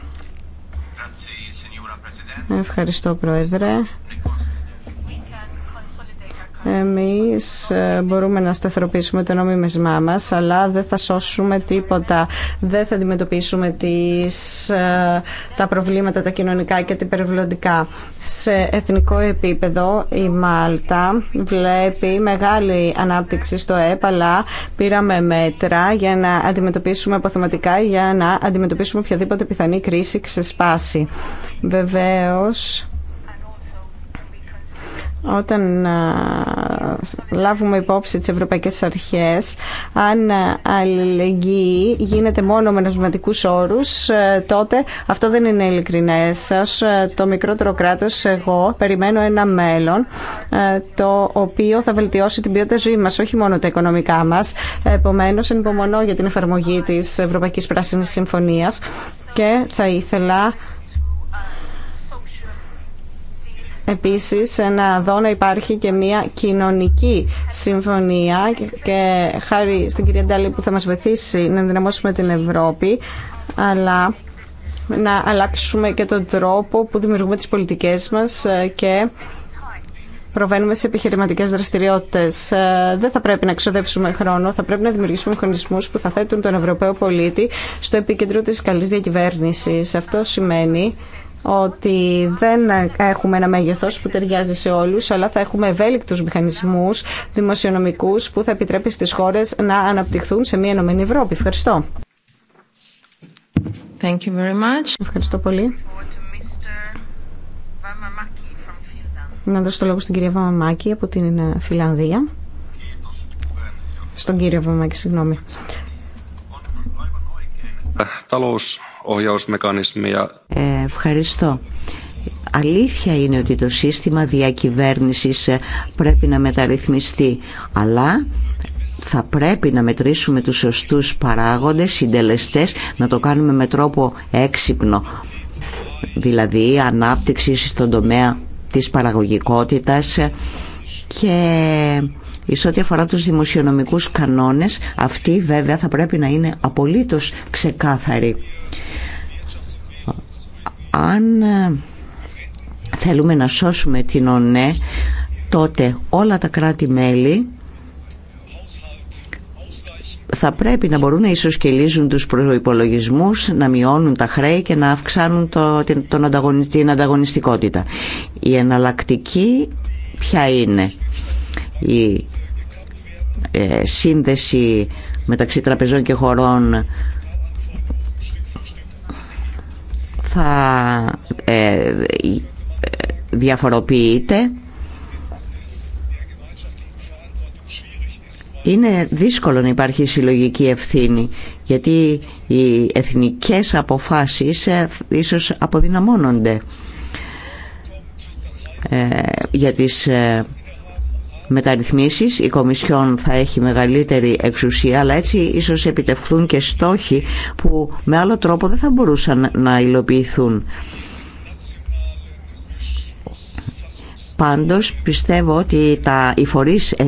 Ευχαριστώ, Πρόεδρε. Εμείς ε, μπορούμε να σταθεροποιήσουμε το νόμιμεσμά μας, αλλά δεν θα σώσουμε τίποτα. Δεν θα αντιμετωπίσουμε τις, ε, τα προβλήματα τα κοινωνικά και τα υπερβολοντικά. Σε εθνικό επίπεδο η Μάλτα βλέπει μεγάλη ανάπτυξη στο ΕΠ, αλλά πήραμε μέτρα για να αντιμετωπίσουμε αποθεματικά, για να αντιμετωπίσουμε οποιαδήποτε πιθανή κρίση ξεσπάσει. Βεβαίως, όταν λάβουμε υπόψη τις ευρωπαϊκές αρχές αν αλληλεγγύη γίνεται μόνο με νοσηματικούς όρους τότε αυτό δεν είναι ειλικρινές ως το μικρότερο κράτος εγώ περιμένω ένα μέλλον το οποίο θα βελτιώσει την ποιότητα ζωή μας όχι μόνο τα οικονομικά μας Επομένω, ενυπομονώ για την εφαρμογή της Ευρωπαϊκής Πράσινης Συμφωνίας και θα ήθελα επίσης να δω να υπάρχει και μια κοινωνική συμφωνία και χάρη στην κυρία Ντάλη που θα μας βοηθήσει να ενδυναμώσουμε την Ευρώπη αλλά να αλλάξουμε και τον τρόπο που δημιουργούμε τις πολιτικές μας και προβαίνουμε σε επιχειρηματικές δραστηριότητες. Δεν θα πρέπει να ξοδέψουμε χρόνο, θα πρέπει να δημιουργήσουμε μηχανισμούς που θα θέτουν τον Ευρωπαίο πολίτη στο επίκεντρο της καλής διακυβέρνησης. Αυτό σημαίνει ότι δεν έχουμε ένα μεγεθό που ταιριάζει σε όλους, αλλά θα έχουμε ευέλικτου μηχανισμού δημοσιονομικούς που θα επιτρέπει στις χώρες να αναπτυχθούν σε μια ενωμένη Ευρώπη. Ευχαριστώ. Ευχαριστώ πολύ. Να δώσω το λόγο στην κυρία Βαμαμάκη από την Φιλανδία. Στον κύριο Βαμαμάκη, συγγνώμη. Ε, ευχαριστώ. Αλήθεια είναι ότι το σύστημα διακυβέρνησης ε, πρέπει να μεταρρυθμιστεί, αλλά θα πρέπει να μετρήσουμε τους σωστούς παράγοντες, συντελεστές, να το κάνουμε με τρόπο έξυπνο, δηλαδή ανάπτυξη στον τομέα της παραγωγικότητας ε, και Εις ό,τι αφορά τους δημοσιονομικούς κανόνες, αυτοί βέβαια θα πρέπει να είναι απολύτως ξεκάθαρη. Αν ε, θέλουμε να σώσουμε την ΟΝΕ, τότε όλα τα κράτη-μέλη θα πρέπει να μπορούν να ισοσκελίζουν τους προϋπολογισμούς, να μειώνουν τα χρέη και να αυξάνουν το, τον ανταγωνι, την ανταγωνιστικότητα. Η εναλλακτική ποια είναι η ε, σύνδεση μεταξύ τραπεζών και χωρών θα ε, διαφοροποιείται. Είναι δύσκολο να υπάρχει συλλογική ευθύνη γιατί οι εθνικές αποφάσεις ε, ίσως αποδυναμώνονται για τις μεταρρυθμίσεις, η Κομισιόν θα έχει μεγαλύτερη εξουσία, αλλά έτσι ίσως επιτευχθούν και στόχοι που με άλλο τρόπο δεν θα μπορούσαν να υλοποιηθούν. Πάντως πιστεύω ότι τα, οι, φορείς, ε,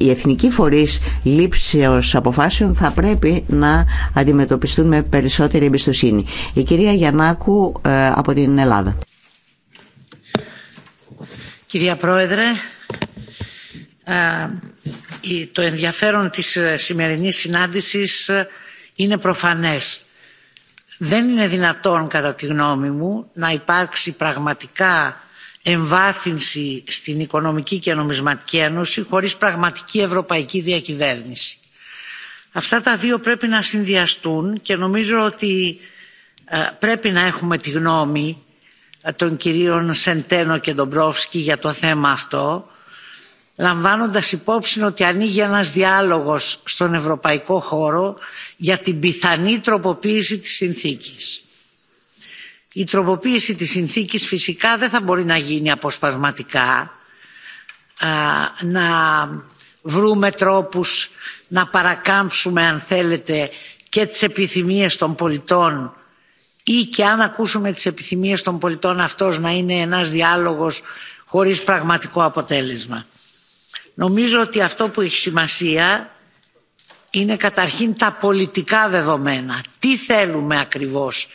οι εθνικοί φορείς λήψεως αποφάσεων θα πρέπει να αντιμετωπιστούν με περισσότερη εμπιστοσύνη. Η κυρία Γιαννάκου ε, από την Ελλάδα. Κυρία Πρόεδρε, ε, το ενδιαφέρον της ε, σημερινής συνάντησης ε, είναι προφανές. Δεν είναι δυνατόν κατά τη γνώμη μου να υπάρξει πραγματικά εμβάθυνση στην Οικονομική και Νομισματική Ένωση χωρίς πραγματική ευρωπαϊκή διακυβέρνηση. Αυτά τα δύο πρέπει να συνδυαστούν και νομίζω ότι πρέπει να έχουμε τη γνώμη των κυρίων Σεντένο και Ντομπρόφσκι για το θέμα αυτό λαμβάνοντας υπόψη ότι ανοίγει ένας διάλογος στον ευρωπαϊκό χώρο για την πιθανή τροποποίηση της συνθήκης. Η τροποποίηση της συνθήκης φυσικά δεν θα μπορεί να γίνει αποσπασματικά, να βρούμε τρόπους να παρακάμψουμε αν θέλετε και τις επιθυμίες των πολιτών ή και αν ακούσουμε τις επιθυμίες των πολιτών αυτός να είναι ένας διάλογος χωρίς πραγματικό αποτέλεσμα νομίζω ότι αυτό που έχει σημασία είναι καταρχήν τα πολιτικά δεδομένα. Τι θέλουμε ακριβώς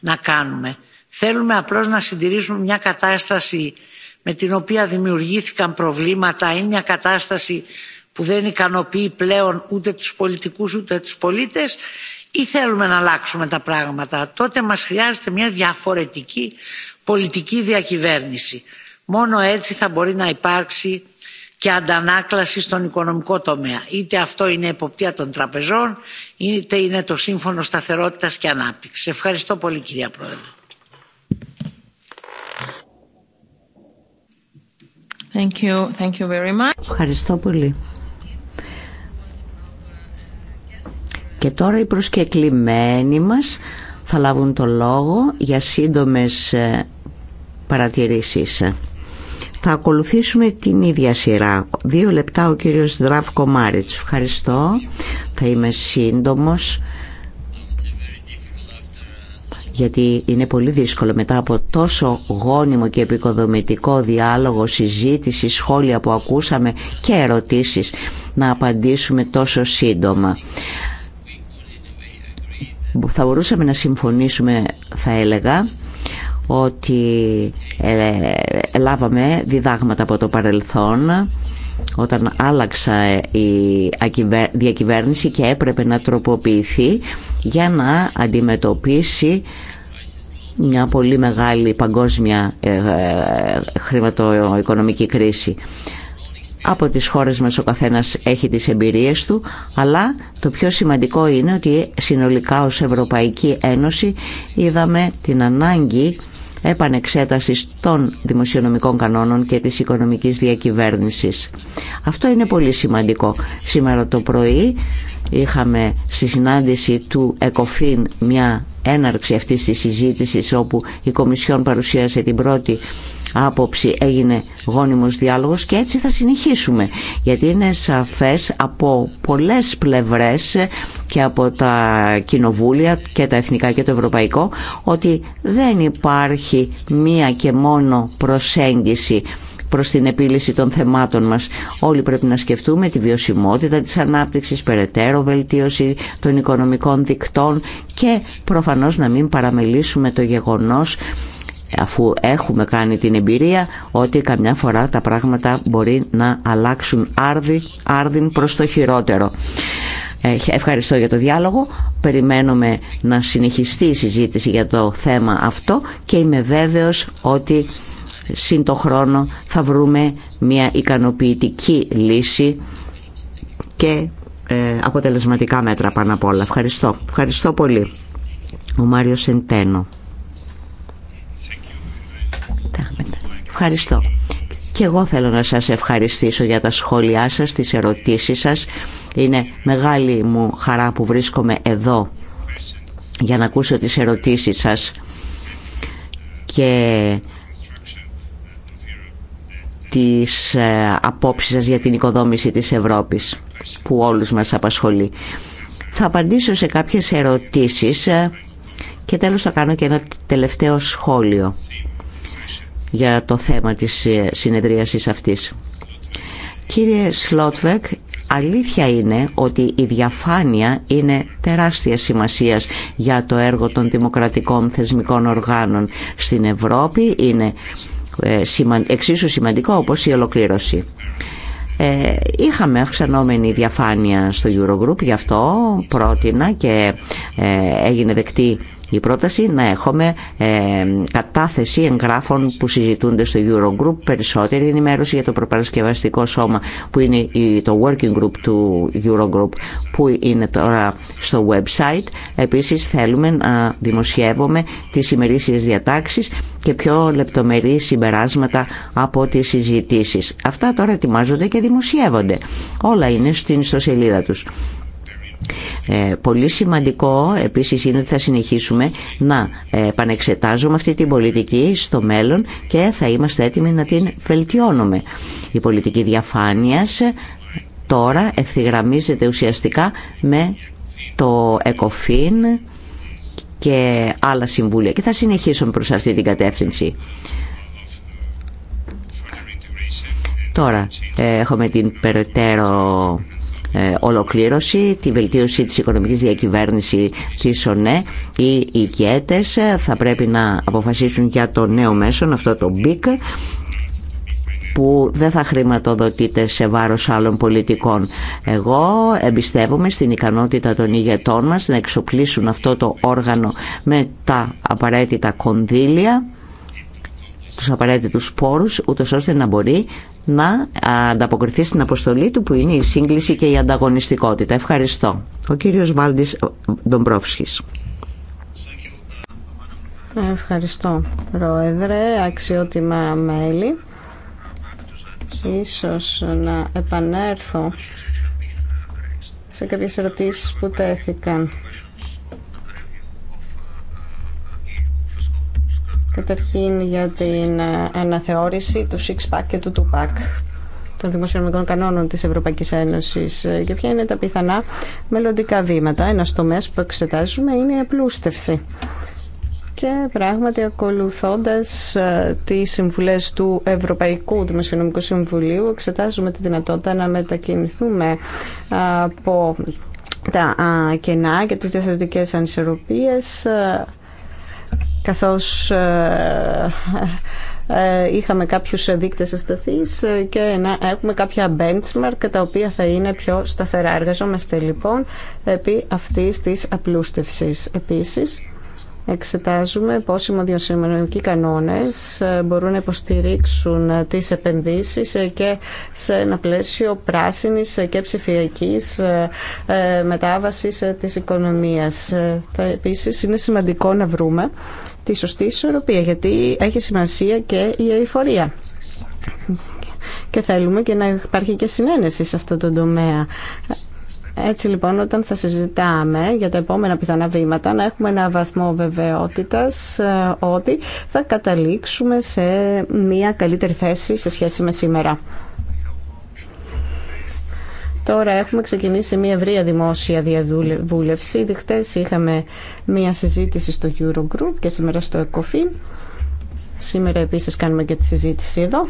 να κάνουμε. Θέλουμε απλώς να συντηρήσουμε μια κατάσταση με την οποία δημιουργήθηκαν προβλήματα ή μια κατάσταση που δεν ικανοποιεί πλέον ούτε τους πολιτικούς ούτε τους πολίτες ή θέλουμε να αλλάξουμε τα πράγματα. Τότε μας χρειάζεται μια διαφορετική πολιτική διακυβέρνηση. Μόνο έτσι θα μπορεί να υπάρξει και αντανάκλαση στον οικονομικό τομέα. Είτε αυτό είναι εποπτεία των τραπεζών, είτε είναι το Σύμφωνο Σταθερότητας και Ανάπτυξης. Ευχαριστώ πολύ κυρία Πρόεδρε. Ευχαριστώ πολύ. Και τώρα οι προσκεκλημένοι μας θα λάβουν το λόγο για σύντομες ε, παρατηρήσεις. Θα ακολουθήσουμε την ίδια σειρά. Δύο λεπτά ο κύριος Δράβκο Μάριτς. Ευχαριστώ. Θα είμαι σύντομος γιατί είναι πολύ δύσκολο μετά από τόσο γόνιμο και επικοδομητικό διάλογο, συζήτηση, σχόλια που ακούσαμε και ερωτήσεις να απαντήσουμε τόσο σύντομα. Θα μπορούσαμε να συμφωνήσουμε, θα έλεγα, ότι ε, λάβαμε διδάγματα από το παρελθόν όταν άλλαξα η διακυβέρνηση και έπρεπε να τροποποιηθεί για να αντιμετωπίσει μια πολύ μεγάλη παγκόσμια ε, ε, χρηματοοικονομική κρίση από τις χώρες μας ο καθένας έχει τις εμπειρίες του, αλλά το πιο σημαντικό είναι ότι συνολικά ως Ευρωπαϊκή Ένωση είδαμε την ανάγκη επανεξέτασης των δημοσιονομικών κανόνων και της οικονομικής διακυβέρνησης. Αυτό είναι πολύ σημαντικό. Σήμερα το πρωί είχαμε στη συνάντηση του ΕΚΟΦΗΝ μια έναρξη αυτής της συζήτησης όπου η Κομισιόν παρουσίασε την πρώτη άποψη έγινε γόνιμος διάλογος και έτσι θα συνεχίσουμε γιατί είναι σαφές από πολλές πλευρές και από τα κοινοβούλια και τα εθνικά και το ευρωπαϊκό ότι δεν υπάρχει μία και μόνο προσέγγιση προς την επίλυση των θεμάτων μας. Όλοι πρέπει να σκεφτούμε τη βιωσιμότητα της ανάπτυξης, περαιτέρω βελτίωση των οικονομικών δικτών και προφανώς να μην παραμελήσουμε το γεγονός αφού έχουμε κάνει την εμπειρία ότι καμιά φορά τα πράγματα μπορεί να αλλάξουν άρδι, άρδιν προς το χειρότερο. Ε, ευχαριστώ για το διάλογο. Περιμένουμε να συνεχιστεί η συζήτηση για το θέμα αυτό και είμαι βέβαιος ότι σύν το χρόνο θα βρούμε μια ικανοποιητική λύση και ε, αποτελεσματικά μέτρα πάνω απ' όλα. Ευχαριστώ. Ευχαριστώ πολύ. Ο Μάριος Σεντένο. Ευχαριστώ. Και εγώ θέλω να σας ευχαριστήσω για τα σχόλιά σας, τις ερωτήσεις σας. Είναι μεγάλη μου χαρά που βρίσκομαι εδώ για να ακούσω τις ερωτήσεις σας. Και τις ε, απόψεις σας για την οικοδόμηση της Ευρώπης που όλους μας απασχολεί. Θα απαντήσω σε κάποιες ερωτήσεις ε, και τέλος θα κάνω και ένα τελευταίο σχόλιο για το θέμα της ε, συνεδρίασης αυτής. Κύριε Σλότβεκ, αλήθεια είναι ότι η διαφάνεια είναι τεράστια σημασίας για το έργο των δημοκρατικών θεσμικών οργάνων στην Ευρώπη. Είναι ε, εξίσου σημαντικό όπως η ολοκλήρωση. Ε, είχαμε αυξανόμενη διαφάνεια στο Eurogroup, γι' αυτό πρότεινα και έγινε δεκτή η πρόταση να έχουμε ε, κατάθεση εγγράφων που συζητούνται στο Eurogroup, περισσότερη ενημέρωση για το προπαρασκευαστικό σώμα που είναι το Working Group του Eurogroup που είναι τώρα στο website. Επίσης θέλουμε να δημοσιεύουμε τις ημερήσιες διατάξεις και πιο λεπτομερείς συμπεράσματα από τις συζητήσεις. Αυτά τώρα ετοιμάζονται και δημοσιεύονται. Όλα είναι στην ιστοσελίδα τους. Ε, πολύ σημαντικό επίσης είναι ότι θα συνεχίσουμε να ε, επανεξετάζουμε αυτή την πολιτική στο μέλλον και θα είμαστε έτοιμοι να την βελτιώνουμε. Η πολιτική διαφάνειας τώρα ευθυγραμμίζεται ουσιαστικά με το ΕΚΟΦΗΝ και άλλα συμβούλια και θα συνεχίσουμε προς αυτή την κατεύθυνση. Τώρα ε, έχουμε την περαιτέρω ε, ολοκλήρωση, τη βελτίωση της οικονομικής διακυβέρνησης της ΟΝΕ. Οι οικιέτες ε, θα πρέπει να αποφασίσουν για το νέο μέσο αυτό το BIC, που δεν θα χρηματοδοτείται σε βάρος άλλων πολιτικών. Εγώ εμπιστεύομαι στην ικανότητα των ηγετών μας να εξοπλίσουν αυτό το όργανο με τα απαραίτητα κονδύλια τους απαραίτητους πόρους, ούτως ώστε να μπορεί να ανταποκριθεί στην αποστολή του που είναι η σύγκληση και η ανταγωνιστικότητα. Ευχαριστώ. Ο κύριος Βάλτης Ντομπρόφσκης. Ευχαριστώ, Πρόεδρε, αξιότιμα μέλη. Ίσως να επανέλθω σε κάποιες ερωτήσεις που τέθηκαν Καταρχήν για την ε, αναθεώρηση του six pack και του two pack των δημοσιονομικών κανόνων της Ευρωπαϊκής Ένωσης ε, και ποια είναι τα πιθανά μελλοντικά βήματα. Ένας τομέας που εξετάζουμε είναι η απλούστευση. Και πράγματι ακολουθώντας ε, τις συμβουλές του Ευρωπαϊκού Δημοσιονομικού Συμβουλίου εξετάζουμε τη δυνατότητα να μετακινηθούμε από τα κενά και τις διαθετικές ανισορροπίες καθώς ε, ε, είχαμε κάποιους δείκτες ασταθείς και να έχουμε κάποια benchmark τα οποία θα είναι πιο σταθερά. Εργαζόμαστε λοιπόν επί αυτής της απλούστευσης. Επίσης, εξετάζουμε πώς οι μοδιοσημενικοί κανόνες ε, μπορούν να υποστηρίξουν τις επενδύσεις και σε ένα πλαίσιο πράσινης και ψηφιακής μετάβασης της οικονομίας. Επίσης, είναι σημαντικό να βρούμε τη σωστή ισορροπία, γιατί έχει σημασία και η εφορία. Και θέλουμε και να υπάρχει και συνένεση σε αυτό το τομέα. Έτσι λοιπόν όταν θα συζητάμε για τα επόμενα πιθανά βήματα να έχουμε ένα βαθμό βεβαιότητας ε, ότι θα καταλήξουμε σε μια καλύτερη θέση σε σχέση με σήμερα. Τώρα έχουμε ξεκινήσει μια ευρεία δημόσια διαβούλευση. Ήδη είχαμε μια συζήτηση στο Eurogroup και σήμερα στο ECOFIN. Σήμερα επίσης κάνουμε και τη συζήτηση εδώ.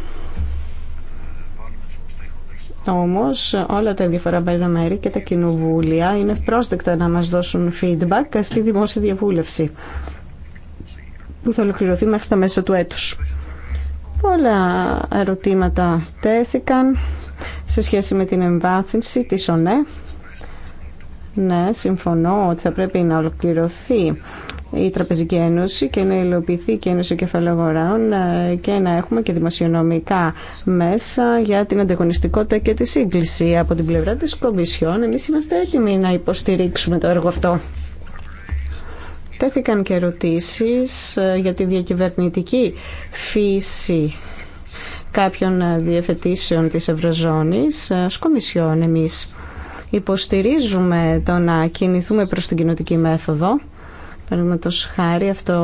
Όμω, όλα τα ενδιαφέροντα μέρη και τα κοινοβούλια είναι πρόσδεκτα να μας δώσουν feedback στη δημόσια διαβούλευση που θα ολοκληρωθεί μέχρι τα μέσα του έτους. Πολλά ερωτήματα τέθηκαν σε σχέση με την εμβάθυνση της ΟΝΕ. Ναι, συμφωνώ ότι θα πρέπει να ολοκληρωθεί η Τραπεζική Ένωση και να υλοποιηθεί η Ένωση Κεφαλαιογοράων ε, και να έχουμε και δημοσιονομικά μέσα για την ανταγωνιστικότητα και τη σύγκληση. Από την πλευρά της Κομισιόν εμείς είμαστε έτοιμοι να υποστηρίξουμε το έργο αυτό τέθηκαν και ερωτήσεις ε, για τη διακυβερνητική φύση κάποιων ε, διευθετήσεων της Ευρωζώνης. Ε, ως Κομισιόν εμείς υποστηρίζουμε το να κινηθούμε προς την κοινοτική μέθοδο Παραδείγματο χάρη, αυτό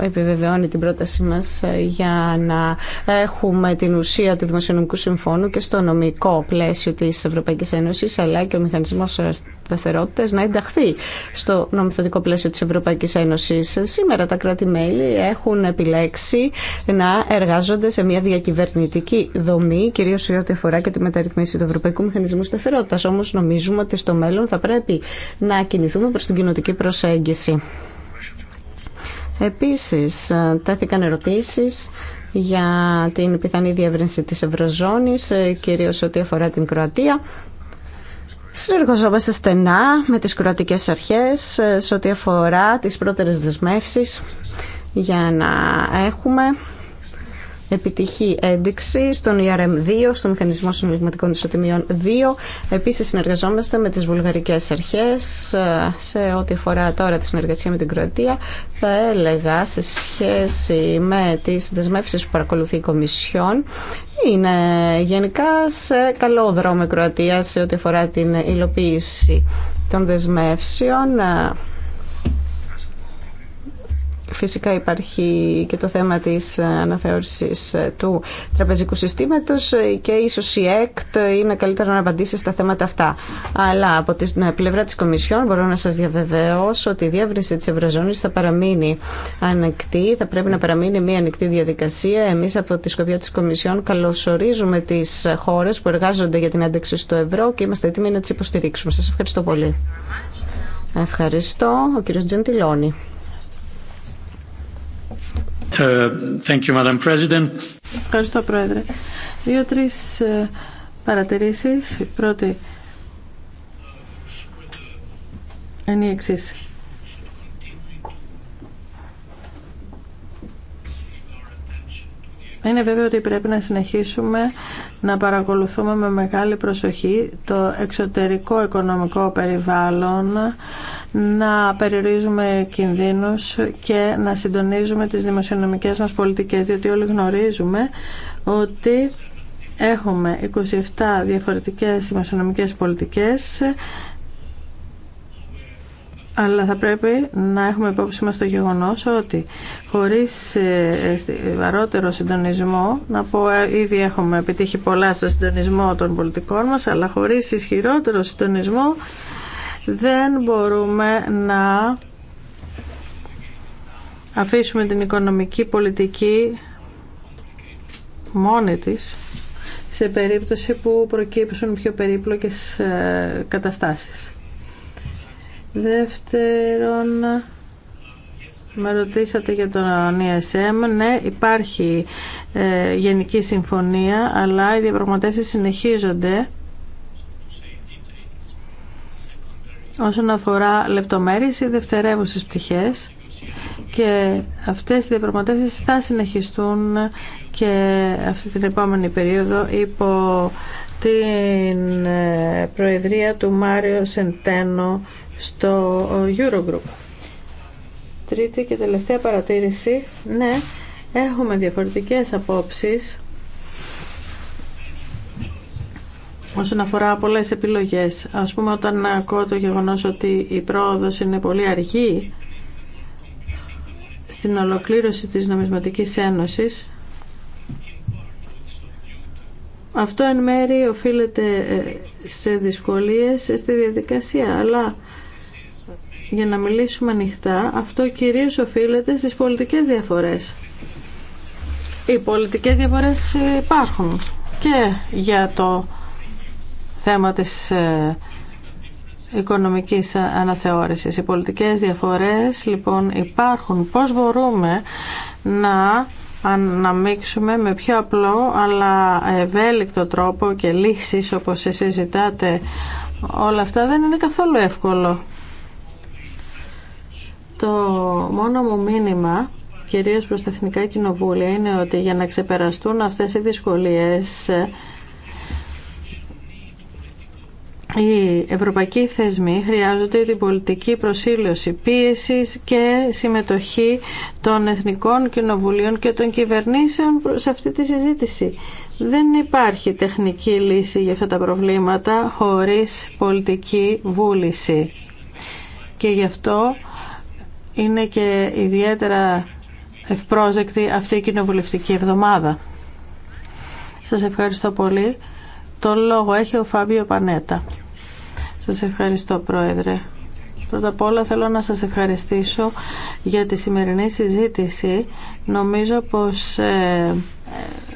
επιβεβαιώνει την πρότασή μα ε, για να έχουμε την ουσία του Δημοσιονομικού Συμφώνου και στο νομικό πλαίσιο τη Ευρωπαϊκή Ένωση, αλλά και ο μηχανισμό σταθερότητα να ενταχθεί στο νομοθετικό πλαίσιο τη Ευρωπαϊκή Ένωση. Σήμερα τα κράτη-μέλη έχουν επιλέξει να εργάζονται σε μια διακυβερνητική δομή, κυρίω σε ό,τι αφορά και τη μεταρρυθμίση του Ευρωπαϊκού Μηχανισμού Σταθερότητα. Όμω νομίζουμε ότι στο μέλλον θα πρέπει να κινηθούμε προ την κοινοτική προσέγγιση. Επίσης, ε, τέθηκαν ερωτήσεις για την πιθανή διεύρυνση της Ευρωζώνης, ε, κυρίως ό,τι αφορά την Κροατία. Συνεργαζόμαστε στενά με τις κροατικές αρχές ε, σε ό,τι αφορά τις πρώτερες δεσμεύσεις για να έχουμε επιτυχή ένδειξη στον ERM2, στο Μηχανισμό Συνολικματικών Ισοτιμιών 2. Επίσης συνεργαζόμαστε με τις βουλγαρικές αρχές ε, σε ό,τι αφορά τώρα τη συνεργασία με την Κροατία. Θα έλεγα σε σχέση με τις δεσμεύσεις που παρακολουθεί η Κομισιόν είναι γενικά σε καλό δρόμο η Κροατία σε ό,τι αφορά την υλοποίηση των δεσμεύσεων. Φυσικά υπάρχει και το θέμα της αναθεώρησης του τραπεζικού συστήματος και ίσως η ΕΚΤ είναι καλύτερα να απαντήσει στα θέματα αυτά. Αλλά από την πλευρά της Κομισιόν μπορώ να σας διαβεβαιώσω ότι η διεύρυνση της Ευρωζώνης θα παραμείνει ανοιχτή, θα πρέπει να παραμείνει μια ανοιχτή διαδικασία. Εμείς από τη Σκοπιά της Κομισιόν καλωσορίζουμε τις χώρες που εργάζονται για την ένταξη στο ευρώ και είμαστε έτοιμοι να τις υποστηρίξουμε. Σας ευχαριστώ πολύ. Ευχαριστώ. Ο κύριος Τζεντιλόνι. Ε, Ευχαριστώ, Πρόεδρε. Δύο-τρεις ε, παρατηρήσεις. Η πρώτη είναι η εξής. Είναι βέβαιο ότι πρέπει να συνεχίσουμε να παρακολουθούμε με μεγάλη προσοχή το εξωτερικό οικονομικό περιβάλλον, να περιορίζουμε κινδύνους και να συντονίζουμε τις δημοσιονομικές μας πολιτικές, διότι όλοι γνωρίζουμε ότι έχουμε 27 διαφορετικές δημοσιονομικές πολιτικές αλλά θα πρέπει να έχουμε υπόψη μας το γεγονός ότι χωρίς ε, ε, βαρότερο συντονισμό, να πω ε, ήδη έχουμε επιτύχει πολλά στο συντονισμό των πολιτικών μας, αλλά χωρίς ισχυρότερο συντονισμό δεν μπορούμε να αφήσουμε την οικονομική πολιτική μόνη της σε περίπτωση που προκύψουν πιο περίπλοκες καταστάσεις. Δεύτερον, με ρωτήσατε για τον ESM. Ναι, υπάρχει ε, γενική συμφωνία, αλλά οι διαπραγματεύσεις συνεχίζονται. Όσον αφορά λεπτομέρειες ή δευτερεύουσες πτυχές και αυτές οι διαπραγματεύσεις θα συνεχιστούν και αυτή την επόμενη περίοδο υπό την ε, προεδρία του Μάριο Σεντένο στο Eurogroup. Τρίτη και τελευταία παρατήρηση. Ναι, έχουμε διαφορετικές απόψεις όσον αφορά πολλές επιλογές. Ας πούμε όταν ακούω το γεγονός ότι η πρόοδος είναι πολύ αργή στην ολοκλήρωση της νομισματικής ένωσης αυτό εν μέρει οφείλεται ε, σε δυσκολίες στη διαδικασία αλλά για να μιλήσουμε ανοιχτά, αυτό κυρίως οφείλεται στις πολιτικές διαφορές. Οι πολιτικές διαφορές υπάρχουν και για το θέμα της ε, οικονομικής αναθεώρησης. Οι πολιτικές διαφορές λοιπόν υπάρχουν. Πώς μπορούμε να αναμίξουμε με πιο απλό αλλά ευέλικτο τρόπο και λύσεις όπως εσείς ζητάτε όλα αυτά δεν είναι καθόλου εύκολο. Το μόνο μου μήνυμα κυρίως προς τα Εθνικά Κοινοβούλια είναι ότι για να ξεπεραστούν αυτές οι δυσκολίες οι ευρωπαϊκοί θεσμοί χρειάζονται την πολιτική προσήλωση πίεσης και συμμετοχή των εθνικών κοινοβουλίων και των κυβερνήσεων σε αυτή τη συζήτηση. Δεν υπάρχει τεχνική λύση για αυτά τα προβλήματα χωρίς πολιτική βούληση. Και γι' αυτό είναι και ιδιαίτερα ευπρόζεκτη αυτή η κοινοβουλευτική εβδομάδα. Σας ευχαριστώ πολύ. Το λόγο έχει ο Φάβιο Πανέτα. Σας ευχαριστώ Πρόεδρε. Πρώτα απ' όλα θέλω να σας ευχαριστήσω για τη σημερινή συζήτηση. Νομίζω πως ε,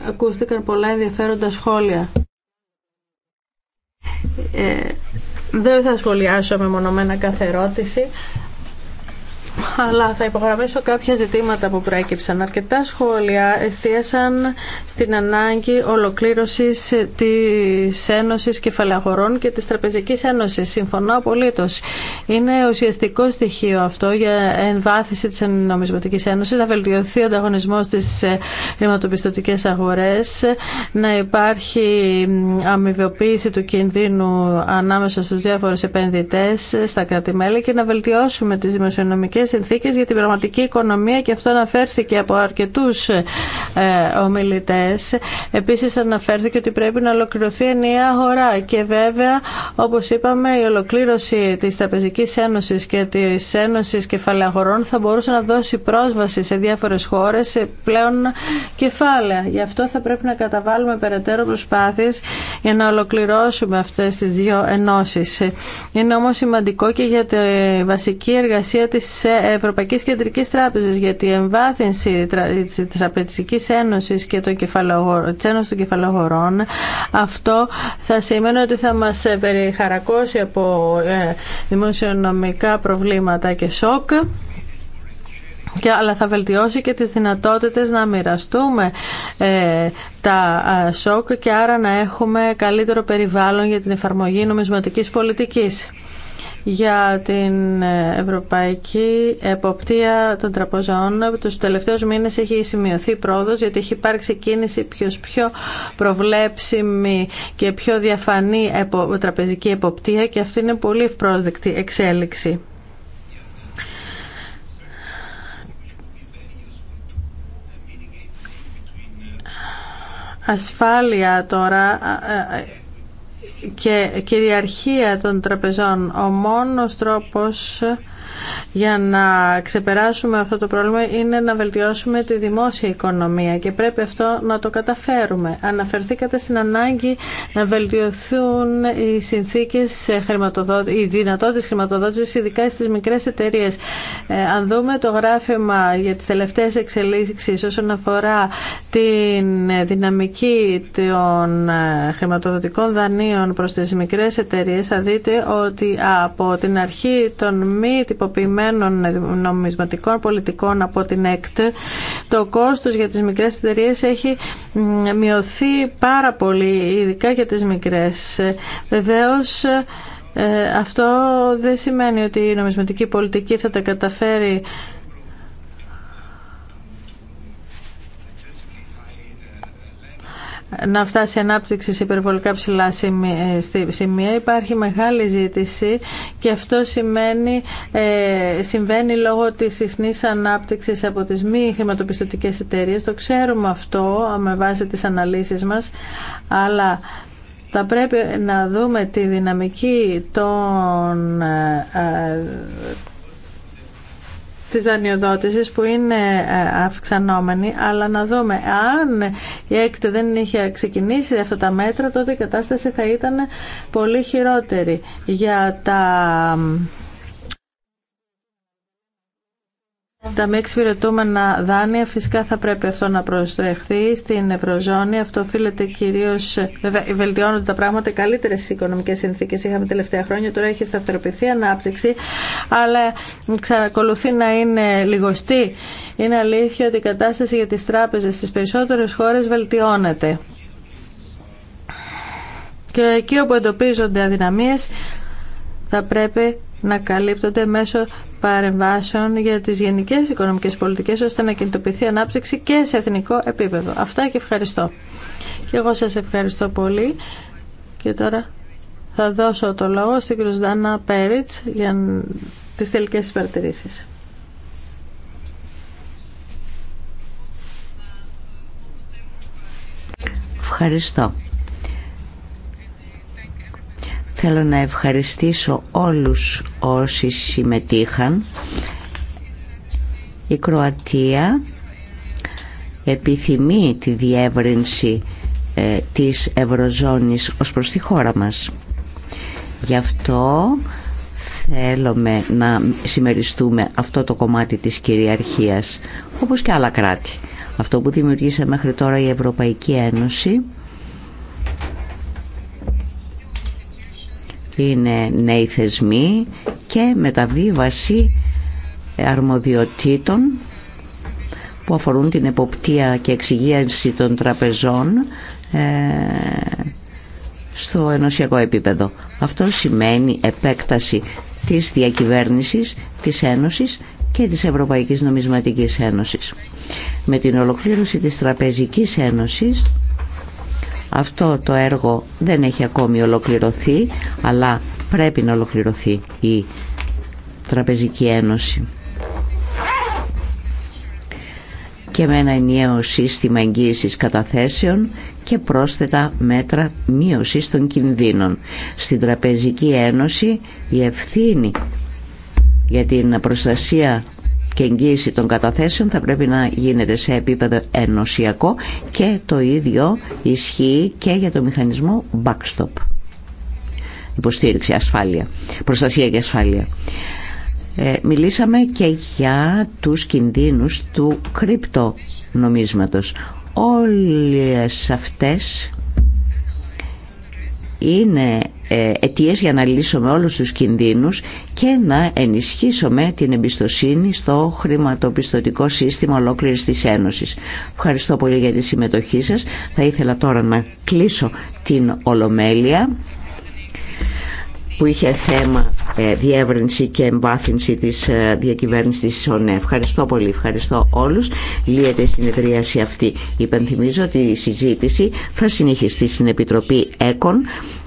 ακούστηκαν πολλά ενδιαφέροντα σχόλια. Ε, δεν θα σχολιάσω με μονομένα κάθε ερώτηση, αλλά θα υπογραμμίσω κάποια ζητήματα που προέκυψαν. Αρκετά σχόλια εστίασαν στην ανάγκη ολοκλήρωσης της Ένωσης Κεφαλαγορών και τη Τραπεζική Ένωση. Συμφωνώ απολύτω. Είναι ουσιαστικό στοιχείο αυτό για εμβάθυνση τη Νομισματική Ένωση, να βελτιωθεί ο ανταγωνισμό στι χρηματοπιστωτικέ αγορέ, να υπάρχει αμοιβοποίηση του κινδύνου ανάμεσα στου διάφορου επενδυτέ στα κρατημέλη και να βελτιώσουμε τι δημοσιονομικέ συνθήκες για την πραγματική οικονομία και αυτό αναφέρθηκε από αρκετούς ε, ομιλητές. Επίσης αναφέρθηκε ότι πρέπει να ολοκληρωθεί ενιαία αγορά και βέβαια όπως είπαμε η ολοκλήρωση της Τραπεζικής Ένωσης και της Ένωσης Κεφαλαγορών θα μπορούσε να δώσει πρόσβαση σε διάφορες χώρες σε πλέον κεφάλαια. Γι' αυτό θα πρέπει να καταβάλουμε περαιτέρω προσπάθειες για να ολοκληρώσουμε αυτές τις δύο ενώσεις. Είναι όμως σημαντικό και για τη βασική εργασία της Ευρωπαϊκή Κεντρική Τράπεζα για τη εμβάθυνση τη Τραπεζική Ένωσης και το της των Κεφαλαγορών, αυτό θα σημαίνει ότι θα μας περιχαρακώσει από ε, δημοσιονομικά προβλήματα και σοκ και, αλλά θα βελτιώσει και τις δυνατότητες να μοιραστούμε ε, τα σοκ και άρα να έχουμε καλύτερο περιβάλλον για την εφαρμογή νομισματικής πολιτικής για την ευρωπαϊκή εποπτεία των τραπεζών. Τους τελευταίους μήνες έχει σημειωθεί πρόοδος γιατί έχει υπάρξει κίνηση πιο πιο προβλέψιμη και πιο διαφανή τραπεζική εποπτεία και αυτή είναι πολύ ευπρόσδεκτη εξέλιξη. ασφάλεια τώρα και κυριαρχία των τραπεζών. Ο μόνος τρόπος για να ξεπεράσουμε αυτό το πρόβλημα είναι να βελτιώσουμε τη δημόσια οικονομία και πρέπει αυτό να το καταφέρουμε. Αναφερθήκατε στην ανάγκη να βελτιωθούν οι συνθήκες, οι δυνατότητες χρηματοδότησης, ειδικά στις μικρές εταιρείες. Ε, αν δούμε το γράφημα για τις τελευταίες εξελίξεις όσον αφορά την δυναμική των ε, χρηματοδοτικών δανείων προς τις μικρές εταιρείες, θα δείτε ότι από την αρχή των μη νομισματικών πολιτικών από την ΕΚΤ, το κόστος για τις μικρές εταιρείε έχει μειωθεί πάρα πολύ, ειδικά για τις μικρές. Βεβαίως, ε, αυτό δεν σημαίνει ότι η νομισματική πολιτική θα τα καταφέρει να φτάσει η ανάπτυξη σε υπερβολικά ψηλά σημεία. Ε, Υπάρχει μεγάλη ζήτηση και αυτό σημαίνει, ε, συμβαίνει λόγω της συσνής ανάπτυξης από τις μη χρηματοπιστωτικές εταιρείες. Το ξέρουμε αυτό με βάση τις αναλύσεις μας, αλλά θα πρέπει να δούμε τη δυναμική των ε, της δανειοδότησης που είναι ε, αυξανόμενη, αλλά να δούμε αν η ΕΚΤ δεν είχε ξεκινήσει αυτά τα μέτρα, τότε η κατάσταση θα ήταν πολύ χειρότερη για τα Τα μη εξυπηρετούμενα δάνεια φυσικά θα πρέπει αυτό να προστρεχθεί στην Ευρωζώνη. Αυτό οφείλεται κυρίω. Βέβαια, βελτιώνονται τα πράγματα. Καλύτερε οικονομικέ συνθήκε είχαμε τελευταία χρόνια. Τώρα έχει σταθεροποιηθεί η ανάπτυξη. Αλλά ξανακολουθεί να είναι λιγοστή. Είναι αλήθεια ότι η κατάσταση για τι τράπεζε στι περισσότερε χώρε βελτιώνεται. Και εκεί όπου εντοπίζονται αδυναμίε, θα πρέπει να καλύπτονται μέσω παρεμβάσεων για τις γενικές οικονομικές πολιτικές ώστε να κινητοποιηθεί ανάπτυξη και σε εθνικό επίπεδο. Αυτά και ευχαριστώ. Και εγώ σας ευχαριστώ πολύ και τώρα θα δώσω το λόγο στην Κρουσδάνα Πέριτς για τις τελικές παρατηρήσεις. Ευχαριστώ. Θέλω να ευχαριστήσω όλους όσοι συμμετείχαν. Η Κροατία επιθυμεί τη διεύρυνση ε, της Ευρωζώνης ως προς τη χώρα μας. Γι' αυτό θέλουμε να συμμεριστούμε αυτό το κομμάτι της κυριαρχίας, όπως και άλλα κράτη. Αυτό που δημιουργήσε μέχρι τώρα η Ευρωπαϊκή Ένωση είναι νέοι θεσμοί και μεταβίβαση αρμοδιοτήτων που αφορούν την εποπτεία και εξυγίανση των τραπεζών ε, στο ενωσιακό επίπεδο. Αυτό σημαίνει επέκταση της διακυβέρνησης, της Ένωσης και της Ευρωπαϊκής Νομισματικής Ένωσης. Με την ολοκλήρωση της Τραπεζικής Ένωσης αυτό το έργο δεν έχει ακόμη ολοκληρωθεί, αλλά πρέπει να ολοκληρωθεί η Τραπεζική Ένωση. και με ένα ενιαίο σύστημα εγγύησης καταθέσεων και πρόσθετα μέτρα μείωσης των κινδύνων. Στην Τραπεζική Ένωση η ευθύνη για την προστασία και εγγύηση των καταθέσεων θα πρέπει να γίνεται σε επίπεδο ενωσιακό και το ίδιο ισχύει και για το μηχανισμό backstop. Υποστήριξη, ασφάλεια, προστασία και ασφάλεια. Ε, μιλήσαμε και για τους κινδύνους του κρυπτονομίσματος. Όλες αυτές είναι ε, αιτίες για να λύσουμε όλους τους κινδύνους και να ενισχύσουμε την εμπιστοσύνη στο χρηματοπιστωτικό σύστημα ολόκληρης της Ένωσης. Ευχαριστώ πολύ για τη συμμετοχή σας. Θα ήθελα τώρα να κλείσω την Ολομέλεια που είχε θέμα ε, διεύρυνση και εμβάθυνση της ε, διακυβέρνησης της ΩΝΕ. Ευχαριστώ πολύ, ευχαριστώ όλους. Λύεται η συνεδρίαση αυτή. Υπενθυμίζω ότι η συζήτηση θα συνεχιστεί στην Επιτροπή ΕΚΟΝ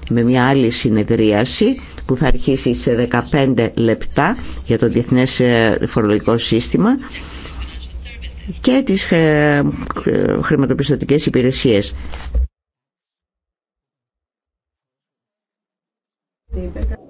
με μια άλλη συνεδρίαση που θα αρχίσει σε 15 λεπτά για το Διεθνές ε, Φορολογικό Σύστημα και τις χρηματοπιστωτικές υπηρεσίες. την